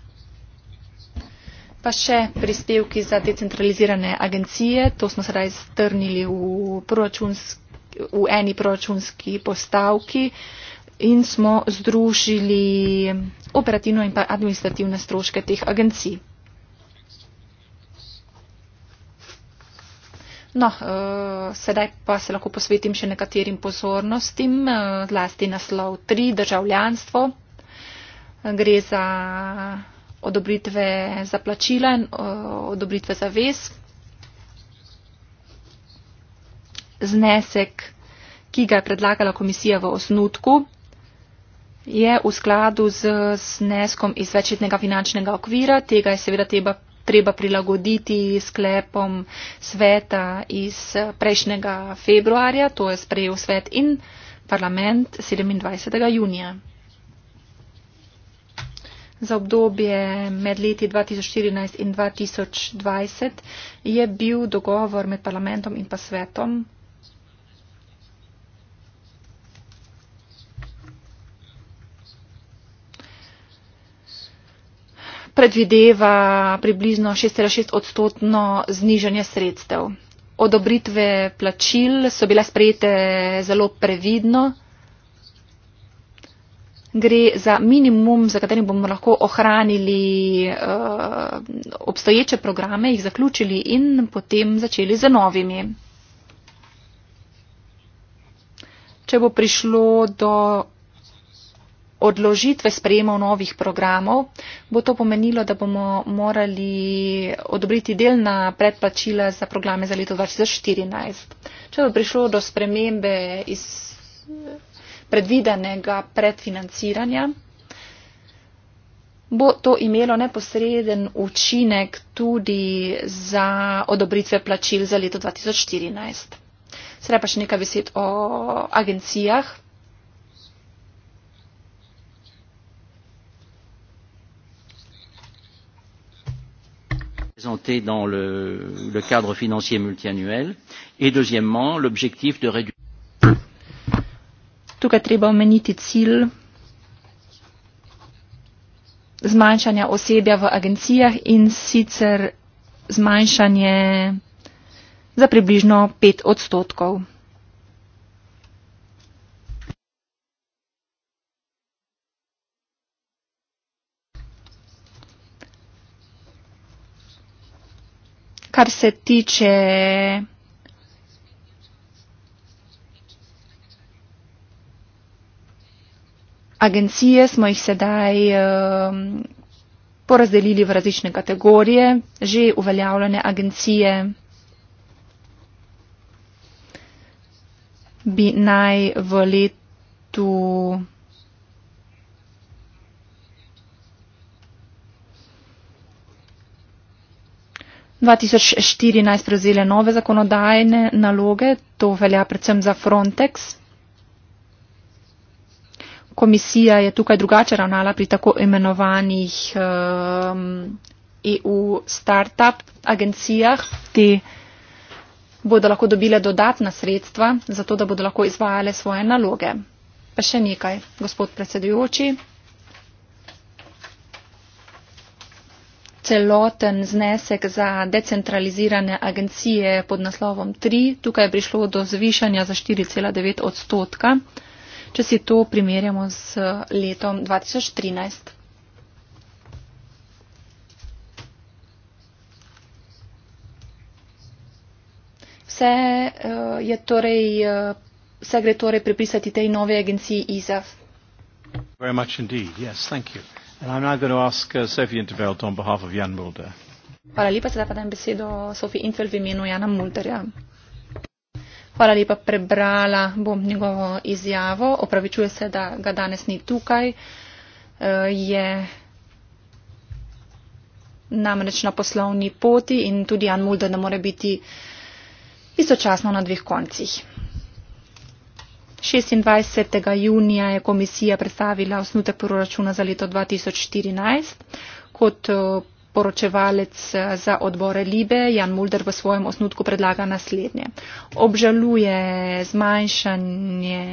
Pa še prispevki za decentralizirane agencije. To smo sedaj strnili v, v eni proračunski postavki in smo združili operativno in pa administrativne stroške teh agencij. No, eh, sedaj pa se lahko posvetim še nekaterim pozornostim, eh, zlasti naslov 3, državljanstvo. Gre za odobritve za plačila in eh, odobritve za vez. Znesek, ki ga je predlagala komisija v osnutku, je v skladu z zneskom iz večletnega finančnega okvira. Tega je seveda treba treba prilagoditi sklepom sveta iz prejšnjega februarja, to je sprejel svet in parlament 27. junija. Za obdobje med leti 2014 in 2020 je bil dogovor med parlamentom in pa svetom predvideva približno 6,6 odstotno znižanje sredstev. Odobritve plačil so bile sprejete zelo previdno. Gre za minimum, za katerim bomo lahko ohranili uh, obstoječe programe, jih zaključili in potem začeli z novimi. Če bo prišlo do odložitve sprejemov novih programov, bo to pomenilo, da bomo morali odobriti delna predplačila za programe za leto 2014. Če bo prišlo do spremembe iz predvidenega predfinanciranja, bo to imelo neposreden učinek tudi za odobritve plačil za leto 2014. Sedaj pa še nekaj besed o agencijah. présentée dans le, le cadre financier multiannuel et deuxièmement l'objectif de réduire. Tukaj treba omeniti cilj zmanjšanja osebja v agencijah in sicer zmanjšanje za približno 5 odstotkov. kar se tiče agencije, smo jih sedaj um, porazdelili v različne kategorije, že uveljavljene agencije. bi naj v letu 2014 prevzele nove zakonodajne naloge, to velja predvsem za Frontex. Komisija je tukaj drugače ravnala pri tako imenovanih um, EU startup agencijah. Te bodo lahko dobile dodatna sredstva, zato da bodo lahko izvajale svoje naloge. Pa še nekaj, gospod predsedujoči. celoten znesek za decentralizirane agencije pod naslovom 3. Tukaj je prišlo do zvišanja za 4,9 odstotka, če si to primerjamo z eh, letom 2013. Vse, eh, je torej, eh, vse gre torej pripisati tej novi agenciji ISAF. Very much indeed. Yes, thank you. And I'm now going to ask uh, Sophie Intervelt on behalf of Jan Mulder. Hvala lepa, sedaj pa dajem besedo Sofi Infeld v imenu Jana Mulderja. Hvala lepa, prebrala bom njegovo izjavo. Opravičuje se, da ga danes ni tukaj. E, je namreč na poslovni poti in tudi Jan Mulder ne more biti istočasno na dveh koncih. 26. junija je komisija predstavila osnutek proračuna za leto 2014. Kot eh, poročevalec eh, za odbore Libe, Jan Mulder v svojem osnutku predlaga naslednje. Obžaluje zmanjšanje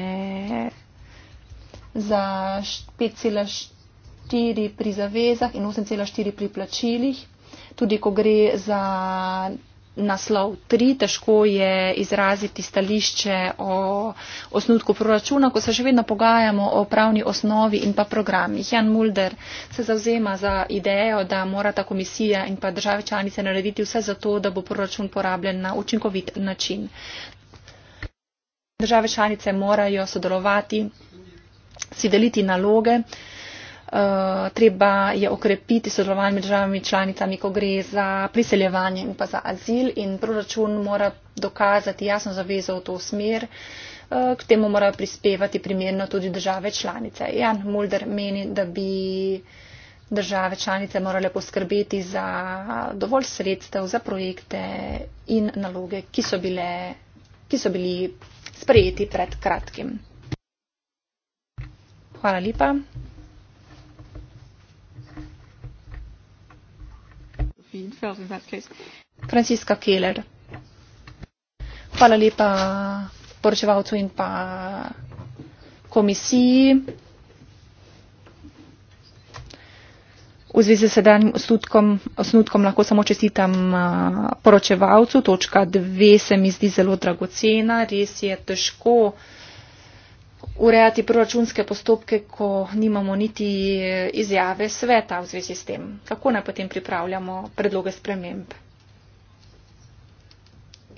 za 5,4 pri zavezah in 8,4 pri plačilih, tudi ko gre za naslov tri, težko je izraziti stališče o osnutku proračuna, ko se še vedno pogajamo o pravni osnovi in pa programih. Jan Mulder se zavzema za idejo, da mora ta komisija in pa države članice narediti vse za to, da bo proračun porabljen na učinkovit način. Države članice morajo sodelovati, si deliti naloge. Eh, treba je okrepiti sodelovanje med državami članicami, ko gre za priseljevanje in pa za azil in proračun mora dokazati jasno zavezo v to smer. Eh, k temu morajo prispevati primerno tudi države članice. Jan Mulder meni, da bi države članice morale poskrbeti za dovolj sredstev za projekte in naloge, ki so, bile, ki so bili sprejeti pred kratkim. Hvala lepa. in film in that case. Franciska Keller. Hvala lepa poročevalcu in pa komisiji. V zvezi s sedanjim osnutkom, osnutkom lahko samo čestitam poročevalcu. Točka dve se mi zdi zelo dragocena. Res je težko urejati proračunske postopke, ko nimamo niti eh, izjave sveta v zvezi s tem. Kako naj potem pripravljamo predloge sprememb?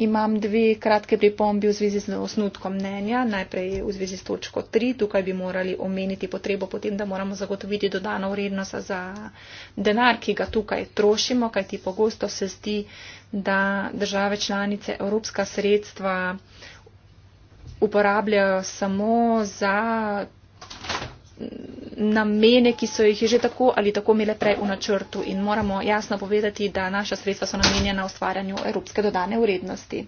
Imam dve kratke pripombi v zvezi z osnutkom mnenja. Najprej v zvezi s točko 3. Tukaj bi morali omeniti potrebo potem, da moramo zagotoviti dodano vrednost za denar, ki ga tukaj trošimo, kajti pogosto se zdi, da države članice evropska sredstva uporabljajo samo za namene, ki so jih že tako ali tako imele prej v načrtu in moramo jasno povedati, da naša sredstva so namenjena ustvarjanju evropske dodane vrednosti.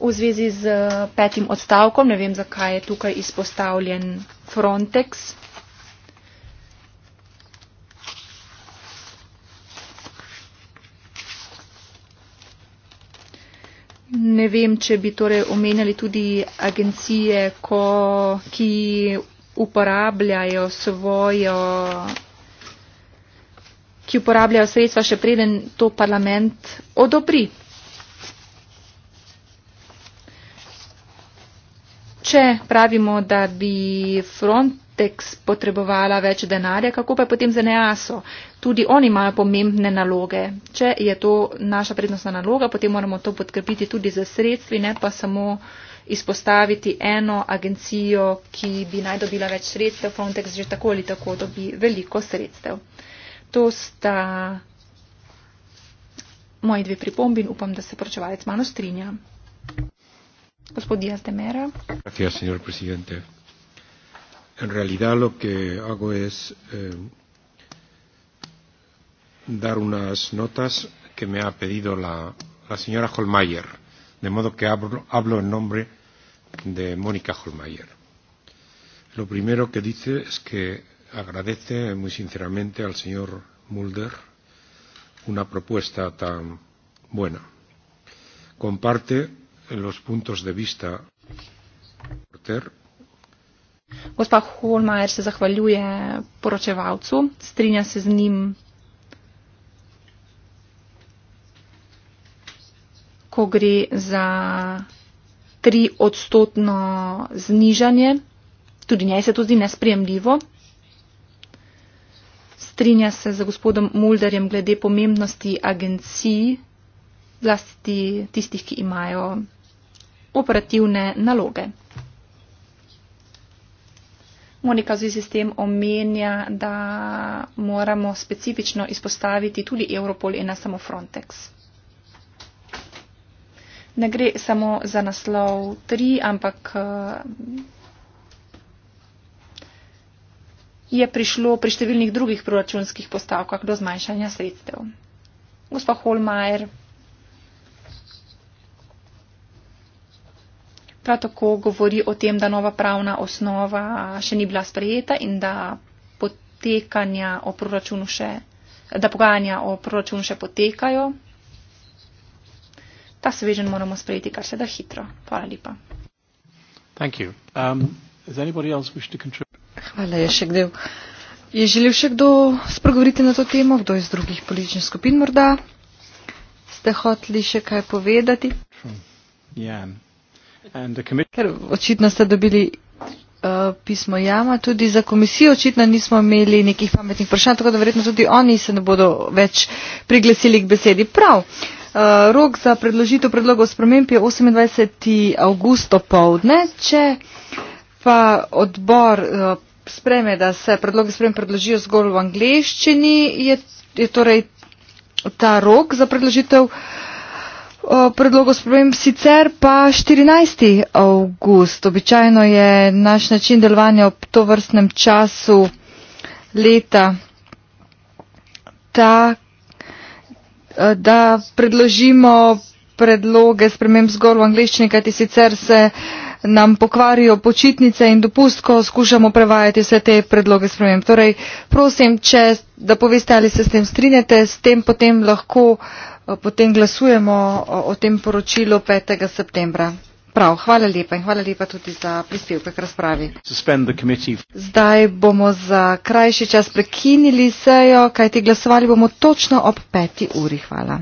V zvezi z petim odstavkom, ne vem, zakaj je tukaj izpostavljen Frontex, Ne vem, če bi torej omenjali tudi agencije, ko, ki uporabljajo svojo, ki uporabljajo sredstva še preden to parlament odobri. Če pravimo, da bi front Vertex potrebovala več denarja, kako pa je potem za e Neaso. Tudi oni imajo pomembne naloge. Če je to naša prednostna naloga, potem moramo to podkrepiti tudi za sredstvi, ne pa samo izpostaviti eno agencijo, ki bi naj dobila več sredstev. Frontex že tako ali tako dobi veliko sredstev. To sta moji dve pripombi in upam, da se poročevalec malo strinja. Gospod Diaz de Mera. Gracias, señor presidente. En realidad lo que hago es eh, dar unas notas que me ha pedido la, la señora Holmeyer, de modo que hablo, hablo en nombre de Mónica Holmeyer. Lo primero que dice es que agradece muy sinceramente al señor Mulder una propuesta tan buena. Comparte los puntos de vista Gospa Holmajer se zahvaljuje poročevalcu, strinja se z njim, ko gre za tri odstotno znižanje. Tudi njej se to zdi nesprijemljivo. Strinja se z gospodom Mulderjem glede pomembnosti agencij, zlasti tistih, ki imajo operativne naloge. Monika v zvezi s tem omenja, da moramo specifično izpostaviti tudi Europol in ne samo Frontex. Ne gre samo za naslov 3, ampak eh, je prišlo pri številnih drugih proračunskih postavkah do zmanjšanja sredstev. Gospa Holmajer prav tako govori o tem, da nova pravna osnova še ni bila sprejeta in da potekanja o proračunu še, da pogajanja o proračunu še potekajo. Ta svežen moramo sprejeti kar se da hitro. Hvala lepa. Um, Hvala, je še kdo. Je želel še kdo spregovoriti na to temo, kdo iz drugih političnih skupin morda? Ste hoteli še kaj povedati? Jan. Sure. Yeah. Ker očitno ste dobili uh, pismo jama, tudi za komisijo očitno nismo imeli nekih pametnih vprašanj, tako da verjetno tudi oni se ne bodo več priglesili k besedi. Prav. Uh, rok za predložitev predlogov sprememb je 28. august popovdne. Če pa odbor uh, spreme, da se predloge sprememb predložijo zgolj v angleščini, je, je torej ta rok za predložitev uh, predlogu spremem, sicer pa 14. august. Običajno je naš način delovanja ob to vrstnem času leta ta, eh, da predložimo predloge spremem zgolj v angliščini, kajti sicer se nam pokvarijo počitnice in dopustko, skušamo prevajati vse te predloge spremem. Torej, prosim, če, da poveste, ali se s tem strinjate, s tem potem lahko. Eh, potem glasujemo o, eh, o tem poročilu 5. septembra. Prav, hvala lepa in hvala lepa tudi za prispevke k razpravi. Zdaj bomo za krajši čas prekinili sejo, kajti glasovali bomo točno ob 5. uri. Hvala.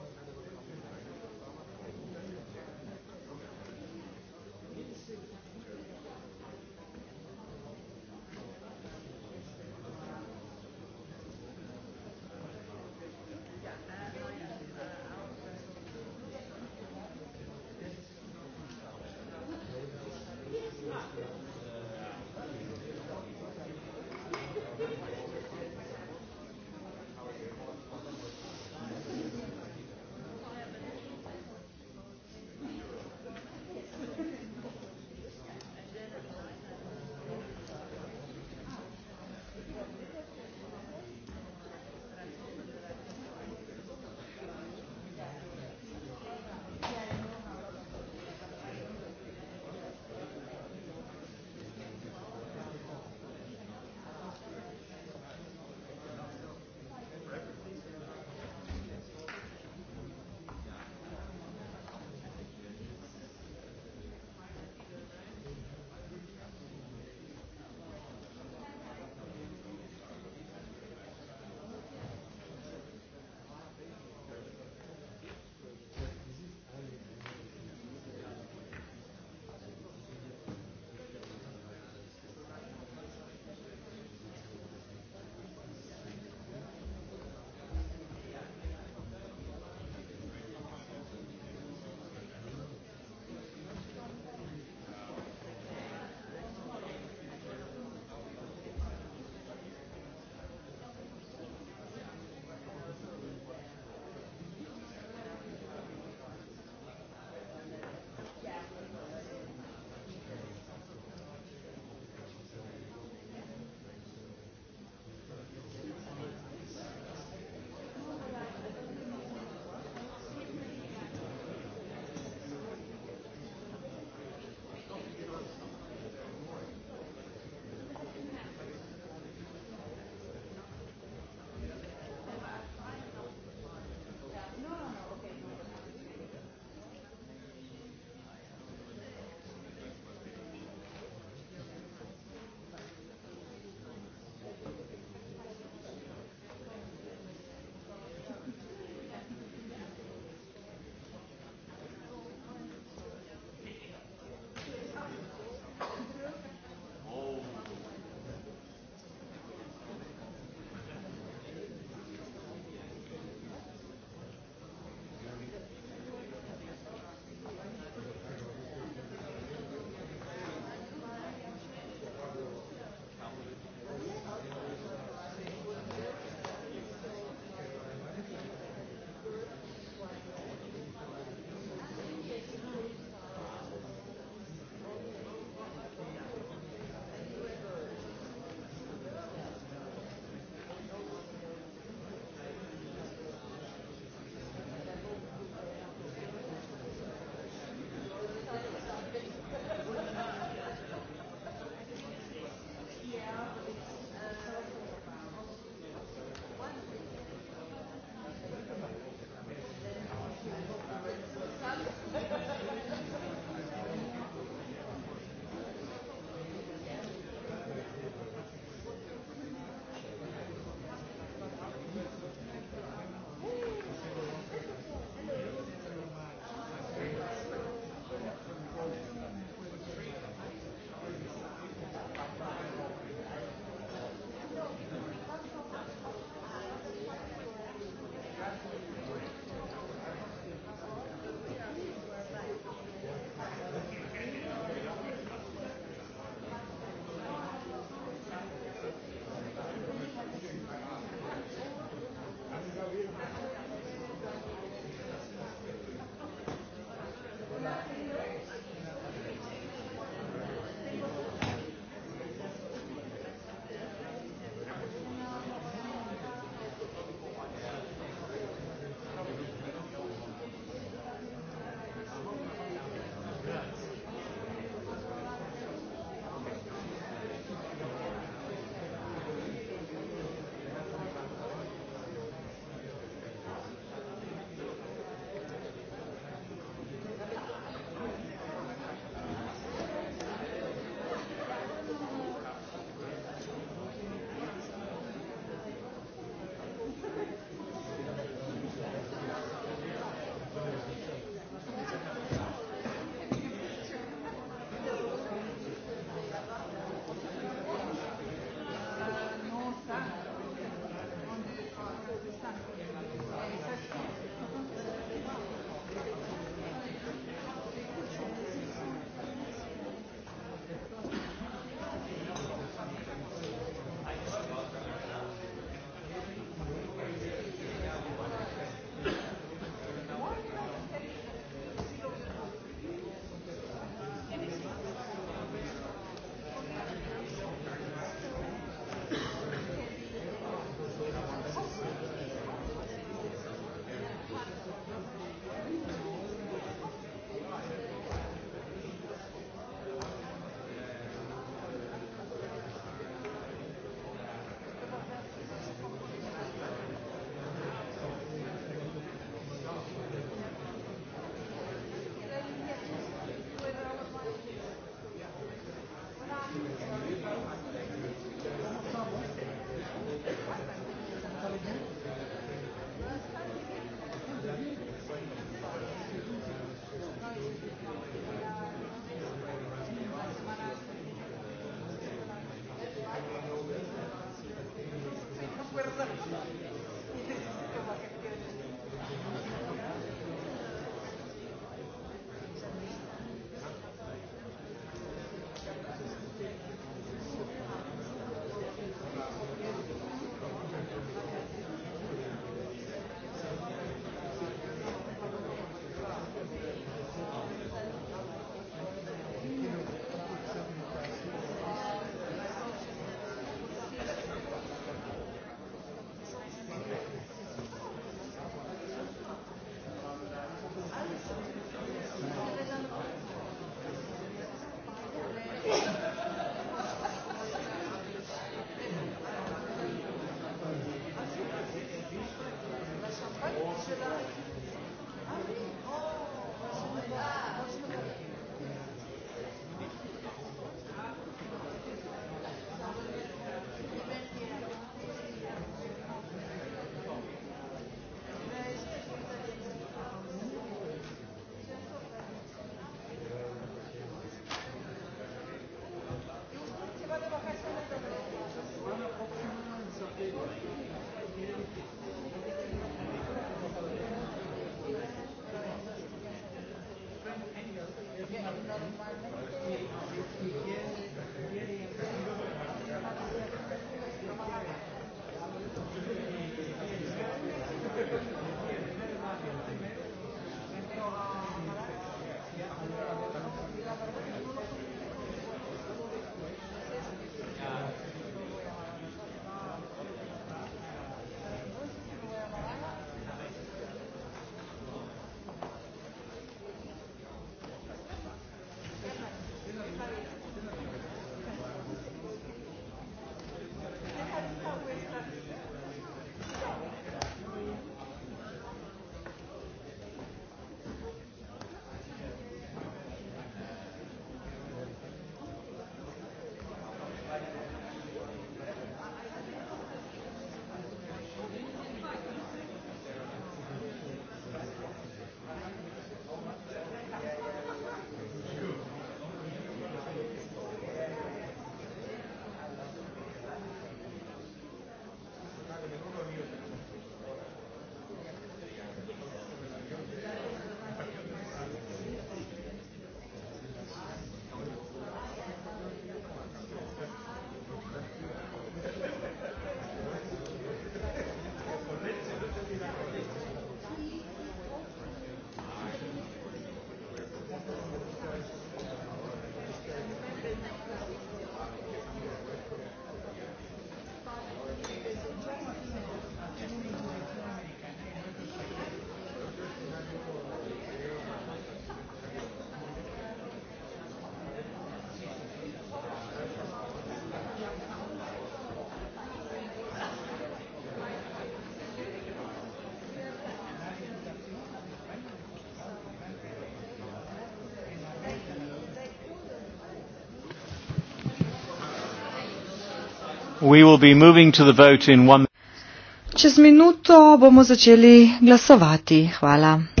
Čez minuto bomo začeli glasovati. Hvala.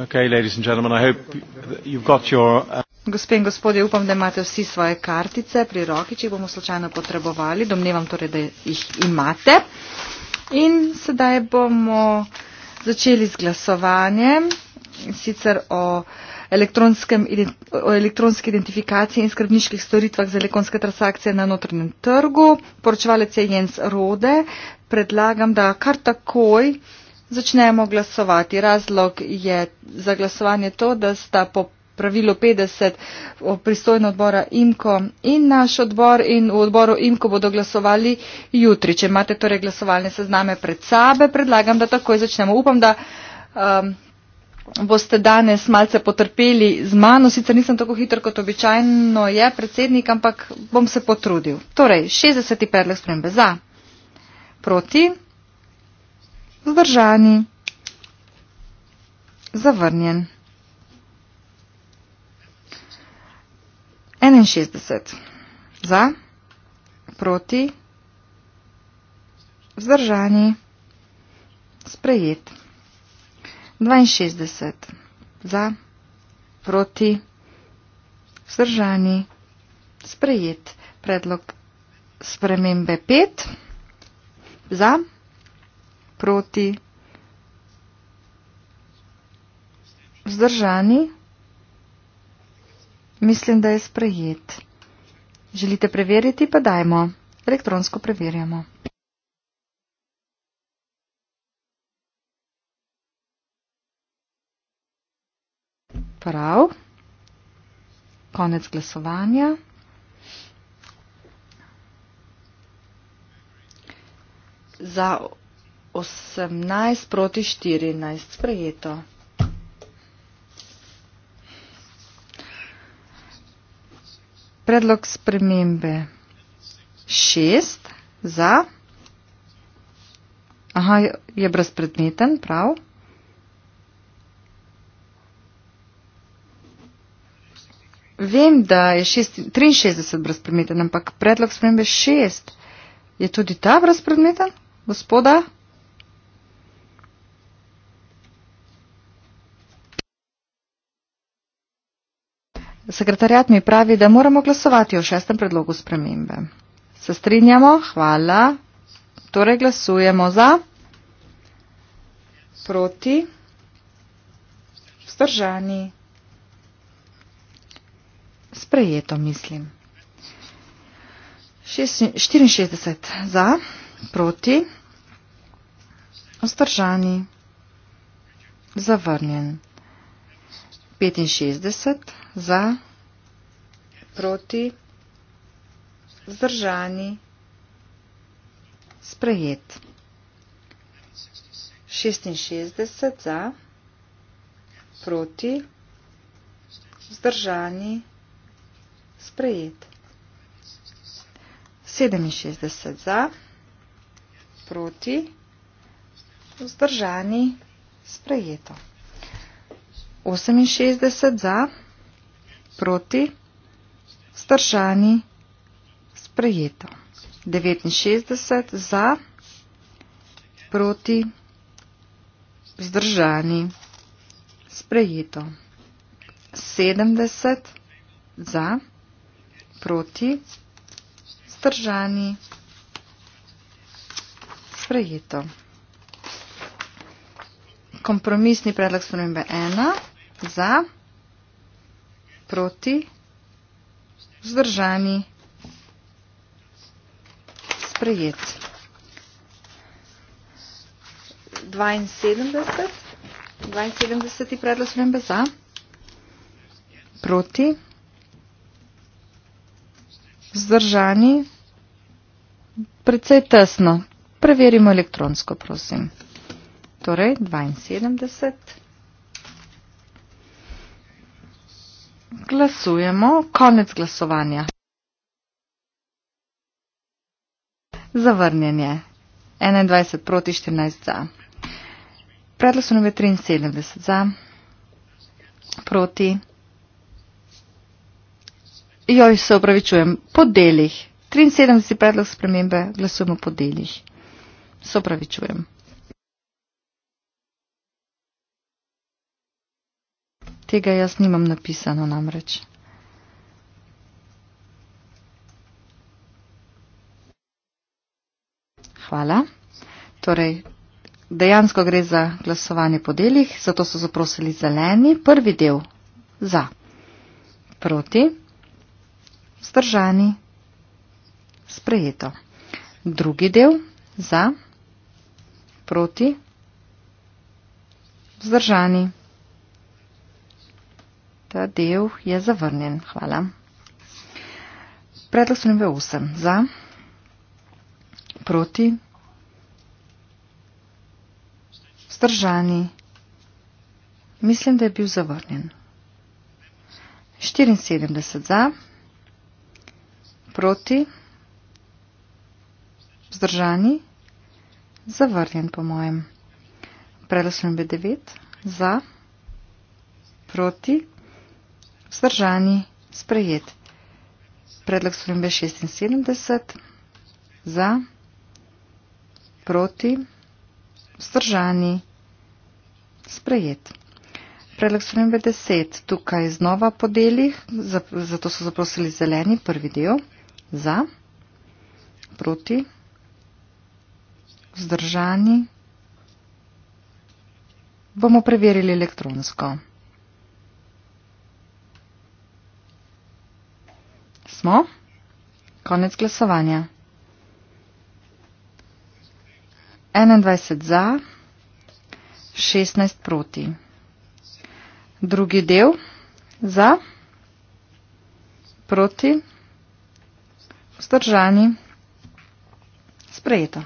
Uh, Gospe in gospodje, upam, da imate vsi svoje kartice pri roki, če jih bomo slučajno potrebovali. Domnevam torej, da jih imate. In sedaj bomo začeli z glasovanjem, sicer o, o elektronski identifikaciji in skrbniških storitvah za elektronske transakcije na notrnem trgu. Poročevalec je Jens Rode. Predlagam, da kar takoj začnemo glasovati. Razlog je za glasovanje to, da sta po pravilu 50 pristojno odbora IMKO in naš odbor in v odboru IMKO bodo glasovali jutri. Če imate torej glasovalne sezname pred sabo, predlagam, da takoj začnemo. Upam, da um, boste danes malce potrpeli z mano, sicer nisem tako hiter kot običajno je predsednik, ampak bom se potrudil. Torej, 60 predlog spremembe za, proti, zdržani. Zavrnjen. 61. Za. Proti. Vzdržani. Sprejet. 62. Za. Proti. Vzdržani. Sprejet. Predlog spremembe 5. Za. Proti. Vzdržani? Mislim, da je sprejet. Želite preveriti, pa dajmo. Elektronsko preverjamo. Prav. Konec glasovanja. Za 18 proti 14 sprejeto. predlog spremembe. Šest za. Aha, je brezpredmeten, prav. Vem, da je šest, 63 brezpredmeten, ampak predlog spremembe šest. Je tudi ta brezpredmeten, gospoda? Sekretarjat mi pravi, da moramo glasovati o šestem predlogu spremembe. Se strinjamo? Hvala. Torej glasujemo za, proti, vzdržani. Sprejeto, mislim. 64 za, proti, vzdržani, zavrnjen. 65 za, proti, zdržani, sprejet. 66 za, proti, zdržani, sprejet. 67 za, proti, zdržani, sprejeto. 68 za, proti, zdržani, sprejeto. 68 za, proti, vzdržani, sprejeto. 69 za, proti, vzdržani, sprejeto. 70 za, proti, vzdržani, sprejeto. Kompromisni predlog spremembe 1 za proti, zdržani, sprejet. 72, 72 predlog spremembe za, proti, zdržani, precej tesno. Preverimo elektronsko, prosim. Torej, 72, 72. Glasujemo. Konec glasovanja. Zavrnjen je. 21 proti 14 za. Predlog so nove 73 za. Proti. Joj, se opravičujem. Po delih. 73 predlog spremembe. Glasujemo po delih. Se opravičujem. Tega jaz nimam napisano namreč. Hvala. Torej, dejansko gre za glasovanje po delih, zato so zaprosili zeleni. Prvi del za. Proti. Zdržani. Sprejeto. Drugi del za. Proti. Zdržani. Ta del je zavrnjen. Hvala. Predlog spremembe 8. Za, proti, vzdržani. Mislim, da je bil zavrnjen. 74 za, proti, vzdržani, zavrnjen po mojem. Predlog spremembe 9. Za, proti, vzdržani. Vzdržani, sprejet. Predlog spremembe 76. Za, proti, vzdržani, sprejet. Predlog spremembe 10. Tukaj znova po delih, zato so zaprosili zeleni prvi del. Za, proti, vzdržani. Bomo preverili elektronsko. smo. Konec glasovanja. 21 za, 16 proti. Drugi del za, proti, vzdržani, sprejeto.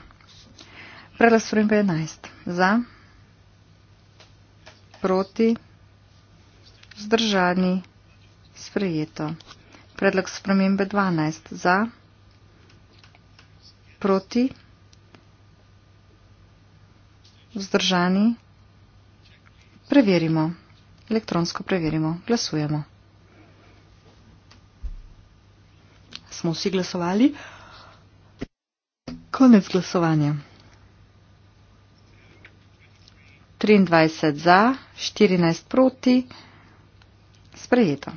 Preglasujem pa 11. Za, proti, vzdržani, sprejeto. Predlog spremembe 12. Za, proti, vzdržani, preverimo. Elektronsko preverimo. Glasujemo. Smo vsi glasovali. Konec glasovanja. 23 za, 14 proti, sprejeto.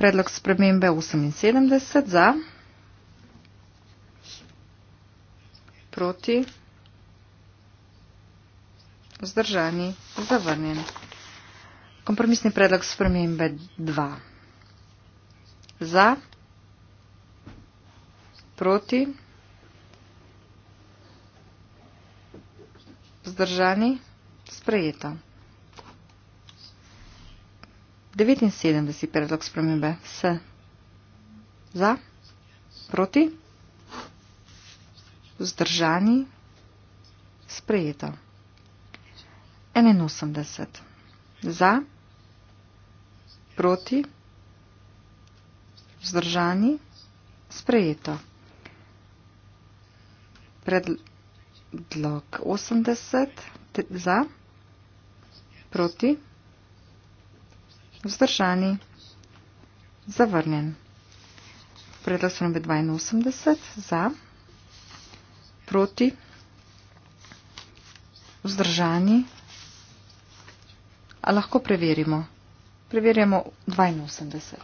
Predlog spremembe 78 za. Proti. Vzdržani. Zavrnjen. Kompromisni predlog spremembe 2. Za. Proti. Vzdržani. Sprejeto. 79. predlog spremembe. S. Za. Proti. Vzdržani. Sprejeto. 81. Za. Proti. Vzdržani. Sprejeto. Predlog 80. Za. Proti vzdržani, zavrnjen. Predlog so nove 82, za, proti, vzdržani, a lahko preverimo. Preverjamo 82.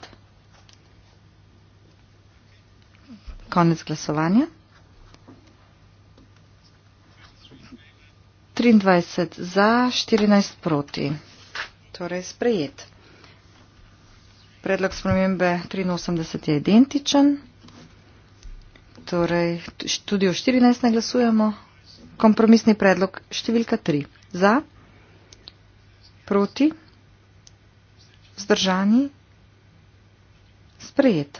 Konec glasovanja. 23 za, 14 proti. Torej sprejet. Predlog spremembe 83 je identičen. Torej, tudi o 14 ne glasujemo. Kompromisni predlog številka 3. Za, proti, vzdržani, sprejet.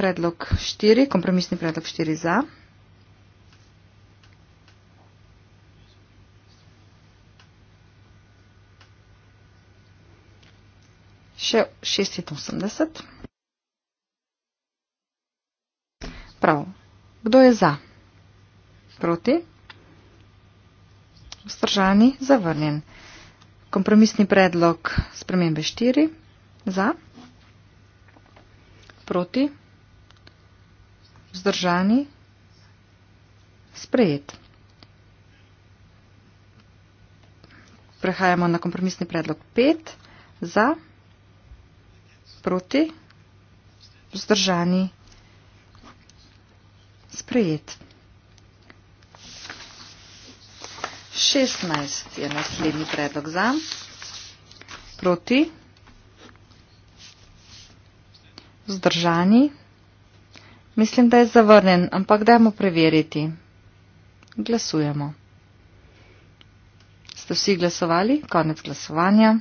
Predlog 4, kompromisni predlog 4 za. še 86. Prav. Kdo je za? Proti? Vstržani, zavrnjen. Kompromisni predlog spremembe 4. Za? Proti? Vzdržani? Sprejet. Prehajamo na kompromisni predlog 5. Za? Proti? proti, vzdržani, sprejet. 16 je naslednji predlog za, proti, vzdržani, mislim, da je zavrnen, ampak dajmo preveriti. Glasujemo. Ste vsi glasovali? Konec glasovanja.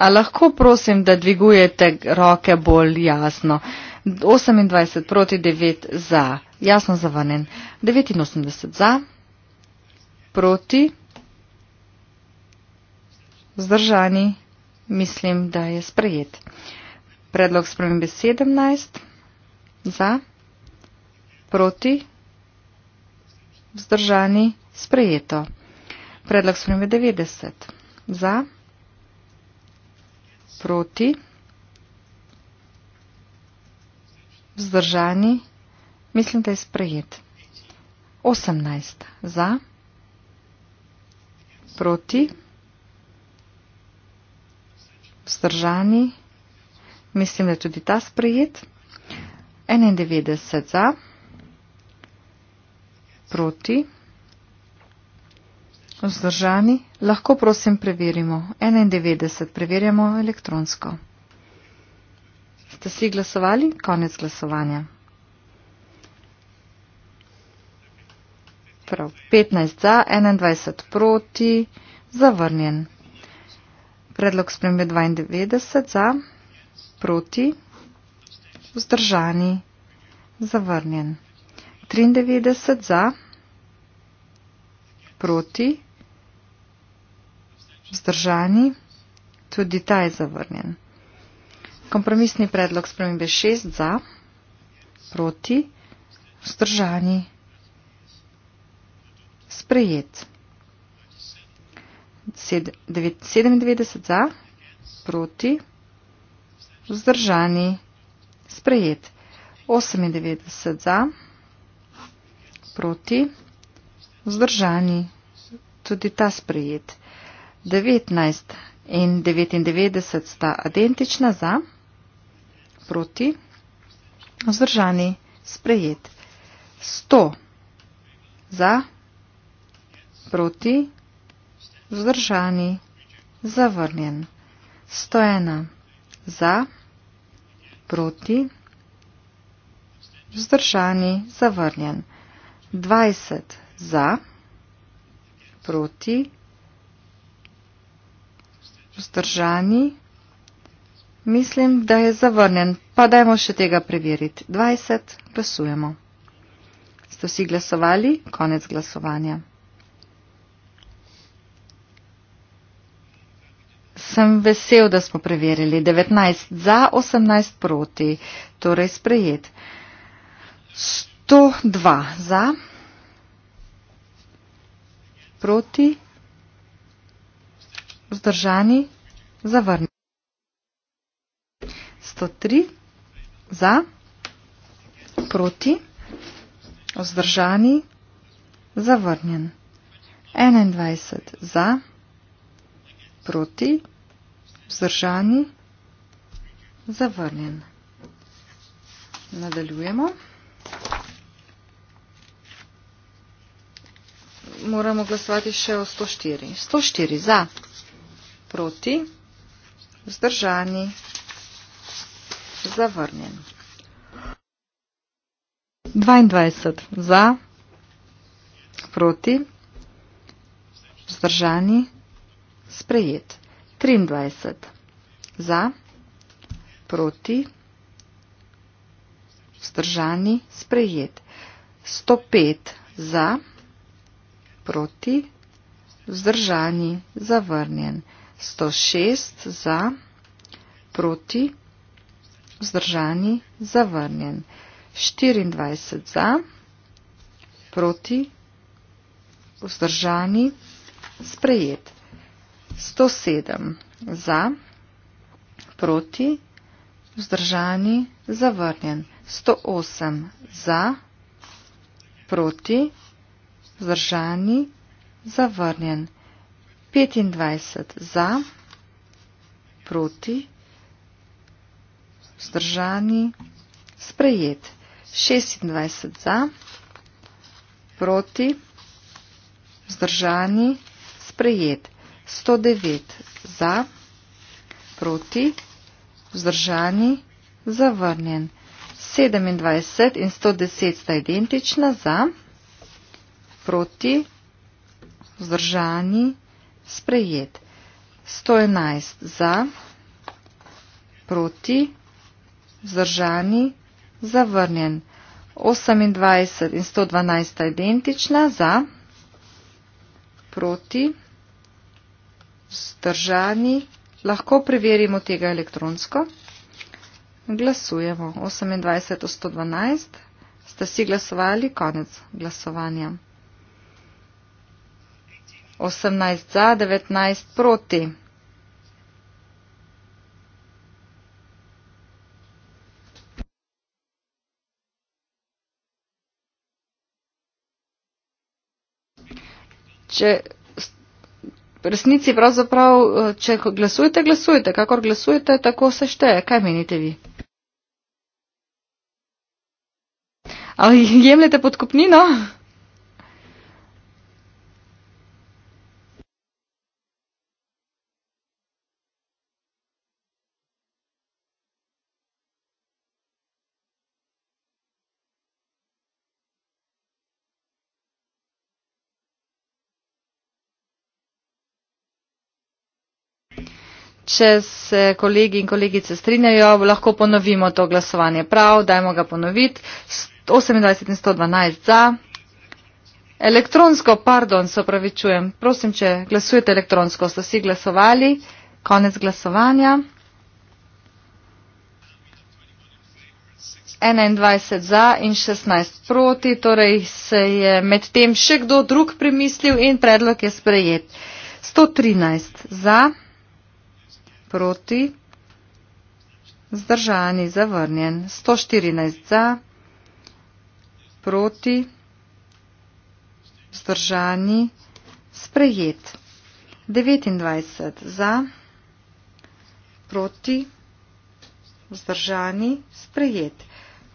A lahko prosim, da dvigujete roke bolj jasno. 28 proti 9 za. Jasno zavanen. 89 za. Proti. Zdržani. Mislim, da je sprejet. Predlog spremembe 17. Za. Proti. Zdržani. Sprejeto. Predlog spremembe 90. Za proti, vzdržani, mislim, da je sprejet. 18 za, proti, vzdržani, mislim, da je tudi ta sprejet. 91 za, proti, vzdržani. Vzdržani. Lahko prosim preverimo. 91. Preverjamo elektronsko. Ste si glasovali? Konec glasovanja. Prav. 15 za, 21 proti, zavrnjen. Predlog spremembe 92 za, proti, vzdržani, zavrnjen. 93 za, proti, vzdržani. Vzdržani? Tudi ta je zavrnjen. Kompromisni predlog spremembe 6 za, proti, vzdržani, sprejet. 97 za, proti, vzdržani, sprejet. 98 za, proti, vzdržani, tudi ta sprejet. 19 in 99 sta identična za, proti, vzdržani, sprejet. 100 za, proti, vzdržani, zavrnjen. 101 za, proti, vzdržani, zavrnjen. 20 za, proti, vzdržani vzdržani. Mislim, da je zavrnjen, pa dajmo še tega preveriti. 20. Glasujemo. Ste vsi glasovali? Konec glasovanja. Sem vesel, da smo preverili. 19 za, 18 proti. Torej sprejet. 102 za, proti Vzdržani. Zavrni. 103. Za. Proti. Vzdržani. Zavrnjen. 21. Za. Proti. Vzdržani. Zavrnjen. Nadaljujemo. Moramo glasovati še o 104. 104 za proti, vzdržani, zavrnjen. 22 za, proti, vzdržani, sprejet. 23 za, proti, vzdržani, sprejet. 105 za, proti, vzdržani, zavrnjen. 106 za, proti, vzdržani, zavrnjen. 24 za, proti, vzdržani, sprejet. 107 za, proti, vzdržani, zavrnjen. 108 za, proti, vzdržani, zavrnjen. 109 za, proti, vzdržani, zavrnjen. 25 za, proti, vzdržani, sprejet. 26 za, proti, vzdržani, sprejet. 109 za, proti, vzdržani, zavrnjen. 27 in 110 sta identična za, proti, vzdržani, zavrnjen sprejet. 111 za, proti, vzdržani, zavrnjen. 28 in 112 identična za, proti, vzdržani, lahko preverimo tega elektronsko. Glasujemo. 28 in 112 ste si glasovali, konec glasovanja. 18 za, 19 proti. Če v resnici pravzaprav, eh, če glasujete, glasujete, kakor glasujete, tako se šteje. Kaj menite vi? Ali jemljete podkupnino? Če se kolegi in kolegice strinjajo, lahko ponovimo to glasovanje. Prav, dajmo ga ponoviti. 28 in 112 za. Elektronsko, pardon, se opravičujem. Prosim, če glasujete elektronsko, ste vsi glasovali. Konec glasovanja. 21 za in 16 proti, torej se je medtem še kdo drug premislil in predlog je sprejet. 113 za proti, vzdržani, zavrnjen, 114 za, proti, vzdržani, sprejet, 29 za, proti, vzdržani, sprejet,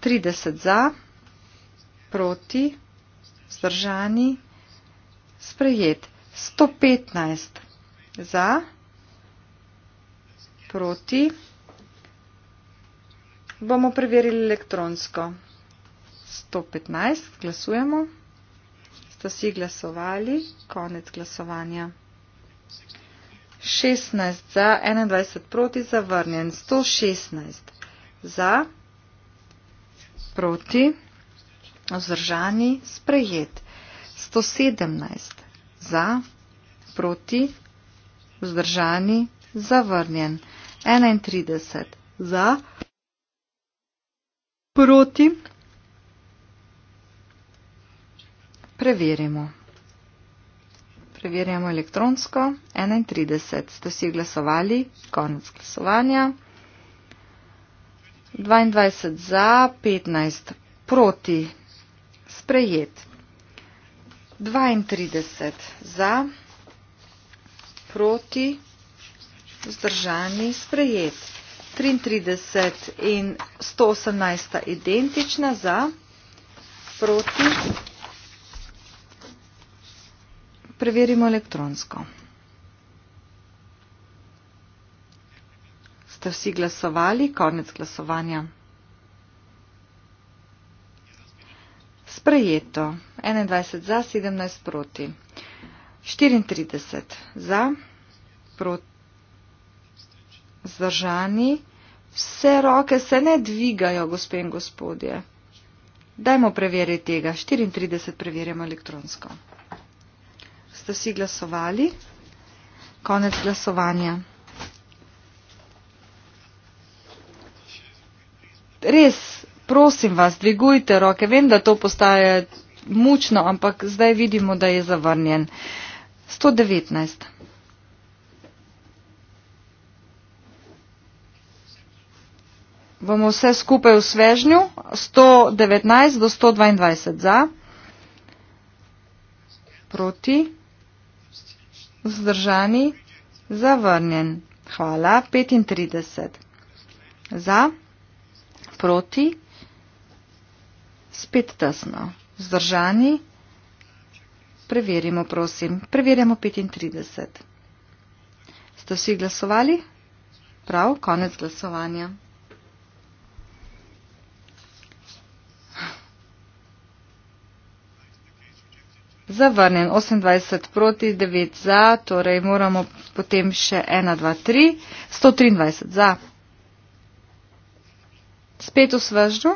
30 za, proti, vzdržani, sprejet, 115 za, proti, vzdržani, sprejet, 115 za, proti. Bomo preverili elektronsko. 115, glasujemo. Ste vsi glasovali, konec glasovanja. 16 za, 21 proti, zavrnjen. 116 za, proti, vzdržani, sprejet. 117 za, proti, vzdržani, zavrnjen. 31 za, proti. Preverimo. Preverjamo elektronsko. 31 ste vsi glasovali, konec glasovanja. 22 za, 15 proti, sprejet. 32 za, proti, sprejet vzdržani, sprejet. 33 in 118 identična za, proti. Preverimo elektronsko. Ste vsi glasovali, konec glasovanja. Sprejeto. 21 za, 17 proti. 34 za, proti zdržani, vse roke se ne dvigajo, gospe in gospodje. Dajmo preveriti tega. 34 preverjamo elektronsko. Ste vsi glasovali? Konec glasovanja. Res, prosim vas, dvigujte roke. Vem, da to postaje mučno, ampak zdaj vidimo, da je zavrnjen. 119. bomo vse skupaj v svežnju 119 do 122 za, proti, vzdržani, zavrnjen. Hvala. 35 za, proti, spet tesno, vzdržani. Preverimo, prosim. Preverjamo 35. Ste vsi glasovali? Prav, konec glasovanja. Zavrnjen 28 proti 9 za, torej moramo potem še 1, 2, 3, 123 za. Spet v svežnju.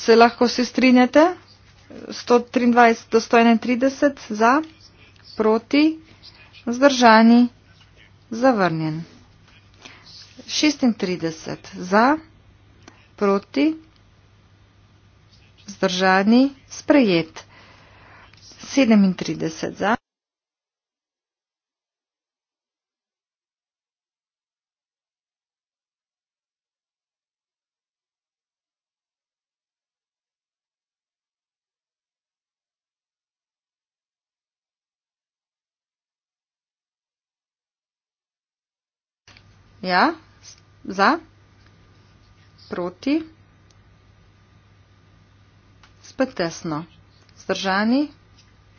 Se lahko vsi strinjate? 123 do 131 za, proti, vzdržani, zavrnjen. 36 za, proti, vzdržani. Zdržani, sprejet. 37 za. Ja, za, proti spet tesno. Zdržani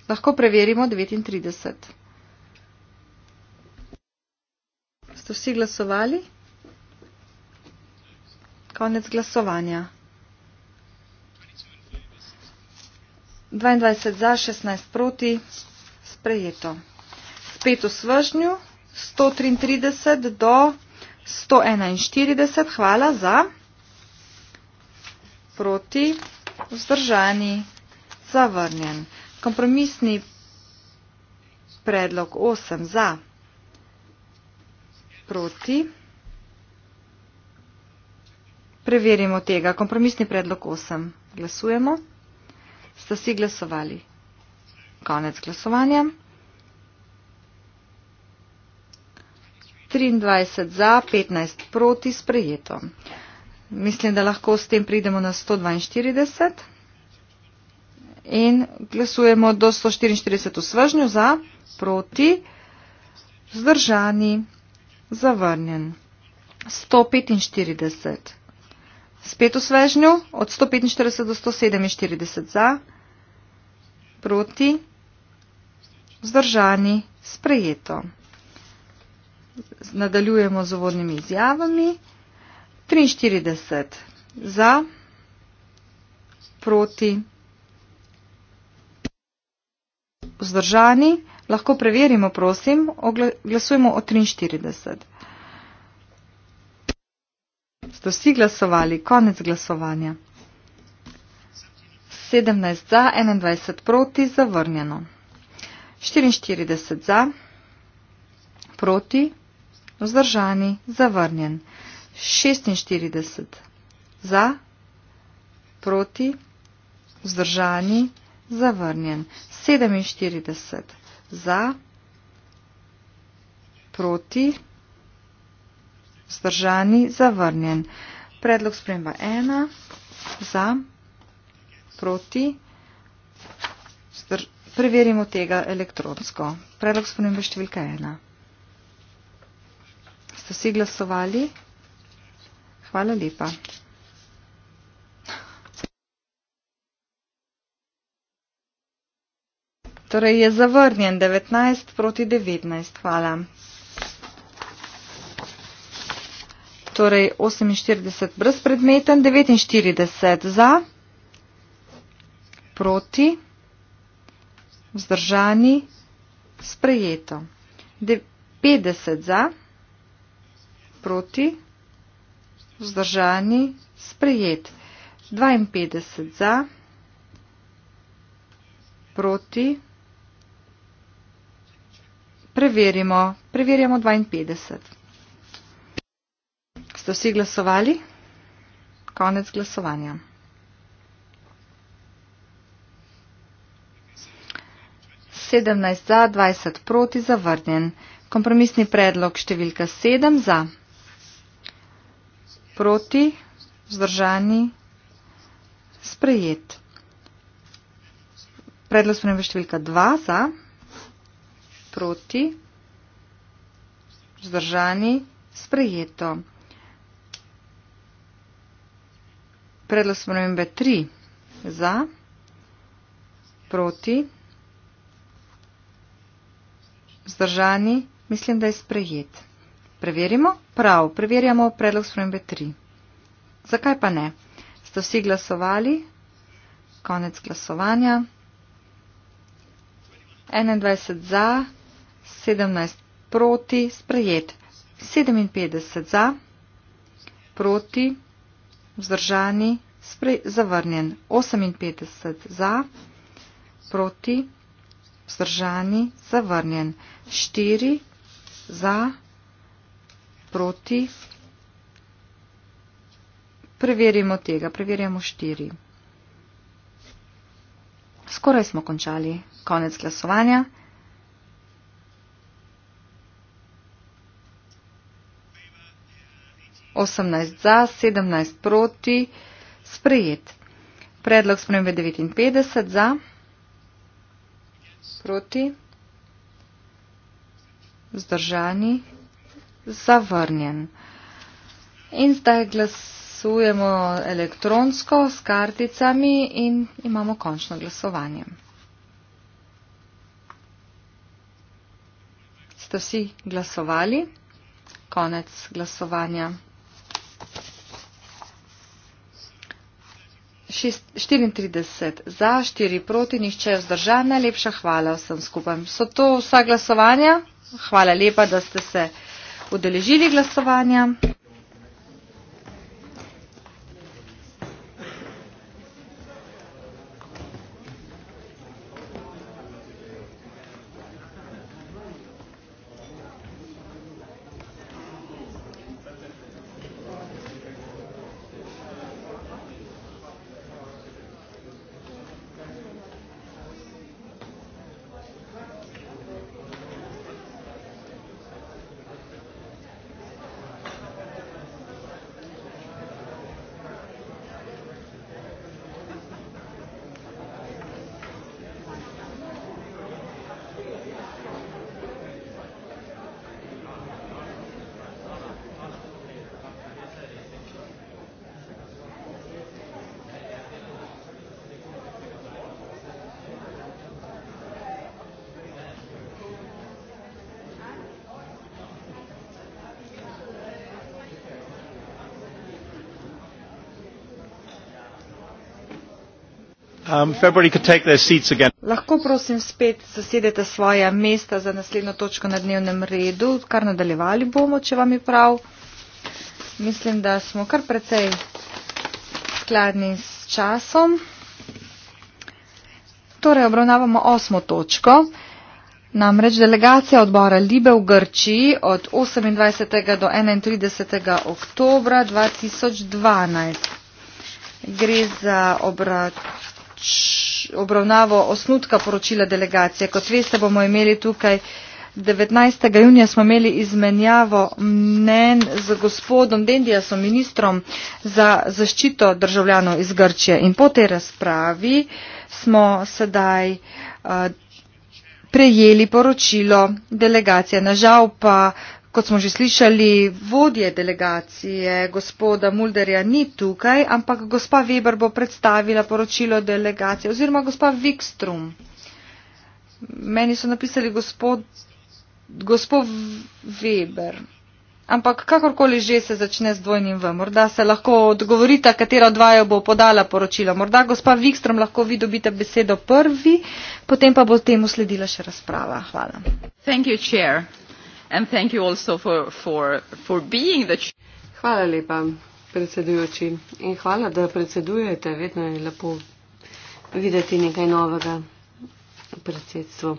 lahko preverimo 39. Ste vsi glasovali? Konec glasovanja. 22 za, 16 proti, sprejeto. Spet v svežnju, 133 do 141, hvala za, proti vzdržani, zavrnjen. Kompromisni predlog 8 za, proti. Preverimo tega. Kompromisni predlog 8 glasujemo. Sta si glasovali. Konec glasovanja. 23 za, 15 proti sprejeto. Mislim, da lahko s tem pridemo na 142 in glasujemo do 144 v svežnju za, proti, vzdržani, zavrnjen. 145. Spet v svežnju od 145 do 147 za, proti, vzdržani, sprejeto. Nadaljujemo z uvodnimi izjavami. 43 za, proti, vzdržani. Lahko preverimo, prosim, glasujemo o 43. Ste vsi glasovali, konec glasovanja. 17 za, 21 proti, zavrnjeno. 44 za, proti, vzdržani, zavrnjen. 46 za, proti, vzdržani, zavrnjen. 47 za, proti, vzdržani, zavrnjen. Predlog sprejemba 1 za, proti, preverimo tega elektronsko. Predlog sprejemba številka 1. Ste vsi glasovali? Hvala lepa. Torej je zavrnjen 19 proti 19. Hvala. Torej 48 brezpredmeten, 49 za, proti, vzdržani, sprejeto. 50 za, proti, vzdržani vzdržani, sprejet. 52 za, proti, preverimo, preverjamo 52. Ste vsi glasovali? Konec glasovanja. Sedemnajst za, dvajset proti, zavrnjen. Kompromisni predlog številka sedem za proti, vzdržani, sprejet. Predlog spremembe številka 2 za, proti, vzdržani, sprejeto. Predlog spremembe 3 za, proti, vzdržani, mislim, da je sprejet. Preverimo? Prav, preverjamo predlog spremembe 3. Zakaj pa ne? Ste vsi glasovali? Konec glasovanja. 21 za, 17 proti, sprejet. 57 za, proti, vzdržani, sprej, zavrnjen. 58 za, proti, vzdržani, zavrnjen. 4 za, proti. Preverimo tega, preverjamo štiri. Skoraj smo končali. Konec glasovanja. Osemnajst za, sedemnajst proti. Sprejet. Predlog spremembe 59 za, proti, vzdržani zavrnjen. In zdaj glasujemo elektronsko s karticami in imamo končno glasovanje. Ste vsi glasovali? Konec glasovanja. 34 za, 4 proti, nišče je vzdržan. Najlepša hvala vsem skupaj. So to vsa glasovanja? Hvala lepa, da ste se udeležili glasovanja. Um, Lahko prosim spet zasedete svoje mesta za naslednjo točko na dnevnem redu, kar nadaljevali bomo, če vam je prav. Mislim, da smo kar precej skladni s časom. Torej, obravnavamo osmo točko. Namreč delegacija odbora Libe v Grčiji od 28. do 31. oktobra 2012. Gre za obrat pač obravnavo osnutka poročila delegacije. Kot veste, bomo imeli tukaj 19. junija smo imeli izmenjavo mnen z gospodom Dendijasom, ministrom za zaščito državljanov iz Grčije. In po tej razpravi smo sedaj uh, prejeli poročilo delegacije. Nažal pa Kot smo že slišali, vodje delegacije gospoda Mulderja ni tukaj, ampak gospa Weber bo predstavila poročilo delegacije oziroma gospa Wikstrom. Meni so napisali gospod, gospod Weber. Ampak kakorkoli že se začne z dvojnim v, morda se lahko odgovorite, katera od vaju bo podala poročilo. Morda gospa Wikstrom lahko vi dobite besedo prvi, potem pa bo temu sledila še razprava. Hvala. Hvala lepa, predsedujoči. In hvala, da predsedujete. Vedno je lepo videti nekaj novega v predsedstvu.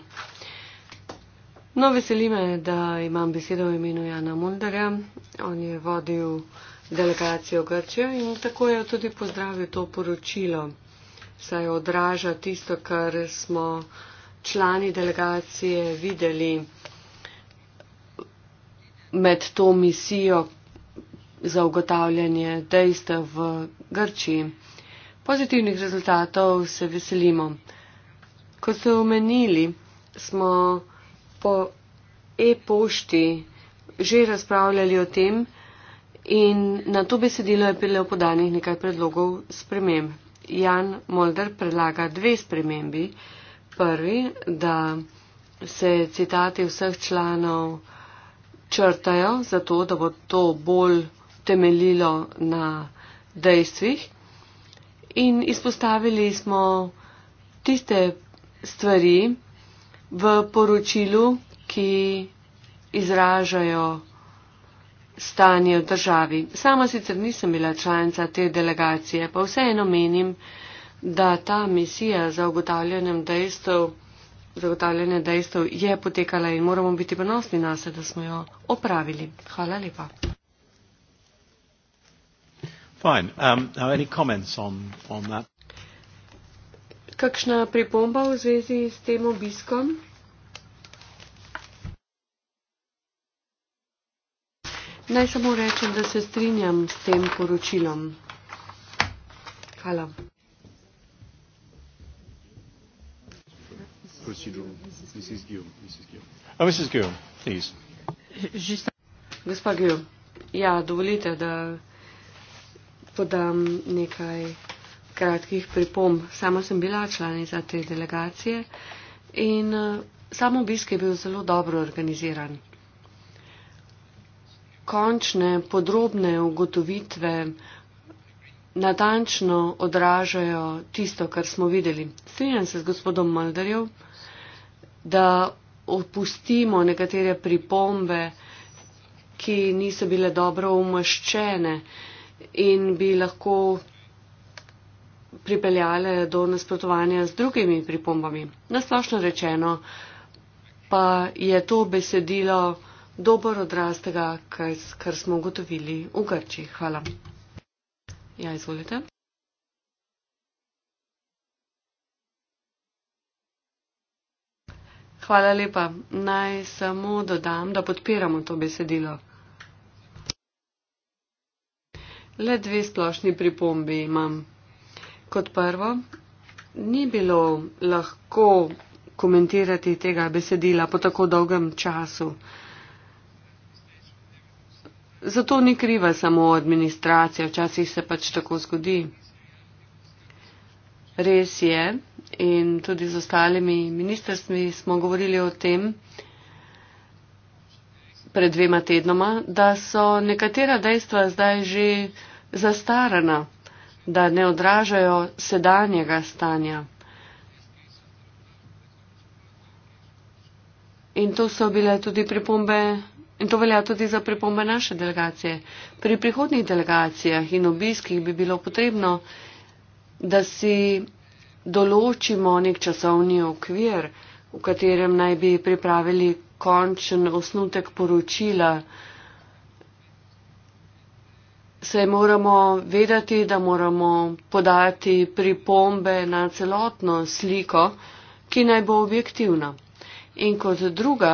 No, veseli me, da imam besedo v imenu Jana Mundarja. On je vodil delegacijo Grče in tako je tudi pozdravil to poročilo. Saj odraža tisto, kar smo člani delegacije videli med to misijo za ugotavljanje dejstev v Grčiji. Pozitivnih rezultatov se veselimo. Kot ste omenili, smo po e-pošti že razpravljali o tem in na to besedilo je bilo podanih nekaj predlogov sprememb. Jan Molder predlaga dve spremembi. Prvi, da se citati vseh članov črtajo, zato da bo to bolj temeljilo na dejstvih. In izpostavili smo tiste stvari v poročilu, ki izražajo stanje v državi. Sama sicer nisem bila članica te delegacije, pa vseeno menim, da ta misija za ugotavljanjem dejstev zagotavljanja dejstev je potekala in moramo biti ponosni na se, da smo jo opravili. Hvala lepa. Um, on, on Kakšna pripomba v zvezi s tem obiskom? Naj samo rečem, da se strinjam s tem poročilom. Hvala. procedural. Mrs. Guillaume. Mrs. Guillaume. Oh, Mrs. Guillaume, please. Just, gospa Guillaume, ja, dovolite, da podam nekaj kratkih pripomb. Sama sem bila članica te delegacije in eh, samo obisk je bil zelo dobro organiziran. Končne podrobne ugotovitve natančno odražajo tisto, kar smo videli. Strinjam se z gospodom Maldarjev da opustimo nekatere pripombe, ki niso bile dobro umaščene in bi lahko pripeljale do nasprotovanja z drugimi pripombami. Naslošno rečeno pa je to besedilo dober odraz tega, kar smo ugotovili v Grči. Hvala. Ja, izvolite. Hvala lepa. Naj samo dodam, da podpiramo to besedilo. Le dve splošni pripombi imam. Kot prvo, ni bilo lahko komentirati tega besedila po tako dolgem času. Zato ni kriva samo administracija, včasih se pač tako zgodi. Res je, in tudi z ostalimi ministrstvi smo govorili o tem pred dvema tednoma, da so nekatera dejstva zdaj že zastarana, da ne odražajo sedanjega stanja. In to so bile tudi pripombe. In to velja tudi za pripombe naše delegacije. Pri prihodnih delegacijah in obiskih bi bilo potrebno, da si določimo nek časovni okvir, v katerem naj bi pripravili končen osnutek poročila, se moramo vedeti, da moramo podati pripombe na celotno sliko, ki naj bo objektivna. In kot druga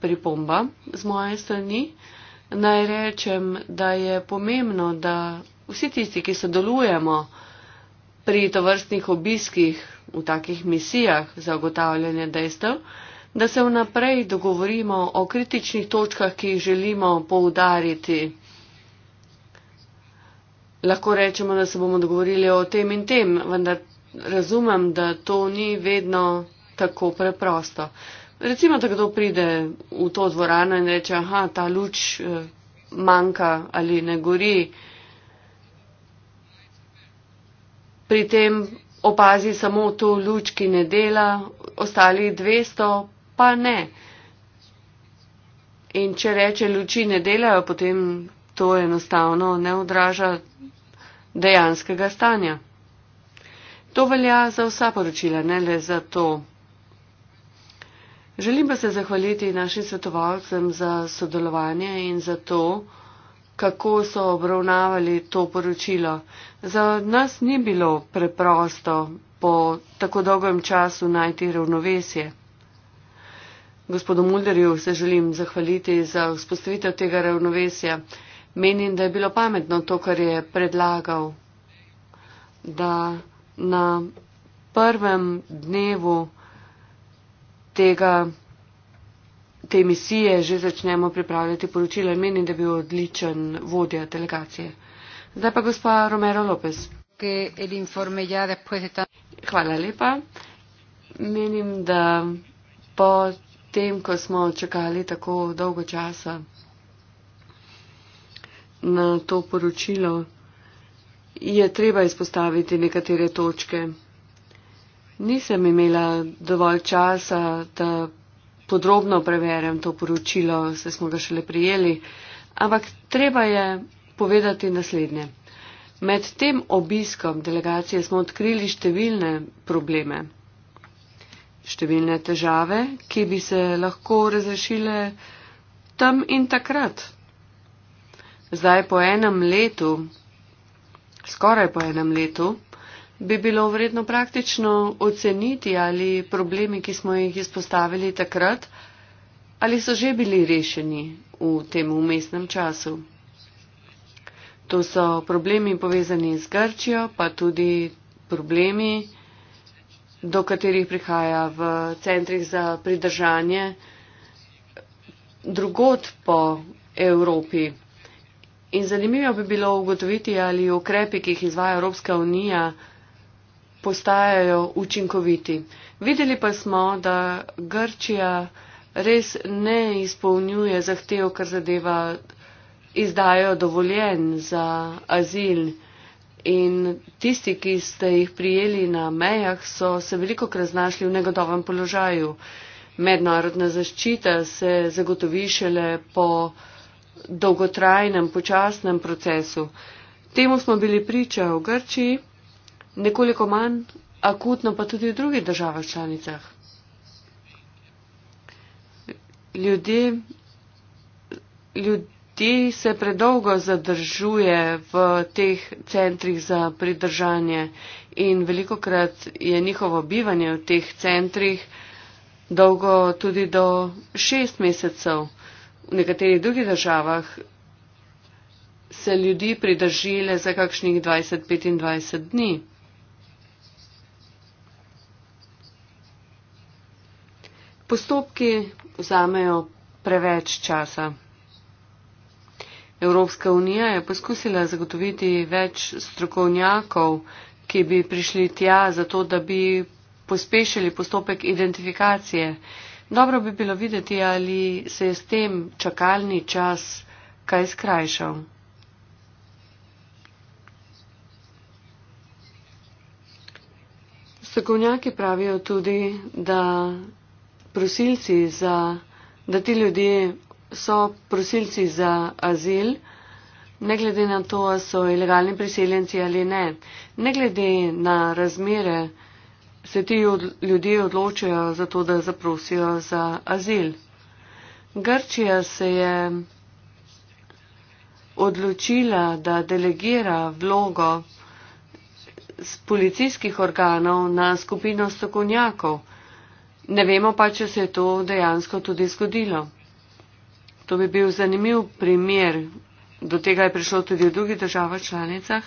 pripomba z moje strani, naj rečem, da je pomembno, da vsi tisti, ki sodelujemo, pri tovrstnih obiskih v takih misijah za ugotavljanje dejstev, da se vnaprej dogovorimo o kritičnih točkah, ki jih želimo poudariti. Lahko rečemo, da se bomo dogovorili o tem in tem, vendar razumem, da to ni vedno tako preprosto. Recimo, da kdo pride v to dvorano in reče, aha, ta luč eh, manjka ali ne gori. pri tem opazi samo to luč, ki ne dela, ostali 200 pa ne. In če reče luči ne delajo, potem to enostavno ne odraža dejanskega stanja. To velja za vsa poročila, ne le za to. Želim pa se zahvaliti našim svetovalcem za sodelovanje in za to, kako so obravnavali to poročilo. Za nas ni bilo preprosto po tako dolgem času najti ravnovesje. Gospodu Mulderju se želim zahvaliti za vzpostavitev tega ravnovesja. Menim, da je bilo pametno to, kar je predlagal, da na prvem dnevu tega te misije že začnemo pripravljati poročila in menim, da bi bil odličen vodja delegacije. Zdaj pa gospa Romero Lopez. Hvala lepa. Menim, da po tem, ko smo čakali tako dolgo časa na to poročilo, je treba izpostaviti nekatere točke. Nisem imela dovolj časa, da podrobno preverjam to poročilo, saj smo ga šele prijeli. Ampak treba je povedati naslednje. Med tem obiskom delegacije smo odkrili številne probleme, številne težave, ki bi se lahko razrešile tam in takrat. Zdaj po enem letu, skoraj po enem letu, bi bilo vredno praktično oceniti, ali problemi, ki smo jih izpostavili takrat, ali so že bili rešeni v tem umestnem času. To so problemi povezani z Grčijo, pa tudi problemi, do katerih prihaja v centrih za pridržanje drugot po Evropi. In zanimivo bi bilo ugotoviti, ali ukrepi, ki jih izvaja Evropska unija, postajajo učinkoviti. Videli pa smo, da Grčija res ne izpolnjuje zahtev, kar zadeva izdajo dovoljen za azil. In tisti, ki ste jih prijeli na mejah, so se veliko krat znašli v negodovem položaju. Mednarodna zaščita se zagotovi šele po dolgotrajnem, počasnem procesu. Temu smo bili priča v Grčiji nekoliko manj akutno pa tudi v drugih državah članicah. Ljudje, ljudi se predolgo zadržuje v teh centrih za pridržanje in veliko krat je njihovo bivanje v teh centrih dolgo tudi do šest mesecev. V nekaterih drugih državah se ljudi pridržile za kakšnih 20-25 dni. Postopki vzamejo preveč časa. Evropska unija je poskusila zagotoviti več strokovnjakov, ki bi prišli tja zato, da bi pospešili postopek identifikacije. Dobro bi bilo videti, ali se je s tem čakalni čas kaj skrajšal. Strokovnjaki pravijo tudi, da prosilci za, da ti ljudje so prosilci za azil, ne glede na to, so ilegalni priseljenci ali ne. Ne glede na razmere se ti od, ljudje odločajo za to, da zaprosijo za azil. Grčija se je odločila, da delegira vlogo z policijskih organov na skupino strokovnjakov. Ne vemo pa, če se je to dejansko tudi zgodilo. To bi bil zanimiv primer, do tega je prišlo tudi v drugih državah članicah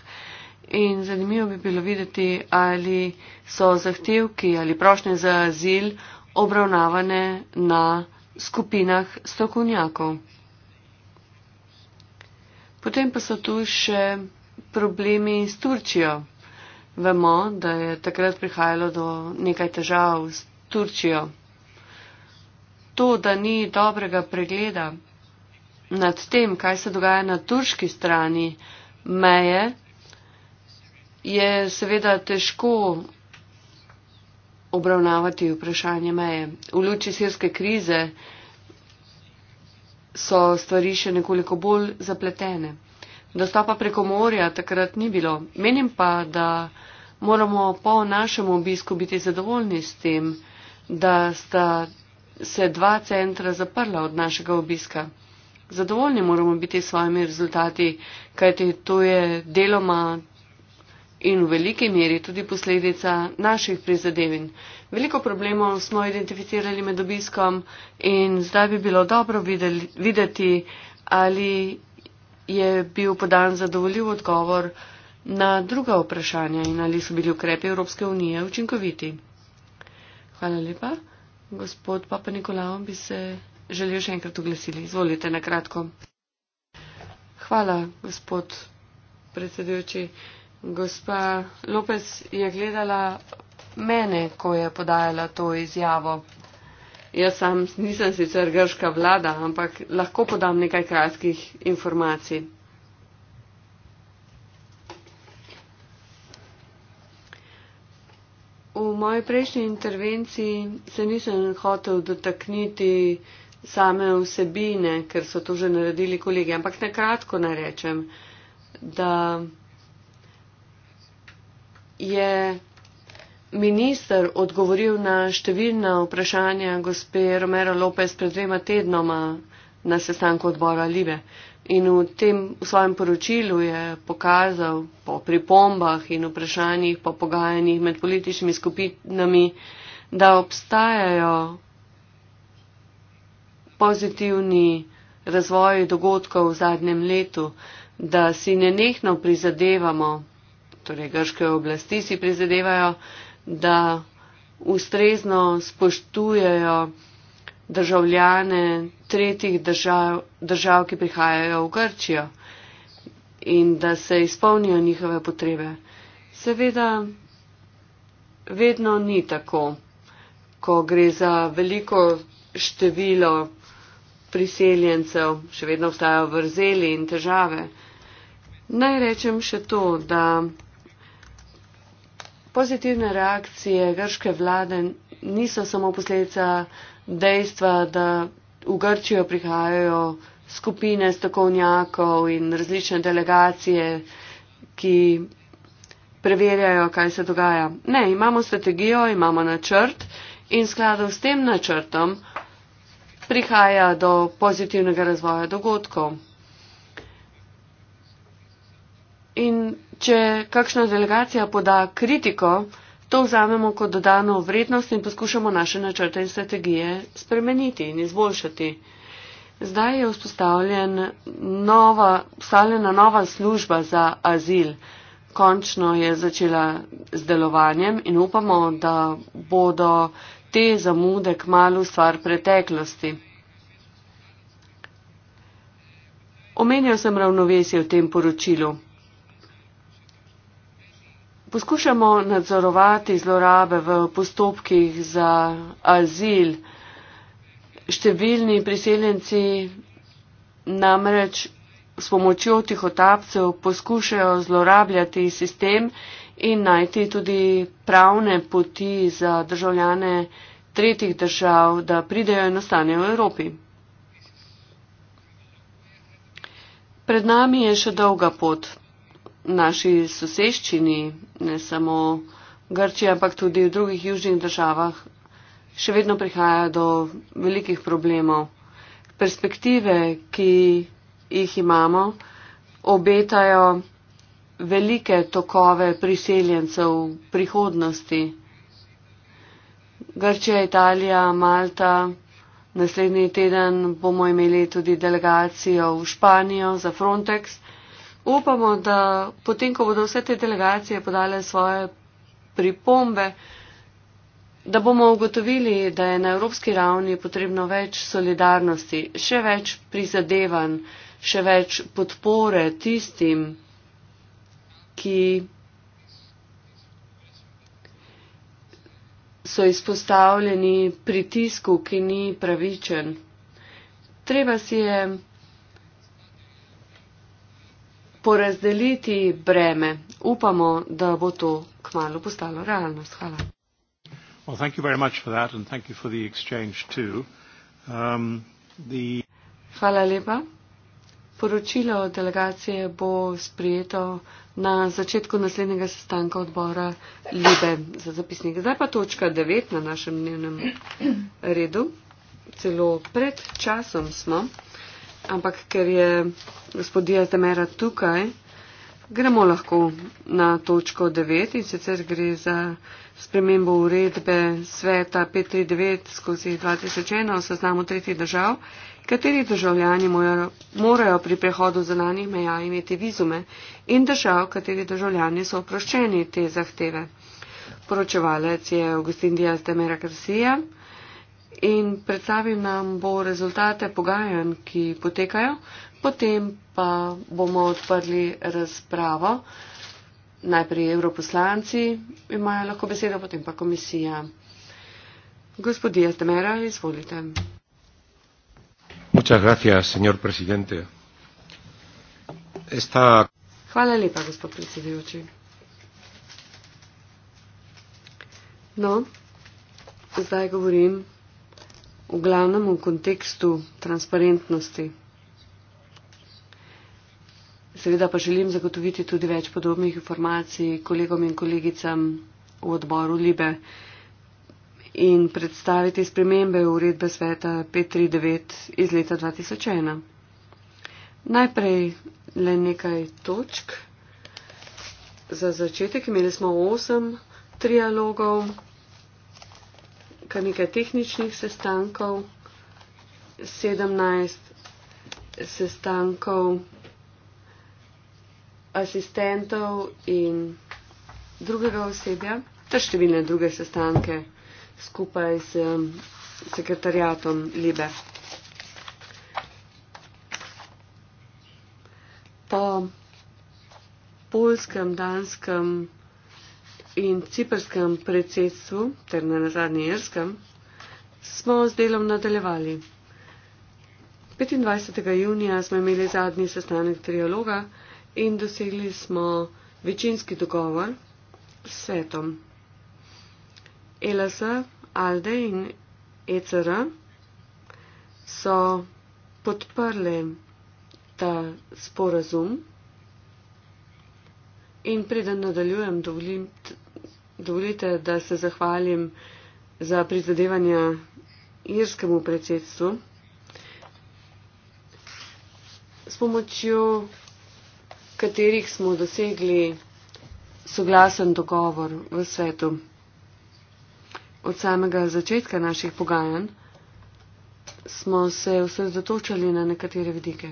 in zanimivo bi bilo videti, ali so zahtevki ali prošnje za azil obravnavane na skupinah strokovnjakov. Potem pa so tu še problemi s Turčijo. Vemo, da je takrat prihajalo do nekaj težav s Turčijo. To, da ni dobrega pregleda nad tem, kaj se dogaja na turški strani meje, je seveda težko obravnavati vprašanje meje. V luči sirske krize so stvari še nekoliko bolj zapletene. Dostopa preko morja takrat ni bilo. Menim pa, da moramo po našem obisku biti zadovoljni s tem, da sta se dva centra zaprla od našega obiska. Zadovoljni moramo biti s svojimi rezultati, kajti to je deloma in v veliki meri tudi posledica naših prizadevin. Veliko problemov smo identificirali med obiskom in zdaj bi bilo dobro videli, videti, ali je bil podan zadovoljiv odgovor na druga vprašanja in ali so bili ukrepi Evropske unije učinkoviti. Hvala lepa. Gospod Papa Nikolao bi se želel še enkrat oglasili. Izvolite na kratko. Hvala, gospod predsedujoči. Gospa Lopez je gledala mene, ko je podajala to izjavo. Jaz sam nisem sicer grška vlada, ampak lahko podam nekaj kratkih informacij. v moji prejšnji intervenciji se nisem hotel dotakniti same vsebine, ker so to že naredili kolegi, ampak nekratko naj rečem, da je minister odgovoril na številna vprašanja gospe Romero Lopez pred dvema tednoma na sestanku odbora Libe. In v tem v svojem poročilu je pokazal po pripombah in vprašanjih, po pogajanjih med političnimi skupinami, da obstajajo pozitivni razvoj dogodkov v zadnjem letu, da si nenehno prizadevamo, torej grške oblasti si prizadevajo, da ustrezno spoštujejo državljane tretjih držav, držav, ki prihajajo v Grčijo in da se izpolnijo njihove potrebe. Seveda, vedno ni tako, ko gre za veliko število priseljencev, še vedno obstajajo vrzeli in težave. Naj rečem še to, da pozitivne reakcije grške vlade niso samo posledica dejstva, da v Grčijo prihajajo skupine strokovnjakov in različne delegacije, ki preverjajo, kaj se dogaja. Ne, imamo strategijo, imamo načrt in skladu s tem načrtom prihaja do pozitivnega razvoja dogodkov. In če kakšna delegacija poda kritiko, To vzamemo kot dodano vrednost in poskušamo naše načrte in strategije spremeniti in izboljšati. Zdaj je vzpostavljena nova, nova služba za azil. Končno je začela z delovanjem in upamo, da bodo te zamude k malu stvar preteklosti. Omenil sem ravnovesje v tem poročilu. Poskušamo nadzorovati zlorabe v postopkih za azil. Številni priseljenci namreč s pomočjo tih otapcev poskušajo zlorabljati sistem in najti tudi pravne poti za državljane tretjih držav, da pridejo in ostanejo v Evropi. Pred nami je še dolga pot, naši soseščini, ne samo Grčiji, ampak tudi v drugih južnih državah, še vedno prihaja do velikih problemov. Perspektive, ki jih imamo, obetajo velike tokove priseljencev v prihodnosti. Grčija, Italija, Malta, naslednji teden bomo imeli tudi delegacijo v Španijo za Frontex, upamo, da potem, ko bodo vse te delegacije podale svoje pripombe, da bomo ugotovili, da je na evropski ravni potrebno več solidarnosti, še več prizadevanj, še več podpore tistim, ki so izpostavljeni pritisku, ki ni pravičen. Treba si je porazdeliti breme. Upamo, da bo to kmalo postalo realnost. Hvala. Um, Hvala lepa. Poročilo delegacije bo sprijeto na začetku naslednjega sestanka odbora Libe za zapisnik. Zdaj pa točka 9 na našem dnevnem redu. Celo pred časom smo ampak ker je gospodija Temera tukaj, gremo lahko na točko 9 in sicer gre za spremembo uredbe sveta 539 skozi 2001 o seznamu tretjih držav, katerih državljani morajo, morajo pri prehodu zunanjih meja imeti vizume in držav, katerih državljani so oproščeni te zahteve. Poročevalec je Augustin Diaz de Mera Garcia in predstavil nam bo rezultate pogajanj, ki potekajo, potem pa bomo odprli razpravo. Najprej evroposlanci imajo lahko besedo, potem pa komisija. Gospodija Stemera, izvolite. Hvala lepa, gospod predsedujoči. No, zdaj govorim v glavnem v kontekstu transparentnosti. Seveda pa želim zagotoviti tudi več podobnih informacij kolegom in kolegicam v odboru Libe in predstaviti spremembe uredbe sveta 539 iz leta 2001. Najprej le nekaj točk. Za začetek imeli smo osem trialogov kar nekaj tehničnih sestankov, 17 sestankov asistentov in drugega osebja, ter številne druge sestanke skupaj s um, sekretarjatom Libe. Po polskem, danskem, in ciprskem predsedstvu ter na nazadnje irskem smo z delom nadaljevali. 25. junija smo imeli zadnji sestanek trialoga in dosegli smo večinski dogovor s svetom. ELSA, ALDE in ECR so podprli ta sporazum. In preden nadaljujem, dovolim, Dovolite, da se zahvalim za prizadevanja irskemu predsedstvu. S pomočjo katerih smo dosegli soglasen dogovor v svetu. Od samega začetka naših pogajanj smo se osredotočali na nekatere vidike.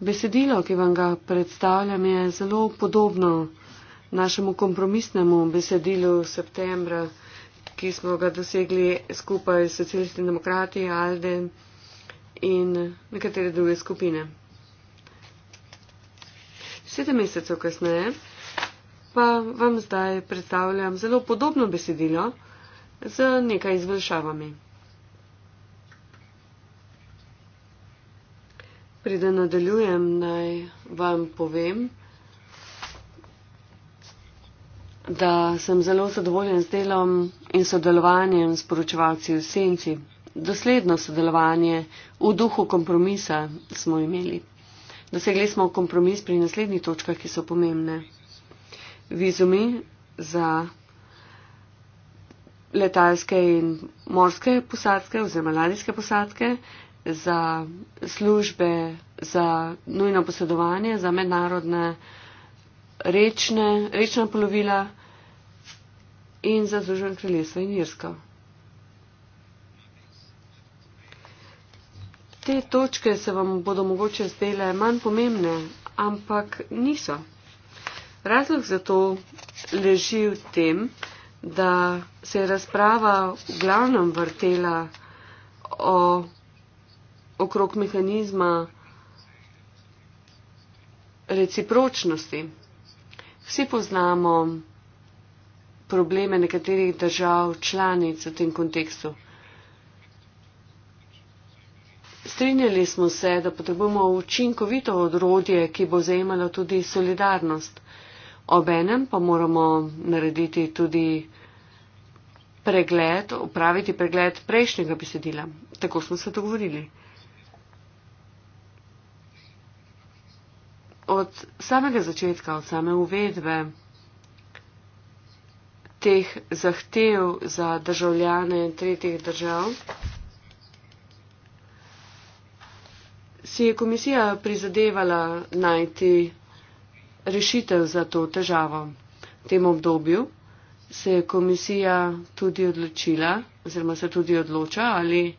Besedilo, ki vam ga predstavljam, je zelo podobno našemu kompromisnemu besedilu septembra, ki smo ga dosegli skupaj s socialisti demokrati, Alde in nekatere druge skupine. Sedem mesecev kasneje pa vam zdaj predstavljam zelo podobno besedilo z nekaj izboljšavami. Preden nadaljujem, naj vam povem, da sem zelo zadovoljen z delom in sodelovanjem s poročevalci v senci. Dosledno sodelovanje v duhu kompromisa smo imeli. Dosegli smo kompromis pri naslednjih točkah, ki so pomembne. Vizumi za letalske in morske posadke oziroma ladijske posadke, za službe, za nujno posedovanje, za mednarodne rečne, rečna polovila in za Združen kraljestvo in Irsko. Te točke se vam bodo mogoče zdele manj pomembne, ampak niso. Razlog za to leži v tem, da se je razprava v glavnem vrtela o, okrog mehanizma recipročnosti. Vsi poznamo probleme nekaterih držav članic v tem kontekstu. Strinjali smo se, da potrebujemo učinkovito odrodje, ki bo zajemalo tudi solidarnost. Obenem pa moramo narediti tudi pregled, upraviti pregled prejšnjega besedila. Tako smo se dogovorili. od samega začetka, od same uvedbe teh zahtev za državljane tretjih držav, si je komisija prizadevala najti rešitev za to težavo. V tem obdobju se je komisija tudi odločila, oziroma se tudi odloča, ali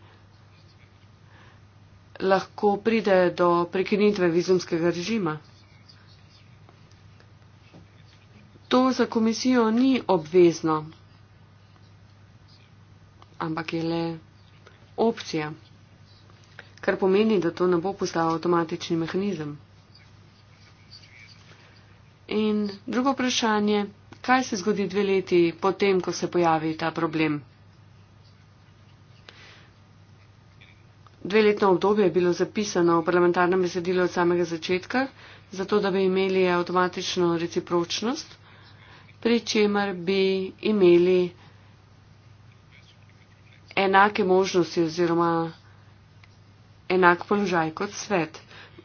lahko pride do prekinitve vizumskega režima. To za komisijo ni obvezno, ampak je le opcija, kar pomeni, da to ne bo postal avtomatični mehanizem. In drugo vprašanje, kaj se zgodi dve leti potem, ko se pojavi ta problem? Dveletno obdobje je bilo zapisano v parlamentarnem besedilu od samega začetka, zato da bi imeli avtomatično recipročnost pri čemer bi imeli enake možnosti oziroma enak položaj kot svet.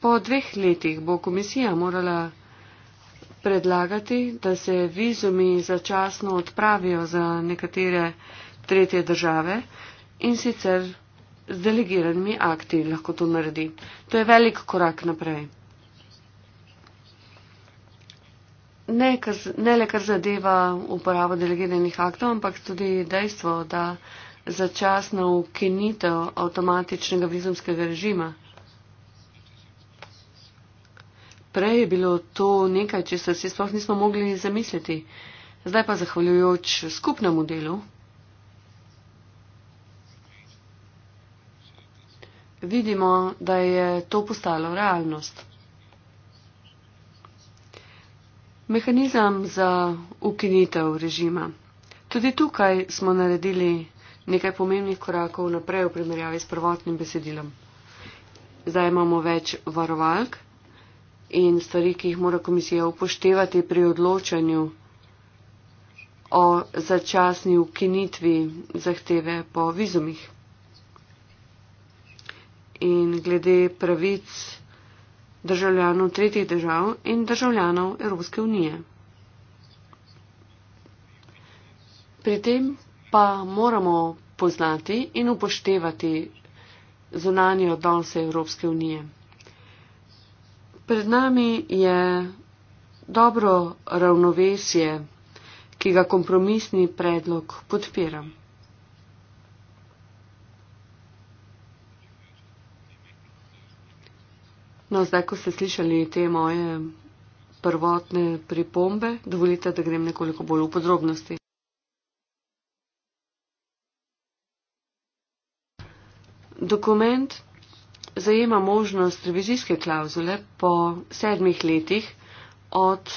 Po dveh letih bo komisija morala predlagati, da se vizumi začasno odpravijo za nekatere tretje države in sicer z delegiranimi akti lahko to naredi. To je velik korak naprej. ne, kar, ne le kar zadeva uporabo delegiranih aktov, ampak tudi dejstvo, da začasno ukinitev avtomatičnega vizumskega režima. Prej je bilo to nekaj, če se si sploh nismo mogli zamisliti. Zdaj pa zahvaljujoč skupnemu delu. Vidimo, da je to postalo realnost. Mehanizem za ukinitev režima. Tudi tukaj smo naredili nekaj pomembnih korakov naprej v primerjavi s prvotnim besedilom. Zdaj imamo več varovalk in stvari, ki jih mora komisija upoštevati pri odločanju o začasni ukinitvi zahteve po vizumih. In glede pravic državljanov tretjih držav in državljanov Evropske unije. Pri tem pa moramo poznati in upoštevati zunanje odnose Evropske unije. Pred nami je dobro ravnovesje, ki ga kompromisni predlog podpiram. No, zdaj, ko ste slišali te moje prvotne pripombe, dovolite, da grem nekoliko bolj v podrobnosti. Dokument zajema možnost revizijske klauzule po sedmih letih od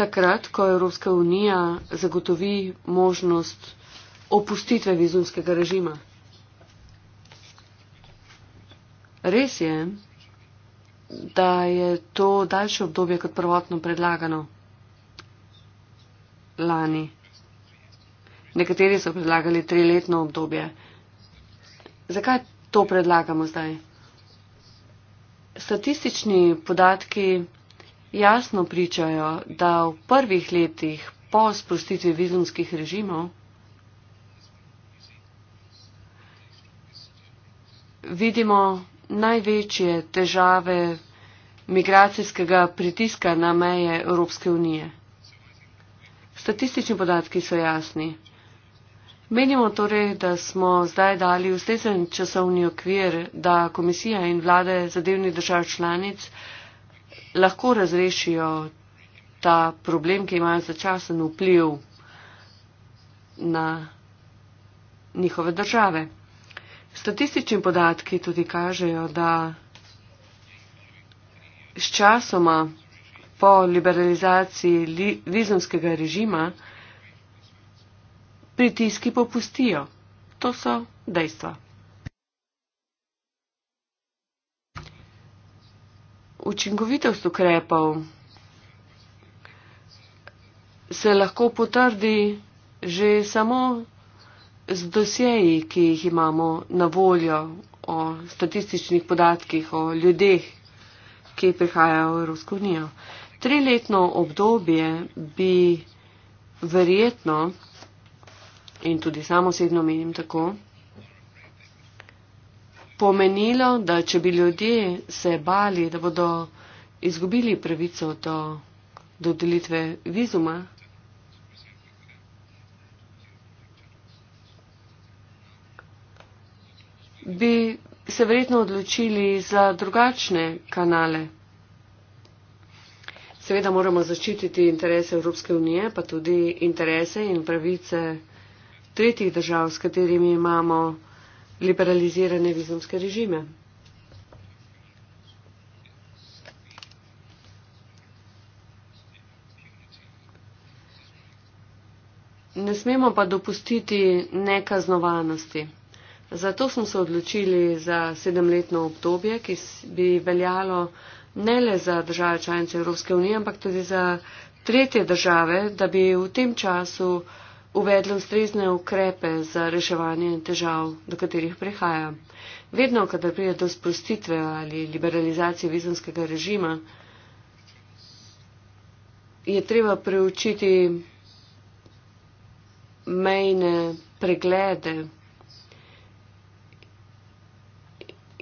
takrat, ko Evropska unija zagotovi možnost opustitve vizumskega režima. Res je, da je to daljše obdobje kot prvotno predlagano lani. Nekateri so predlagali triletno obdobje. Zakaj to predlagamo zdaj? Statistični podatki jasno pričajo, da v prvih letih po sprostitvi vizumskih režimov vidimo največje težave migracijskega pritiska na meje Evropske unije. Statistični podatki so jasni. Menimo torej, da smo zdaj dali ustezen časovni okvir, da komisija in vlade zadevnih držav članic lahko razrešijo ta problem, ki ima začasen vpliv na njihove države. Statistični podatki tudi kažejo, da s časoma po liberalizaciji li, vizumskega režima pritiski popustijo. To so dejstva. Učinkovitost ukrepov se lahko potrdi že samo z dosjeji, ki jih imamo na voljo o statističnih podatkih, o ljudeh, ki prihajajo v Evropsko unijo. Triletno obdobje bi verjetno, in tudi samo osebno menim tako, pomenilo, da če bi ljudje se bali, da bodo izgubili pravico do dodelitve vizuma, bi se verjetno odločili za drugačne kanale. Seveda moramo zaščititi interese Evropske unije, pa tudi interese in pravice tretjih držav, s katerimi imamo liberalizirane vizumske režime. Ne smemo pa dopustiti nekaznovanosti. Zato smo se odločili za sedemletno obdobje, ki bi veljalo ne le za države članice Evropske unije, ampak tudi za tretje države, da bi v tem času uvedli ustrezne ukrepe za reševanje težav, do katerih prihaja. Vedno, kadar pride do sprostitve ali liberalizacije vizumskega režima, je treba preučiti mejne preglede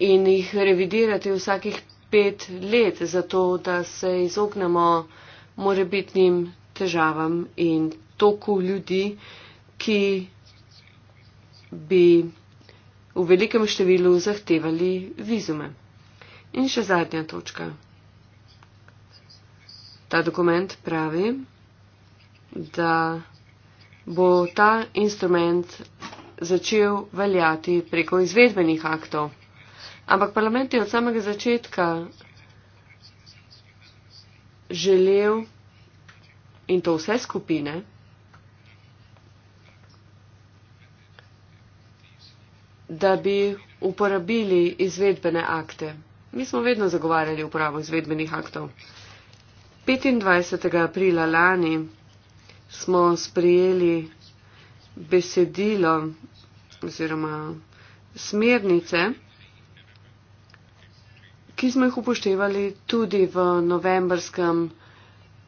in jih revidirati vsakih pet let, zato da se izognemo morebitnim težavam in toku ljudi, ki bi v velikem številu zahtevali vizume. In še zadnja točka. Ta dokument pravi, da bo ta instrument začel veljati preko izvedbenih aktov. Ampak parlament je od samega začetka želel in to vse skupine, da bi uporabili izvedbene akte. Mi smo vedno zagovarjali uporabo izvedbenih aktov. 25. aprila lani smo sprijeli besedilo oziroma smernice, ki smo jih upoštevali tudi v novembrskem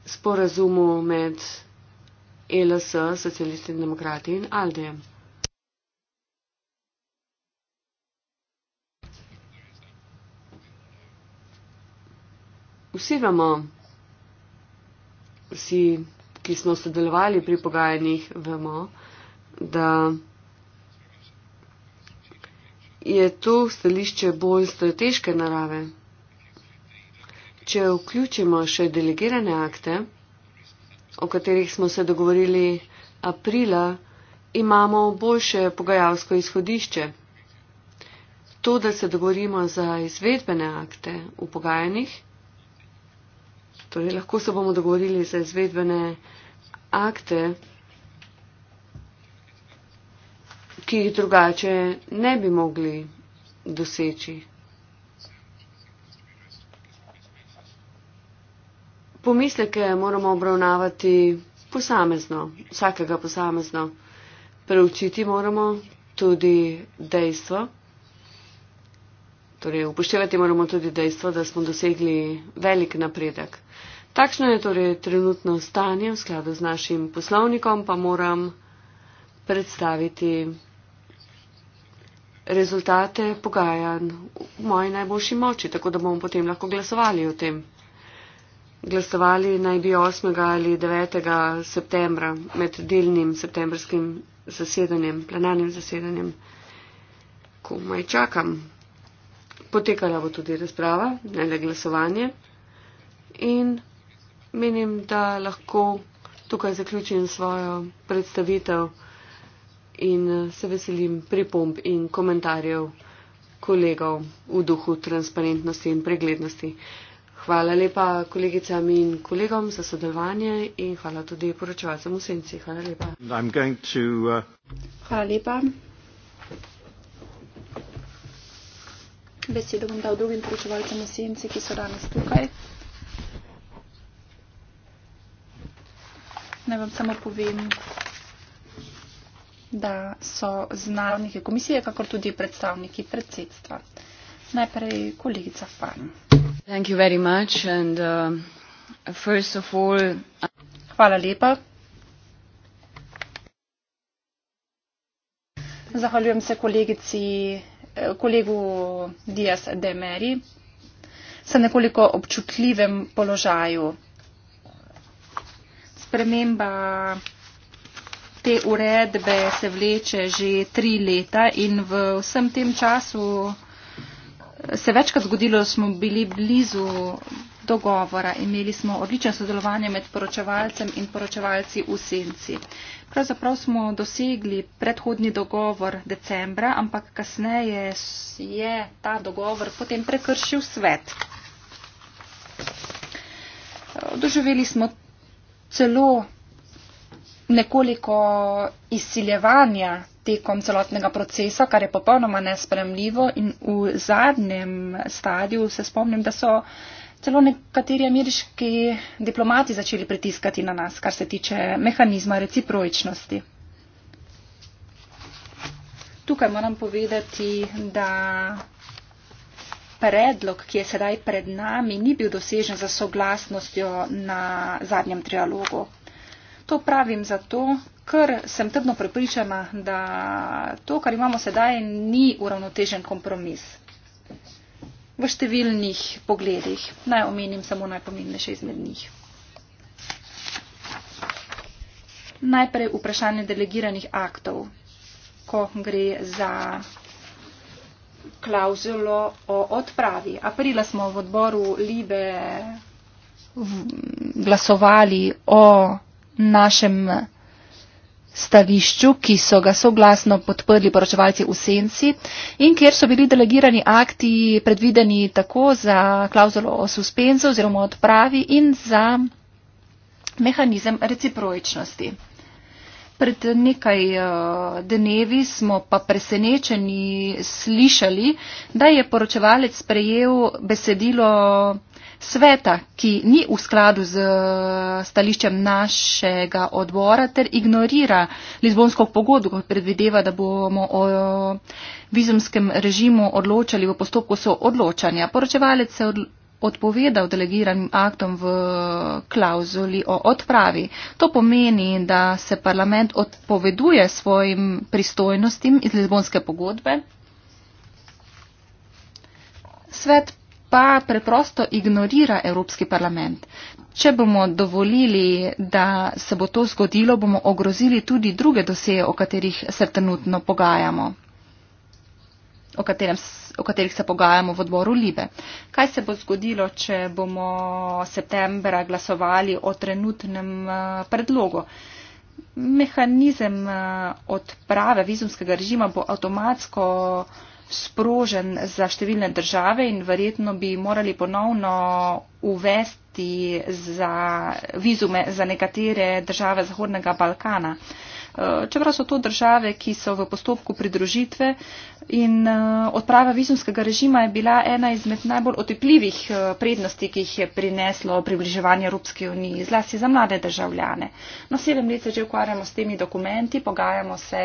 sporazumu med e LS, socialisti in demokrati in Alde. Vsi vemo, vsi, ki smo sodelovali pri pogajanjih, vemo, da je to stališče bolj strateške narave. Če vključimo še delegirane akte, o katerih smo se dogovorili aprila, imamo boljše pogajalsko izhodišče. To, da se dogovorimo za izvedbene akte v pogajanjih, torej lahko se bomo dogovorili za izvedbene akte, ki jih drugače ne bi mogli doseči. pomisleke moramo obravnavati posamezno, vsakega posamezno. Preučiti moramo tudi dejstvo, torej upoštevati moramo tudi dejstvo, da smo dosegli velik napredek. Takšno je torej trenutno stanje v skladu z našim poslovnikom, pa moram predstaviti rezultate pogajanj v moji najboljši moči, tako da bomo potem lahko glasovali o tem glasovali naj bi 8. ali 9. septembra med delnim septembrskim zasedanjem, plenarnim zasedanjem. Komaj čakam. Potekala bo tudi razprava, ne le glasovanje. In menim, da lahko tukaj zaključim svojo predstavitev in se veselim pripomb in komentarjev kolegov v duhu transparentnosti in preglednosti. Hvala lepa kolegicam in kolegom za sodelovanje in hvala tudi poročevalcem v senci. Hvala lepa. To, uh... Hvala lepa. Besedo bom dal drugim poročevalcem v senci, ki so danes tukaj. Naj vam samo povem, da so znavniki komisije, kakor tudi predstavniki predsedstva. Najprej kolegica Fan. Uh, zahvaljujem se kolegu díaz de meri sem nekoliko občutljivem položaju sprememba te uredbe se vleče že tri leta in v vsem tem času se večkrat zgodilo, smo bili blizu dogovora, imeli smo odlično sodelovanje med poročevalcem in poročevalci v senci. Pravzaprav smo dosegli predhodni dogovor decembra, ampak kasneje je ta dogovor potem prekršil svet. Doživeli smo celo nekoliko izsiljevanja tekom celotnega procesa, kar je popolnoma nespremljivo in v zadnjem stadiju se spomnim, da so celo nekateri ameriški diplomati začeli pritiskati na nas, kar se tiče mehanizma recipročnosti. Tukaj moram povedati, da predlog, ki je sedaj pred nami, ni bil dosežen za soglasnostjo na zadnjem trialogu. To pravim zato, ker sem trdno prepričana, da to, kar imamo sedaj, ni uravnotežen kompromis v številnih pogledih. Naj omenim samo najpomembnejše izmed njih. Najprej vprašanje delegiranih aktov, ko gre za klauzulo o odpravi. Aprila smo v odboru Libe glasovali o našem stališču, ki so ga soglasno podprli poročevalci v senci in kjer so bili delegirani akti predvideni tako za klauzulo o suspenzu oziroma odpravi in za mehanizem recipročnosti. Pred nekaj eh, dnevi smo pa presenečeni slišali, da je poročevalec sprejel besedilo sveta, ki ni v skladu z eh, stališčem našega odbora ter ignorira Lizbonsko pogodbo, ki predvideva, da bomo o eh, vizumskem režimu odločali v postopku soodločanja. Poročevalec se odločil odpovedal delegiranim aktom v klauzuli o odpravi. To pomeni, da se parlament odpoveduje svojim pristojnostim iz Lizbonske pogodbe. Svet pa preprosto ignorira Evropski parlament. Če bomo dovolili, da se bo to zgodilo, bomo ogrozili tudi druge doseje, o katerih se trenutno pogajamo, o katerem o katerih se pogajamo v odboru Libe. Kaj se bo zgodilo, če bomo septembra glasovali o trenutnem eh, predlogu? Mehanizem eh, odprave vizumskega režima bo avtomatsko sprožen za številne države in verjetno bi morali ponovno uvesti za vizume za nekatere države Zahodnega Balkana. Uh, Eh, čeprav so to države, ki so v postopku pridružitve in eh, odprava vizumskega režima je bila ena izmed najbolj otepljivih eh, prednosti, ki jih je prineslo približevanje Evropske unije, zlasti za mlade državljane. No, sedem let se že ukvarjamo s temi dokumenti, pogajamo se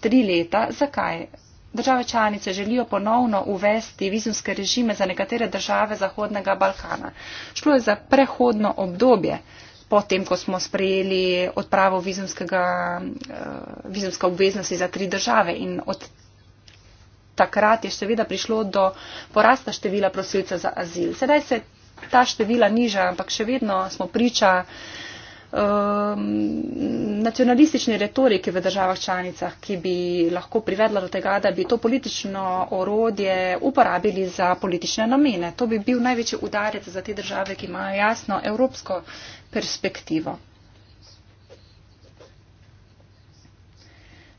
tri leta. Zakaj? Države članice želijo ponovno uvesti vizumske režime za nekatere države Zahodnega Balkana. Šlo je za prehodno obdobje potem, ko smo sprejeli odpravo eh, vizumske obveznosti za tri države. In od takrat je seveda prišlo do porasta števila prosilcev za azil. Sedaj se ta števila niža, ampak še vedno smo priča um, nacionalistični retoriki v državah članicah, ki bi lahko privedla do tega, da bi to politično orodje uporabili za politične namene. To bi bil največji udarec za te države, ki imajo jasno evropsko perspektivo.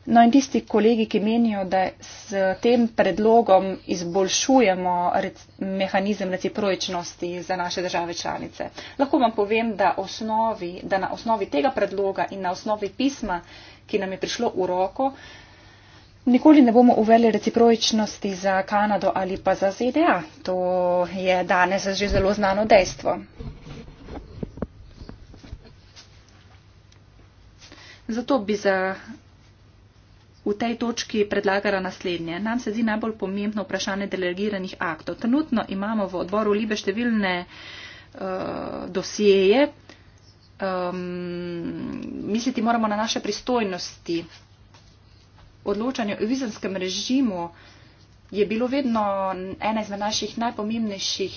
No in tisti kolegi, ki menijo, da s tem predlogom izboljšujemo rec mehanizem recipročnosti za naše države članice. Lahko vam povem, da, osnovi, da na osnovi tega predloga in na osnovi pisma, ki nam je prišlo v roko, nikoli ne bomo uveli recipročnosti za Kanado ali pa za ZDA. To je danes že zelo znano dejstvo. Zato bi za v tej točki predlagala naslednje. Nam se zdi najbolj pomembno vprašanje delegiranih aktov. Trenutno imamo v odboru libe številne uh, dosjeje. Um, misliti moramo na naše pristojnosti. Odločanje o vizanskem režimu je bilo vedno ena izmed naših najpomembnejših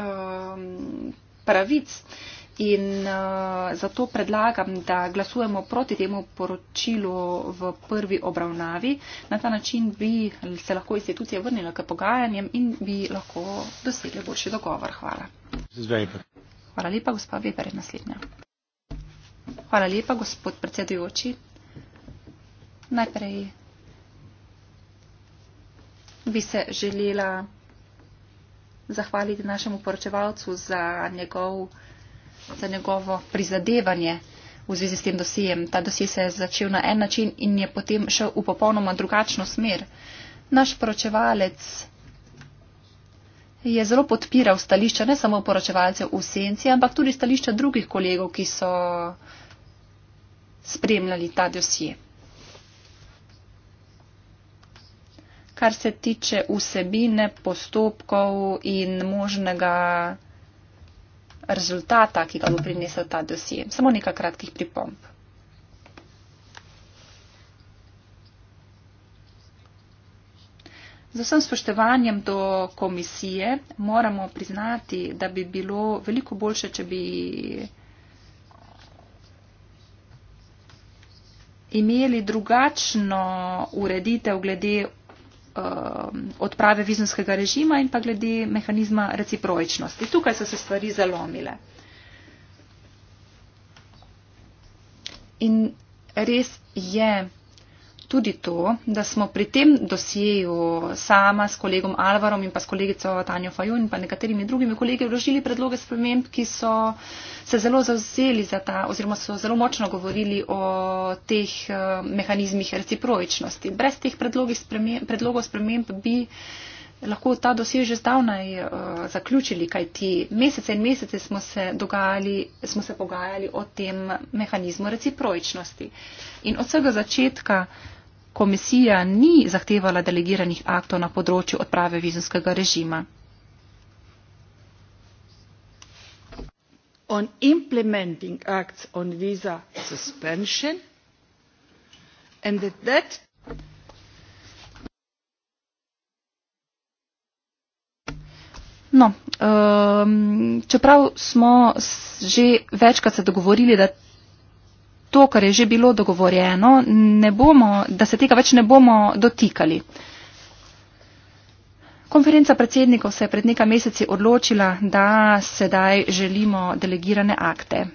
um, pravic. Uh, In uh, zato predlagam, da glasujemo proti temu poročilu v prvi obravnavi. Na ta način bi se lahko institucija vrnila k pogajanjem in bi lahko dosegli boljši dogovor. Hvala. Hvala lepa, gospod Weber, naslednja. Hvala lepa, gospod predsedujoči. Najprej bi se želela zahvaliti našemu poročevalcu za njegov za njegovo prizadevanje v zvezi s tem dosijem. Ta dosij se je začel na en način in je potem šel v popolnoma drugačno smer. Naš poročevalec je zelo podpiral stališča ne samo poročevalcev v senci, ampak tudi stališča drugih kolegov, ki so spremljali ta dosije. Kar se tiče vsebine, postopkov in možnega rezultata, ki ga bo prinesel ta dosje. Samo nekaj kratkih pripomp. Z vsem spoštovanjem do komisije moramo priznati, da bi bilo veliko boljše, če bi imeli drugačno ureditev glede Um, odprave vizumskega režima in pa glede mehanizma recipročnosti. Tukaj so se stvari zalomile. In res je tudi to, da smo pri tem dosjeju sama s kolegom Alvarom in pa s kolegico Tanjo Fajun in pa nekaterimi drugimi kolegi vložili predloge sprememb, ki so se zelo zavzeli za ta oziroma so zelo močno govorili o teh eh, mehanizmih recipročnosti. Brez teh sprememb, predlogov sprememb bi lahko ta dosjej že zdavnaj uh, zaključili, kaj ti mesece in mesece smo se, dogajali, smo se pogajali o tem mehanizmu recipročnosti. In od vsega začetka uh, komisija ni zahtevala delegiranih aktov na področju odprave vizumskega režima. On implementing acts on visa suspension and that, that No, um, čeprav smo že večkrat se dogovorili, da to, kar je že bilo dogovorjeno, bomo, da se tega več ne bomo dotikali. Konferenca predsednikov se je pred nekaj meseci odločila, da sedaj želimo delegirane akte.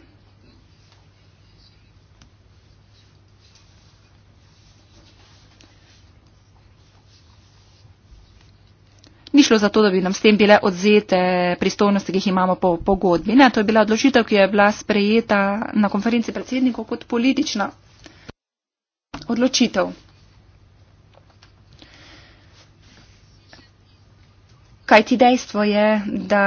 ni šlo za to, da bi nam s tem bile odzete pristojnosti, ki jih imamo po pogodbi. Ne, to je bila odločitev, ki je bila sprejeta na konferenci predsednikov kot politična odločitev. Kaj ti dejstvo je, da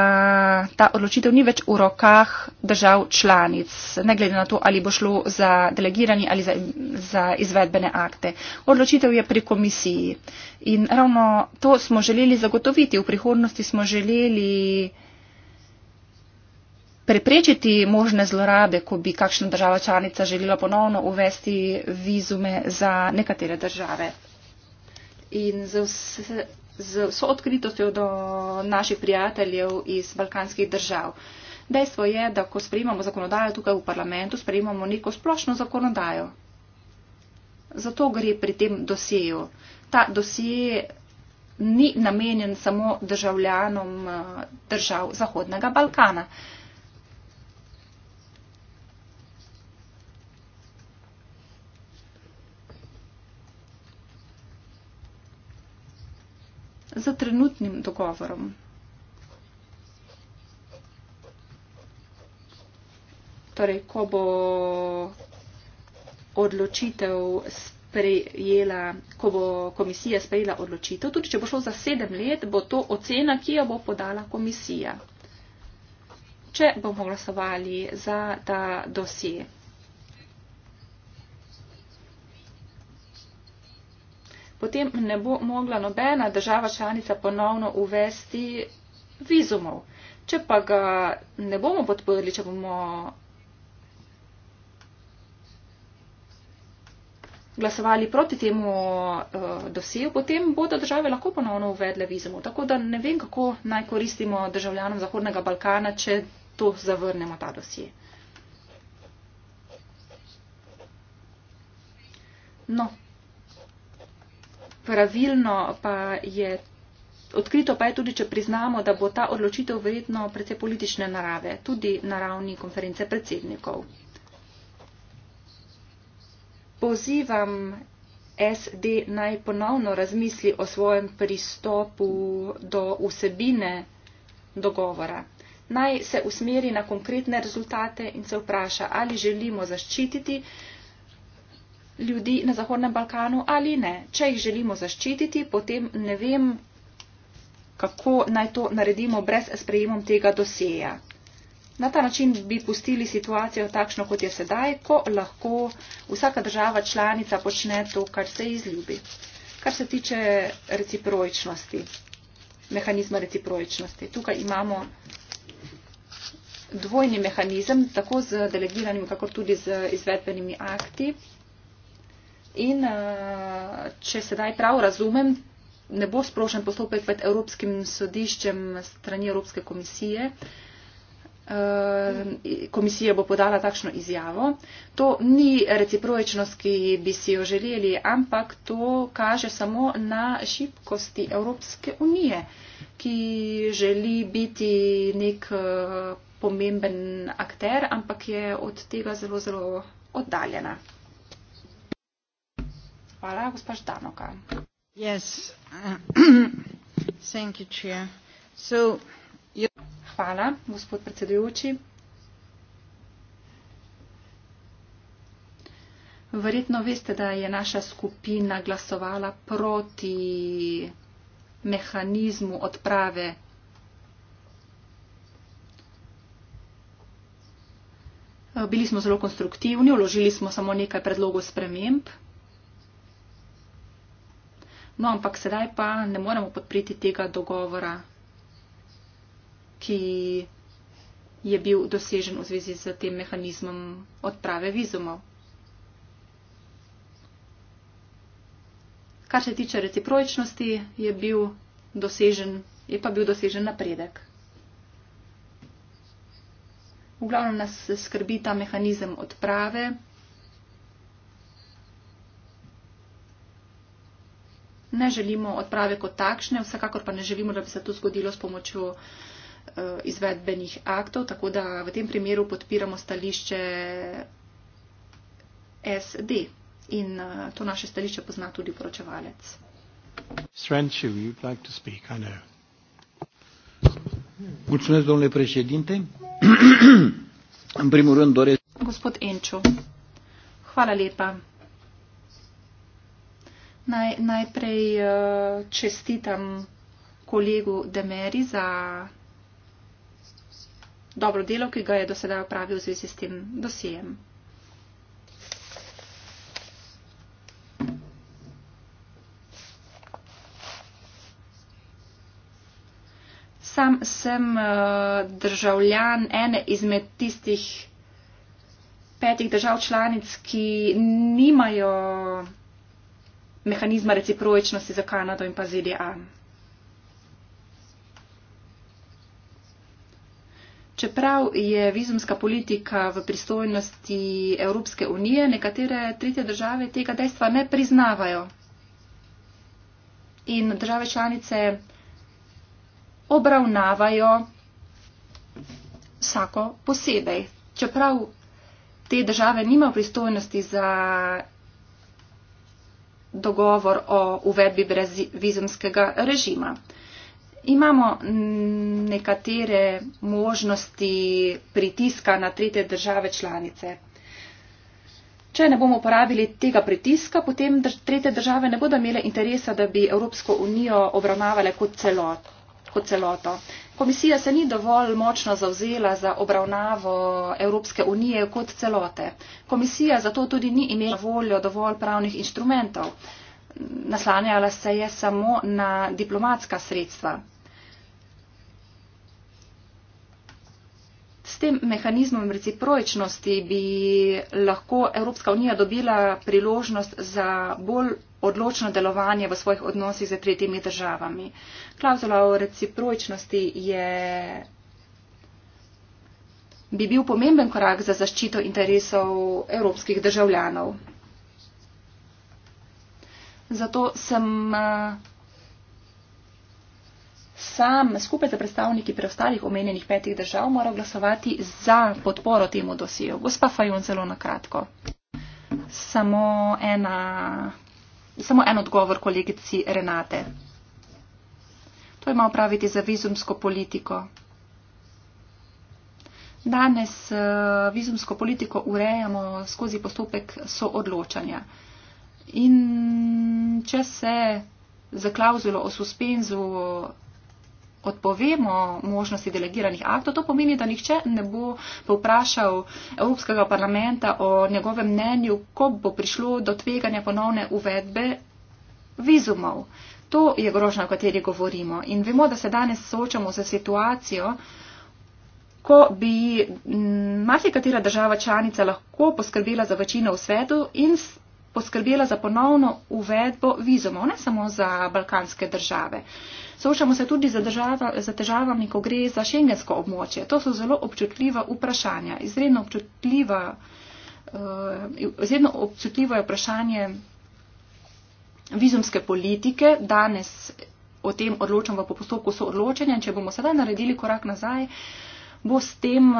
ta odločitev ni več v rokah držav članic, ne glede na to, ali bo šlo za delegirani ali za, za izvedbene akte. Odločitev je pri komisiji. In ravno to smo želeli zagotoviti. V prihodnosti smo želeli preprečiti možne zlorabe, ko bi kakšna država članica želela ponovno uvesti vizume za nekatere države. In za vse z vso odkritostjo do naših prijateljev iz balkanskih držav. Dejstvo je, da ko sprejemamo zakonodajo tukaj v parlamentu, sprejemamo neko splošno zakonodajo. Zato gre pri tem dosijeju. Ta dosije ni namenjen samo državljanom eh, držav Zahodnega Balkana. za trenutnim dogovorom. Torej, ko bo odločitev sprejela, ko bo komisija sprejela odločitev, tudi če bo šlo za sedem let, bo to ocena, ki jo bo podala komisija. Če bomo glasovali za ta dosje. potem ne bo mogla nobena država članica ponovno uvesti vizumov. Če pa ga ne bomo podporili, če bomo glasovali proti temu uh, eh, dosilu, potem bodo države lahko ponovno uvedle vizumov. Tako da ne vem, kako naj koristimo državljanom Zahodnega Balkana, če to zavrnemo ta dosil. No, pravilno pa je. Odkrito pa je tudi, če priznamo, da bo ta odločitev verjetno predvsej politične narave, tudi na ravni konference predsednikov. Pozivam SD naj ponovno razmisli o svojem pristopu do vsebine dogovora. Naj se usmeri na konkretne rezultate in se vpraša, ali želimo zaščititi ljudi na Zahodnem Balkanu ali ne. Če jih želimo zaščititi, potem ne vem, kako naj to naredimo brez sprejemom tega doseja. Na ta način bi pustili situacijo takšno, kot je sedaj, ko lahko vsaka država članica počne to, kar se izljubi. Kar se tiče recipročnosti, mehanizma recipročnosti, tukaj imamo dvojni mehanizem, tako z delegiranimi, kako tudi z izvedbenimi akti. In eh, če sedaj prav razumem, ne bo sprošen postopek pred Evropskim sodiščem strani Evropske komisije. Eh, komisija bo podala takšno izjavo. To ni recipročnost, ki bi si jo želeli, ampak to kaže samo na šibkosti Evropske unije, ki želi biti nek eh, pomemben akter, ampak je od tega zelo, zelo oddaljena. Hvala, gospa Ždanoka. Yes. Thank you, Chair. So, you... Hvala, gospod predsedujoči. Verjetno veste, da je naša skupina glasovala proti mehanizmu odprave Bili smo zelo konstruktivni, uložili smo samo nekaj predlogov sprememb. No, ampak sedaj pa ne moremo podpreti tega dogovora, ki je bil dosežen v zvezi z tem mehanizmom odprave vizumov. Kar se tiče recipročnosti, je, bil dosežen, je pa bil dosežen napredek. V glavnem nas skrbi ta mehanizem odprave. ne želimo odprave kot takšne, vsekakor pa ne želimo, da bi se to zgodilo s pomočjo eh, izvedbenih aktov, tako da v tem primeru podpiramo stališče SD in eh, to naše stališče pozna tudi poročevalec. Mulțumesc, domnule președinte. În primul rând doresc. Gospod Enciu. Hvala lepa. Naj, najprej uh, čestitam kolegu Demeri za dobro delo, ki ga je do sedaj opravil v zvezi s tem dosijem. Sam sem uh, državljan ene izmed tistih petih držav članic, ki nimajo mehanizma recipročnosti za Kanado in pa ZDA. Čeprav je vizumska politika v pristojnosti Evropske unije, nekatere tretje države tega dejstva ne priznavajo. In države članice obravnavajo vsako posebej. Čeprav te države nima pristojnosti za dogovor o uvedbi brezvizumskega režima. Imamo nekatere možnosti pritiska na tretje države članice. Če ne bomo uporabili tega pritiska, potem tretje države ne bodo imele interesa, da bi Evropsko unijo obravnavale kot, celo, kot celoto. Komisija se ni dovolj močno zavzela za obravnavo Evropske unije kot celote. Komisija zato tudi ni imela voljo dovolj pravnih inštrumentov. Naslanjala se je samo na diplomatska sredstva. S tem mehanizmom recipročnosti bi lahko Evropska unija dobila priložnost za bolj odločno delovanje v svojih odnosih z tretjimi državami. Klauzula o recipročnosti je, bi bil pomemben korak za zaščito interesov evropskih državljanov. Zato sem sam skupaj za predstavniki preostalih omenjenih petih držav moral glasovati za podporo temu dosijo. Gospa Fajon, zelo na kratko. Samo ena samo en odgovor kolegici Renate. To ima upraviti za vizumsko politiko. Danes eh, vizumsko politiko urejamo skozi postopek soodločanja. In če se za klauzulo o suspenzu odpovemo možnosti delegiranih aktov, to pomeni, da nihče ne bo povprašal Evropskega parlamenta o njegovem mnenju, ko bo prišlo do tveganja ponovne uvedbe vizumov. To je grožnja, o kateri govorimo. In vemo, da se danes soočamo z situacijo, ko bi marsikatera država članica lahko poskrbela za večino v svetu in poskrbela za ponovno uvedbo vizumov, ne samo za balkanske države. Soočamo se tudi za, država, za težavami, ko gre za šengensko območje. To so zelo občutljiva vprašanja. Izredno, občutljiva, uh, izredno občutljivo je vprašanje vizumske politike. Danes o tem odločamo po postopku soodločenja in če bomo sedaj naredili korak nazaj, uh, bo s tem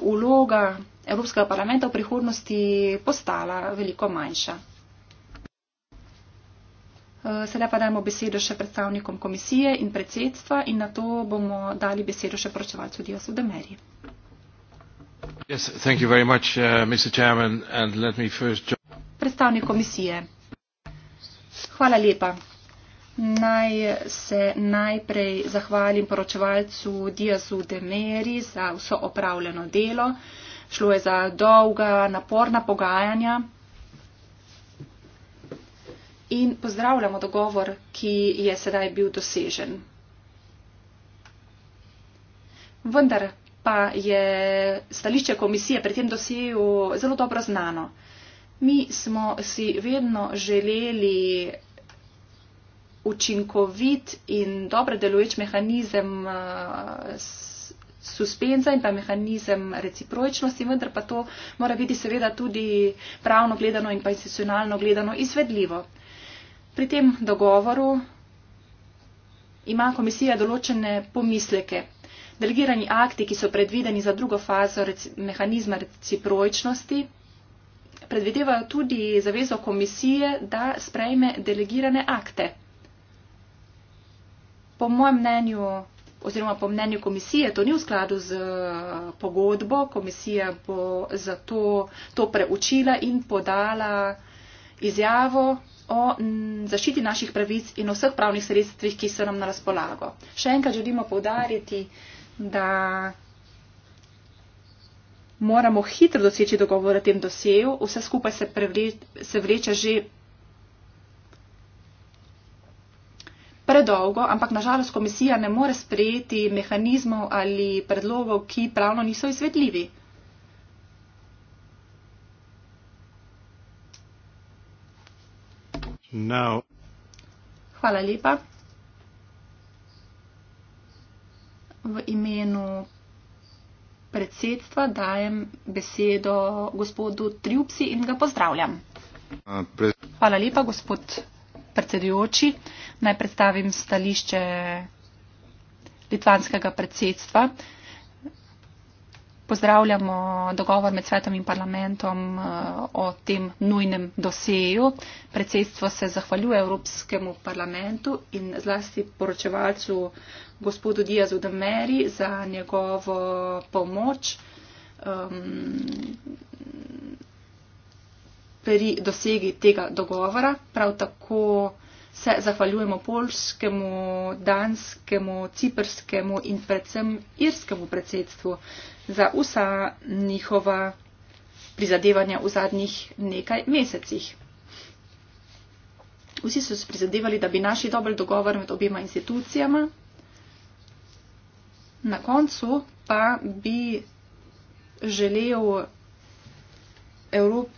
uloga eh, Evropskega parlamenta v prihodnosti postala veliko manjša. Eh, sedaj pa dajmo besedo še predstavnikom komisije in predsedstva in na to bomo dali besedo še poročevalcu Diosu Demeri. Yes, thank you very much, uh, Mr. Chairman, and let me first join. Predstavnik komisije. Hvala lepa. Naj se najprej zahvalim poročevalcu Diazu Demeri za vso opravljeno delo. Šlo je za dolga, naporna pogajanja. In pozdravljamo dogovor, ki je sedaj bil dosežen. Vendar pa je stališče komisije pri tem dosegu zelo dobro znano. Mi smo si vedno želeli učinkovit in dobro delujoč mehanizem eh, suspenza in pa mehanizem recipročnosti, vendar pa to mora biti seveda tudi pravno gledano in pa institucionalno gledano izvedljivo. Pri tem dogovoru ima komisija določene pomisleke. Delegirani akti, ki so predvideni za drugo fazo reci, mehanizma recipročnosti, predvidevajo tudi zavezo komisije, da sprejme delegirane akte. Po mojem mnenju, oziroma po mnenju komisije, to ni v skladu z eh, pogodbo. Komisija bo zato to preučila in podala izjavo o zaščiti naših pravic in vseh pravnih sredstvih, ki so nam na razpolago. Še enkrat želimo povdariti, da moramo hitro doseči dogovor o tem doseju. Vse skupaj se, prevle, se vleče že predolgo, ampak nažalost komisija ne more sprejeti mehanizmov ali predlogov, ki pravno niso izvedljivi. Now. Hvala lepa. V imenu predsedstva dajem besedo gospodu Triupsi in ga pozdravljam. Hvala lepa, gospod predsedujoči. Naj predstavim stališče litvanskega predsedstva. Pozdravljamo dogovor med svetom in parlamentom eh, o tem nujnem doseju. Predsedstvo se zahvaljuje Evropskemu parlamentu in zlasti poročevalcu gospodu Diazu Dameri za njegovo pomoč. Um, pri dosegi tega dogovora. Prav tako se zahvaljujemo polskemu, danskemu, ciperskemu in predvsem irskemu predsedstvu za vsa njihova prizadevanja v zadnjih nekaj mesecih. Vsi so se prizadevali, da bi našli dober dogovor med obima institucijama. Na koncu pa bi želel Evropi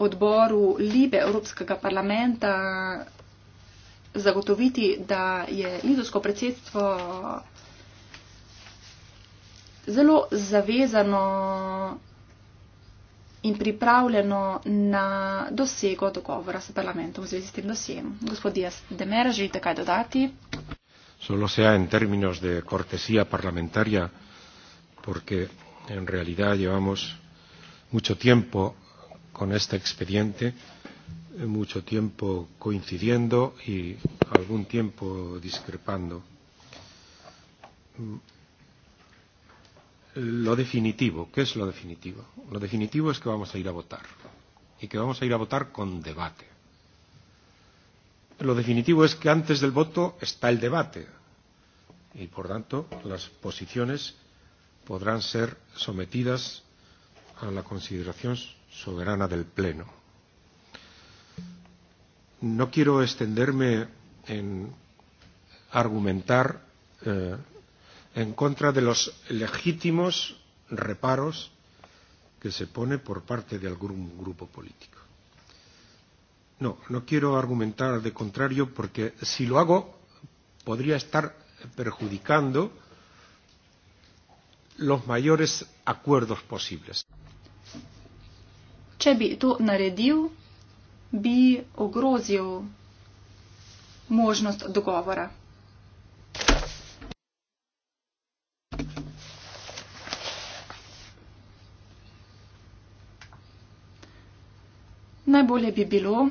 odboru Libe Evropskega parlamenta zagotoviti, da je lidovsko predsedstvo zelo zavezano in pripravljeno na dosego dogovora s parlamentom v zvezi s tem dosjem. Gospod Dias Demera, želite kaj dodati? Solo sea en términos de cortesía parlamentaria, porque en realidad llevamos mucho tiempo con este expediente eh, mucho tiempo coincidiendo y algún tiempo discrepando. Mm, lo definitivo, ¿qué es lo definitivo? Lo definitivo es que vamos a ir a votar y que vamos a ir a votar con debate. Lo definitivo es que antes del voto está el debate y, por tanto, las posiciones podrán ser sometidas a la consideración soberana del Pleno. No quiero extenderme en argumentar eh, en contra de los legítimos reparos que se pone por parte de algún grupo político. No, no quiero argumentar de contrario porque si lo hago podría estar perjudicando los mayores acuerdos posibles če bi to naredil, bi ogrozil možnost dogovora. Najbolje bi bilo,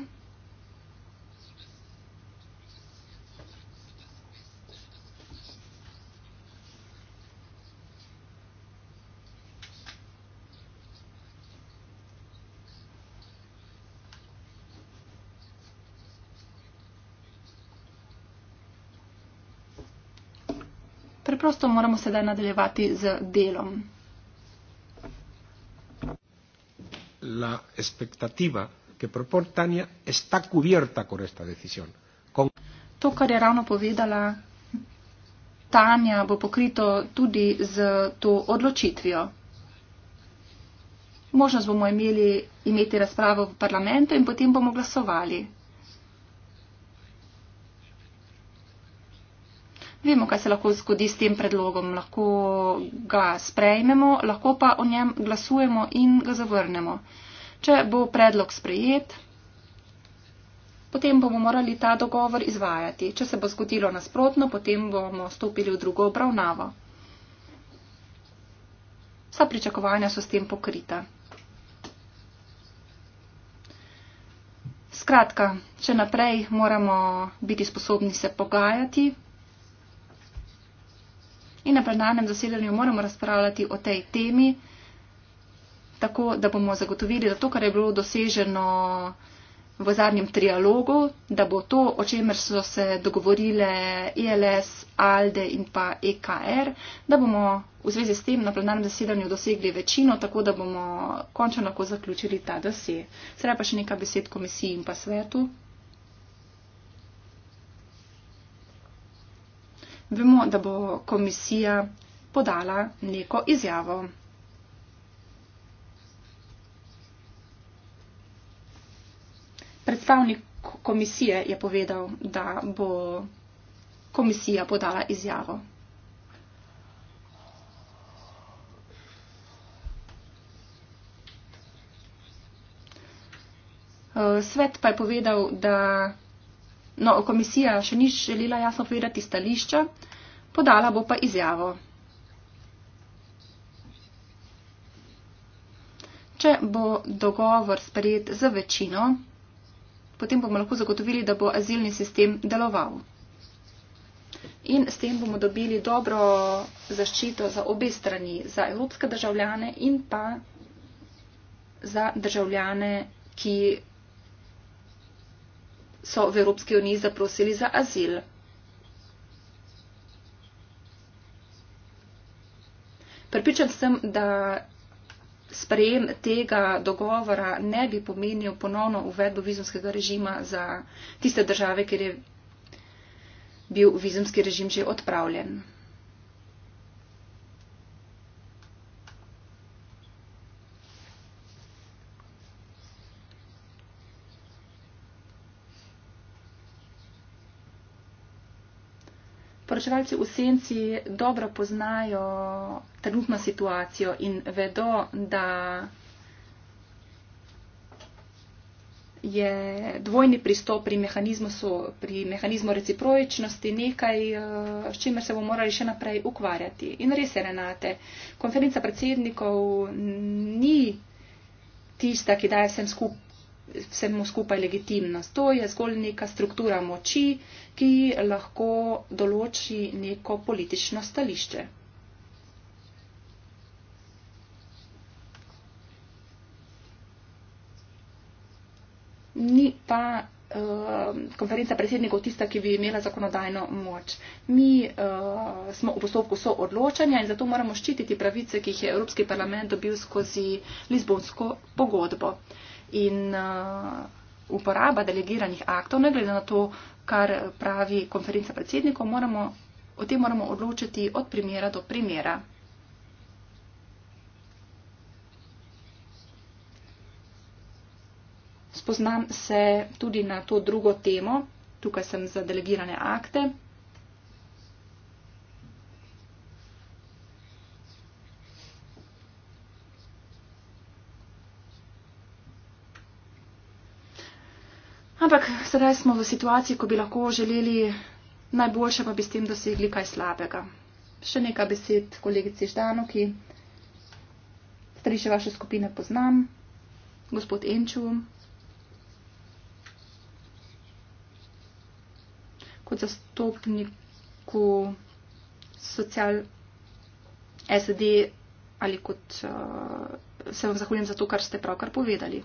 preprosto moramo sedaj nadaljevati z delom. La expectativa que propone Tania está cubierta con esta decisión. Con... To, kar je ravno povedala Tanja, bo pokrito tudi z to odločitvijo. Možnost bomo imeli imeti razpravo v parlamentu in potem bomo glasovali. Vemo, kaj se lahko zgodi s tem predlogom. Lahko ga sprejmemo, lahko pa o njem glasujemo in ga zavrnemo. Če bo predlog sprejet, potem bomo morali ta dogovor izvajati. Če se bo zgodilo nasprotno, potem bomo stopili v drugo obravnavo. Vsa pričakovanja so s tem pokrita. Skratka, če naprej moramo biti sposobni se pogajati, in na plenarnem zasedanju moramo razpravljati o tej temi, tako da bomo zagotovili, da to, kar je bilo doseženo v zadnjem trialogu, da bo to, o čemer so se dogovorile ILS, e ALDE in pa EKR, da bomo v zvezi s tem na plenarnem zasedanju dosegli večino, tako da bomo končno lahko zaključili ta dosje. Sedaj pa še nekaj besed komisiji in pa svetu. vemo, da bo komisija podala neko izjavo. Predstavnik komisije je povedal, da bo komisija podala izjavo. Svet pa je povedal, da No, komisija še ni želela jasno povedati stališča, podala bo pa izjavo. Če bo dogovor sprejet z večino, potem bomo lahko zagotovili, da bo azilni sistem deloval. In s tem bomo dobili dobro zaščito za obe strani, za evropske državljane in pa za državljane, ki so v Evropski uniji zaprosili za azil. Pripričan sem, da sprejem tega dogovora ne bi pomenil ponovno uvedbo vizumskega režima za tiste države, kjer je bil vizumski režim že odpravljen. poročevalci v senci dobro poznajo trenutno situacijo in vedo, da je dvojni pristop pri mehanizmu, so, pri mehanizmu recipročnosti nekaj, eh, s čimer se bomo morali še naprej ukvarjati. In res je, Renate, konferenca predsednikov ni tista, ki daje vsem skupaj vsemu skupaj legitimnost. To je zgolj neka struktura moči, ki lahko določi neko politično stališče. Ni pa uh, konferenca predsednikov tista, ki bi imela zakonodajno moč. Mi uh, smo v postopku soodločanja in zato moramo ščititi pravice, ki jih je Evropski parlament dobil skozi Lizbonsko pogodbo. Uh, in uh, uporaba delegiranih aktov, ne glede na to, kar pravi konferenca predsednikov, moramo, o tem moramo odločiti od primera do primera. Spoznam se tudi na to drugo temo, tukaj sem za delegirane akte. Ampak sedaj smo v situaciji, ko bi lahko želeli najboljše, pa bi s tem dosegli kaj slabega. Še nekaj besed kolegici Ždano, ki stariše vaše skupine poznam, gospod Enču. Kot zastopniku social SD ali kot uh, se vam zahvaljujem za to, kar ste pravkar povedali.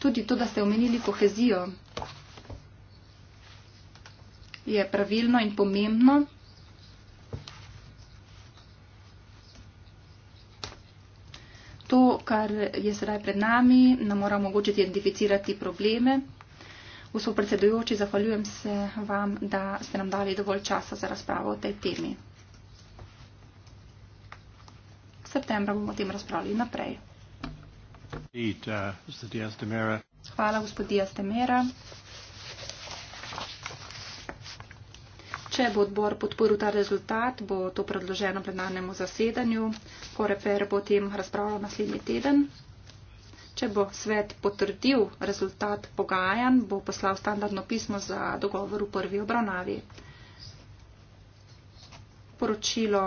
Tudi to, da ste omenili kohezijo, je pravilno in pomembno. To, kar je sedaj pred nami, nam mora omogočiti identificirati probleme. Vso predsedujoči, zahvaljujem se vam, da ste nam dali dovolj časa za razpravo o tej temi. V septembru bomo o tem razpravljali naprej. Indeed, uh, Mr. Diaz de Mera. Hvala, gospod Diaz de Mera. Če bo odbor podporil ta rezultat, bo to predloženo plenarnemu zasedanju. Korefer bo o tem razpravljal naslednji teden. Če bo svet potrdil rezultat pogajanj, bo poslal standardno pismo za dogovor v prvi obravnavi. Poročilo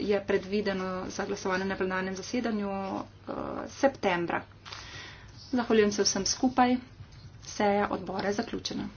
je predvideno za glasovanje na plenarnem zasedanju uh, septembra. Zahvaljujem se vsem skupaj. Seja odbora je zaključena.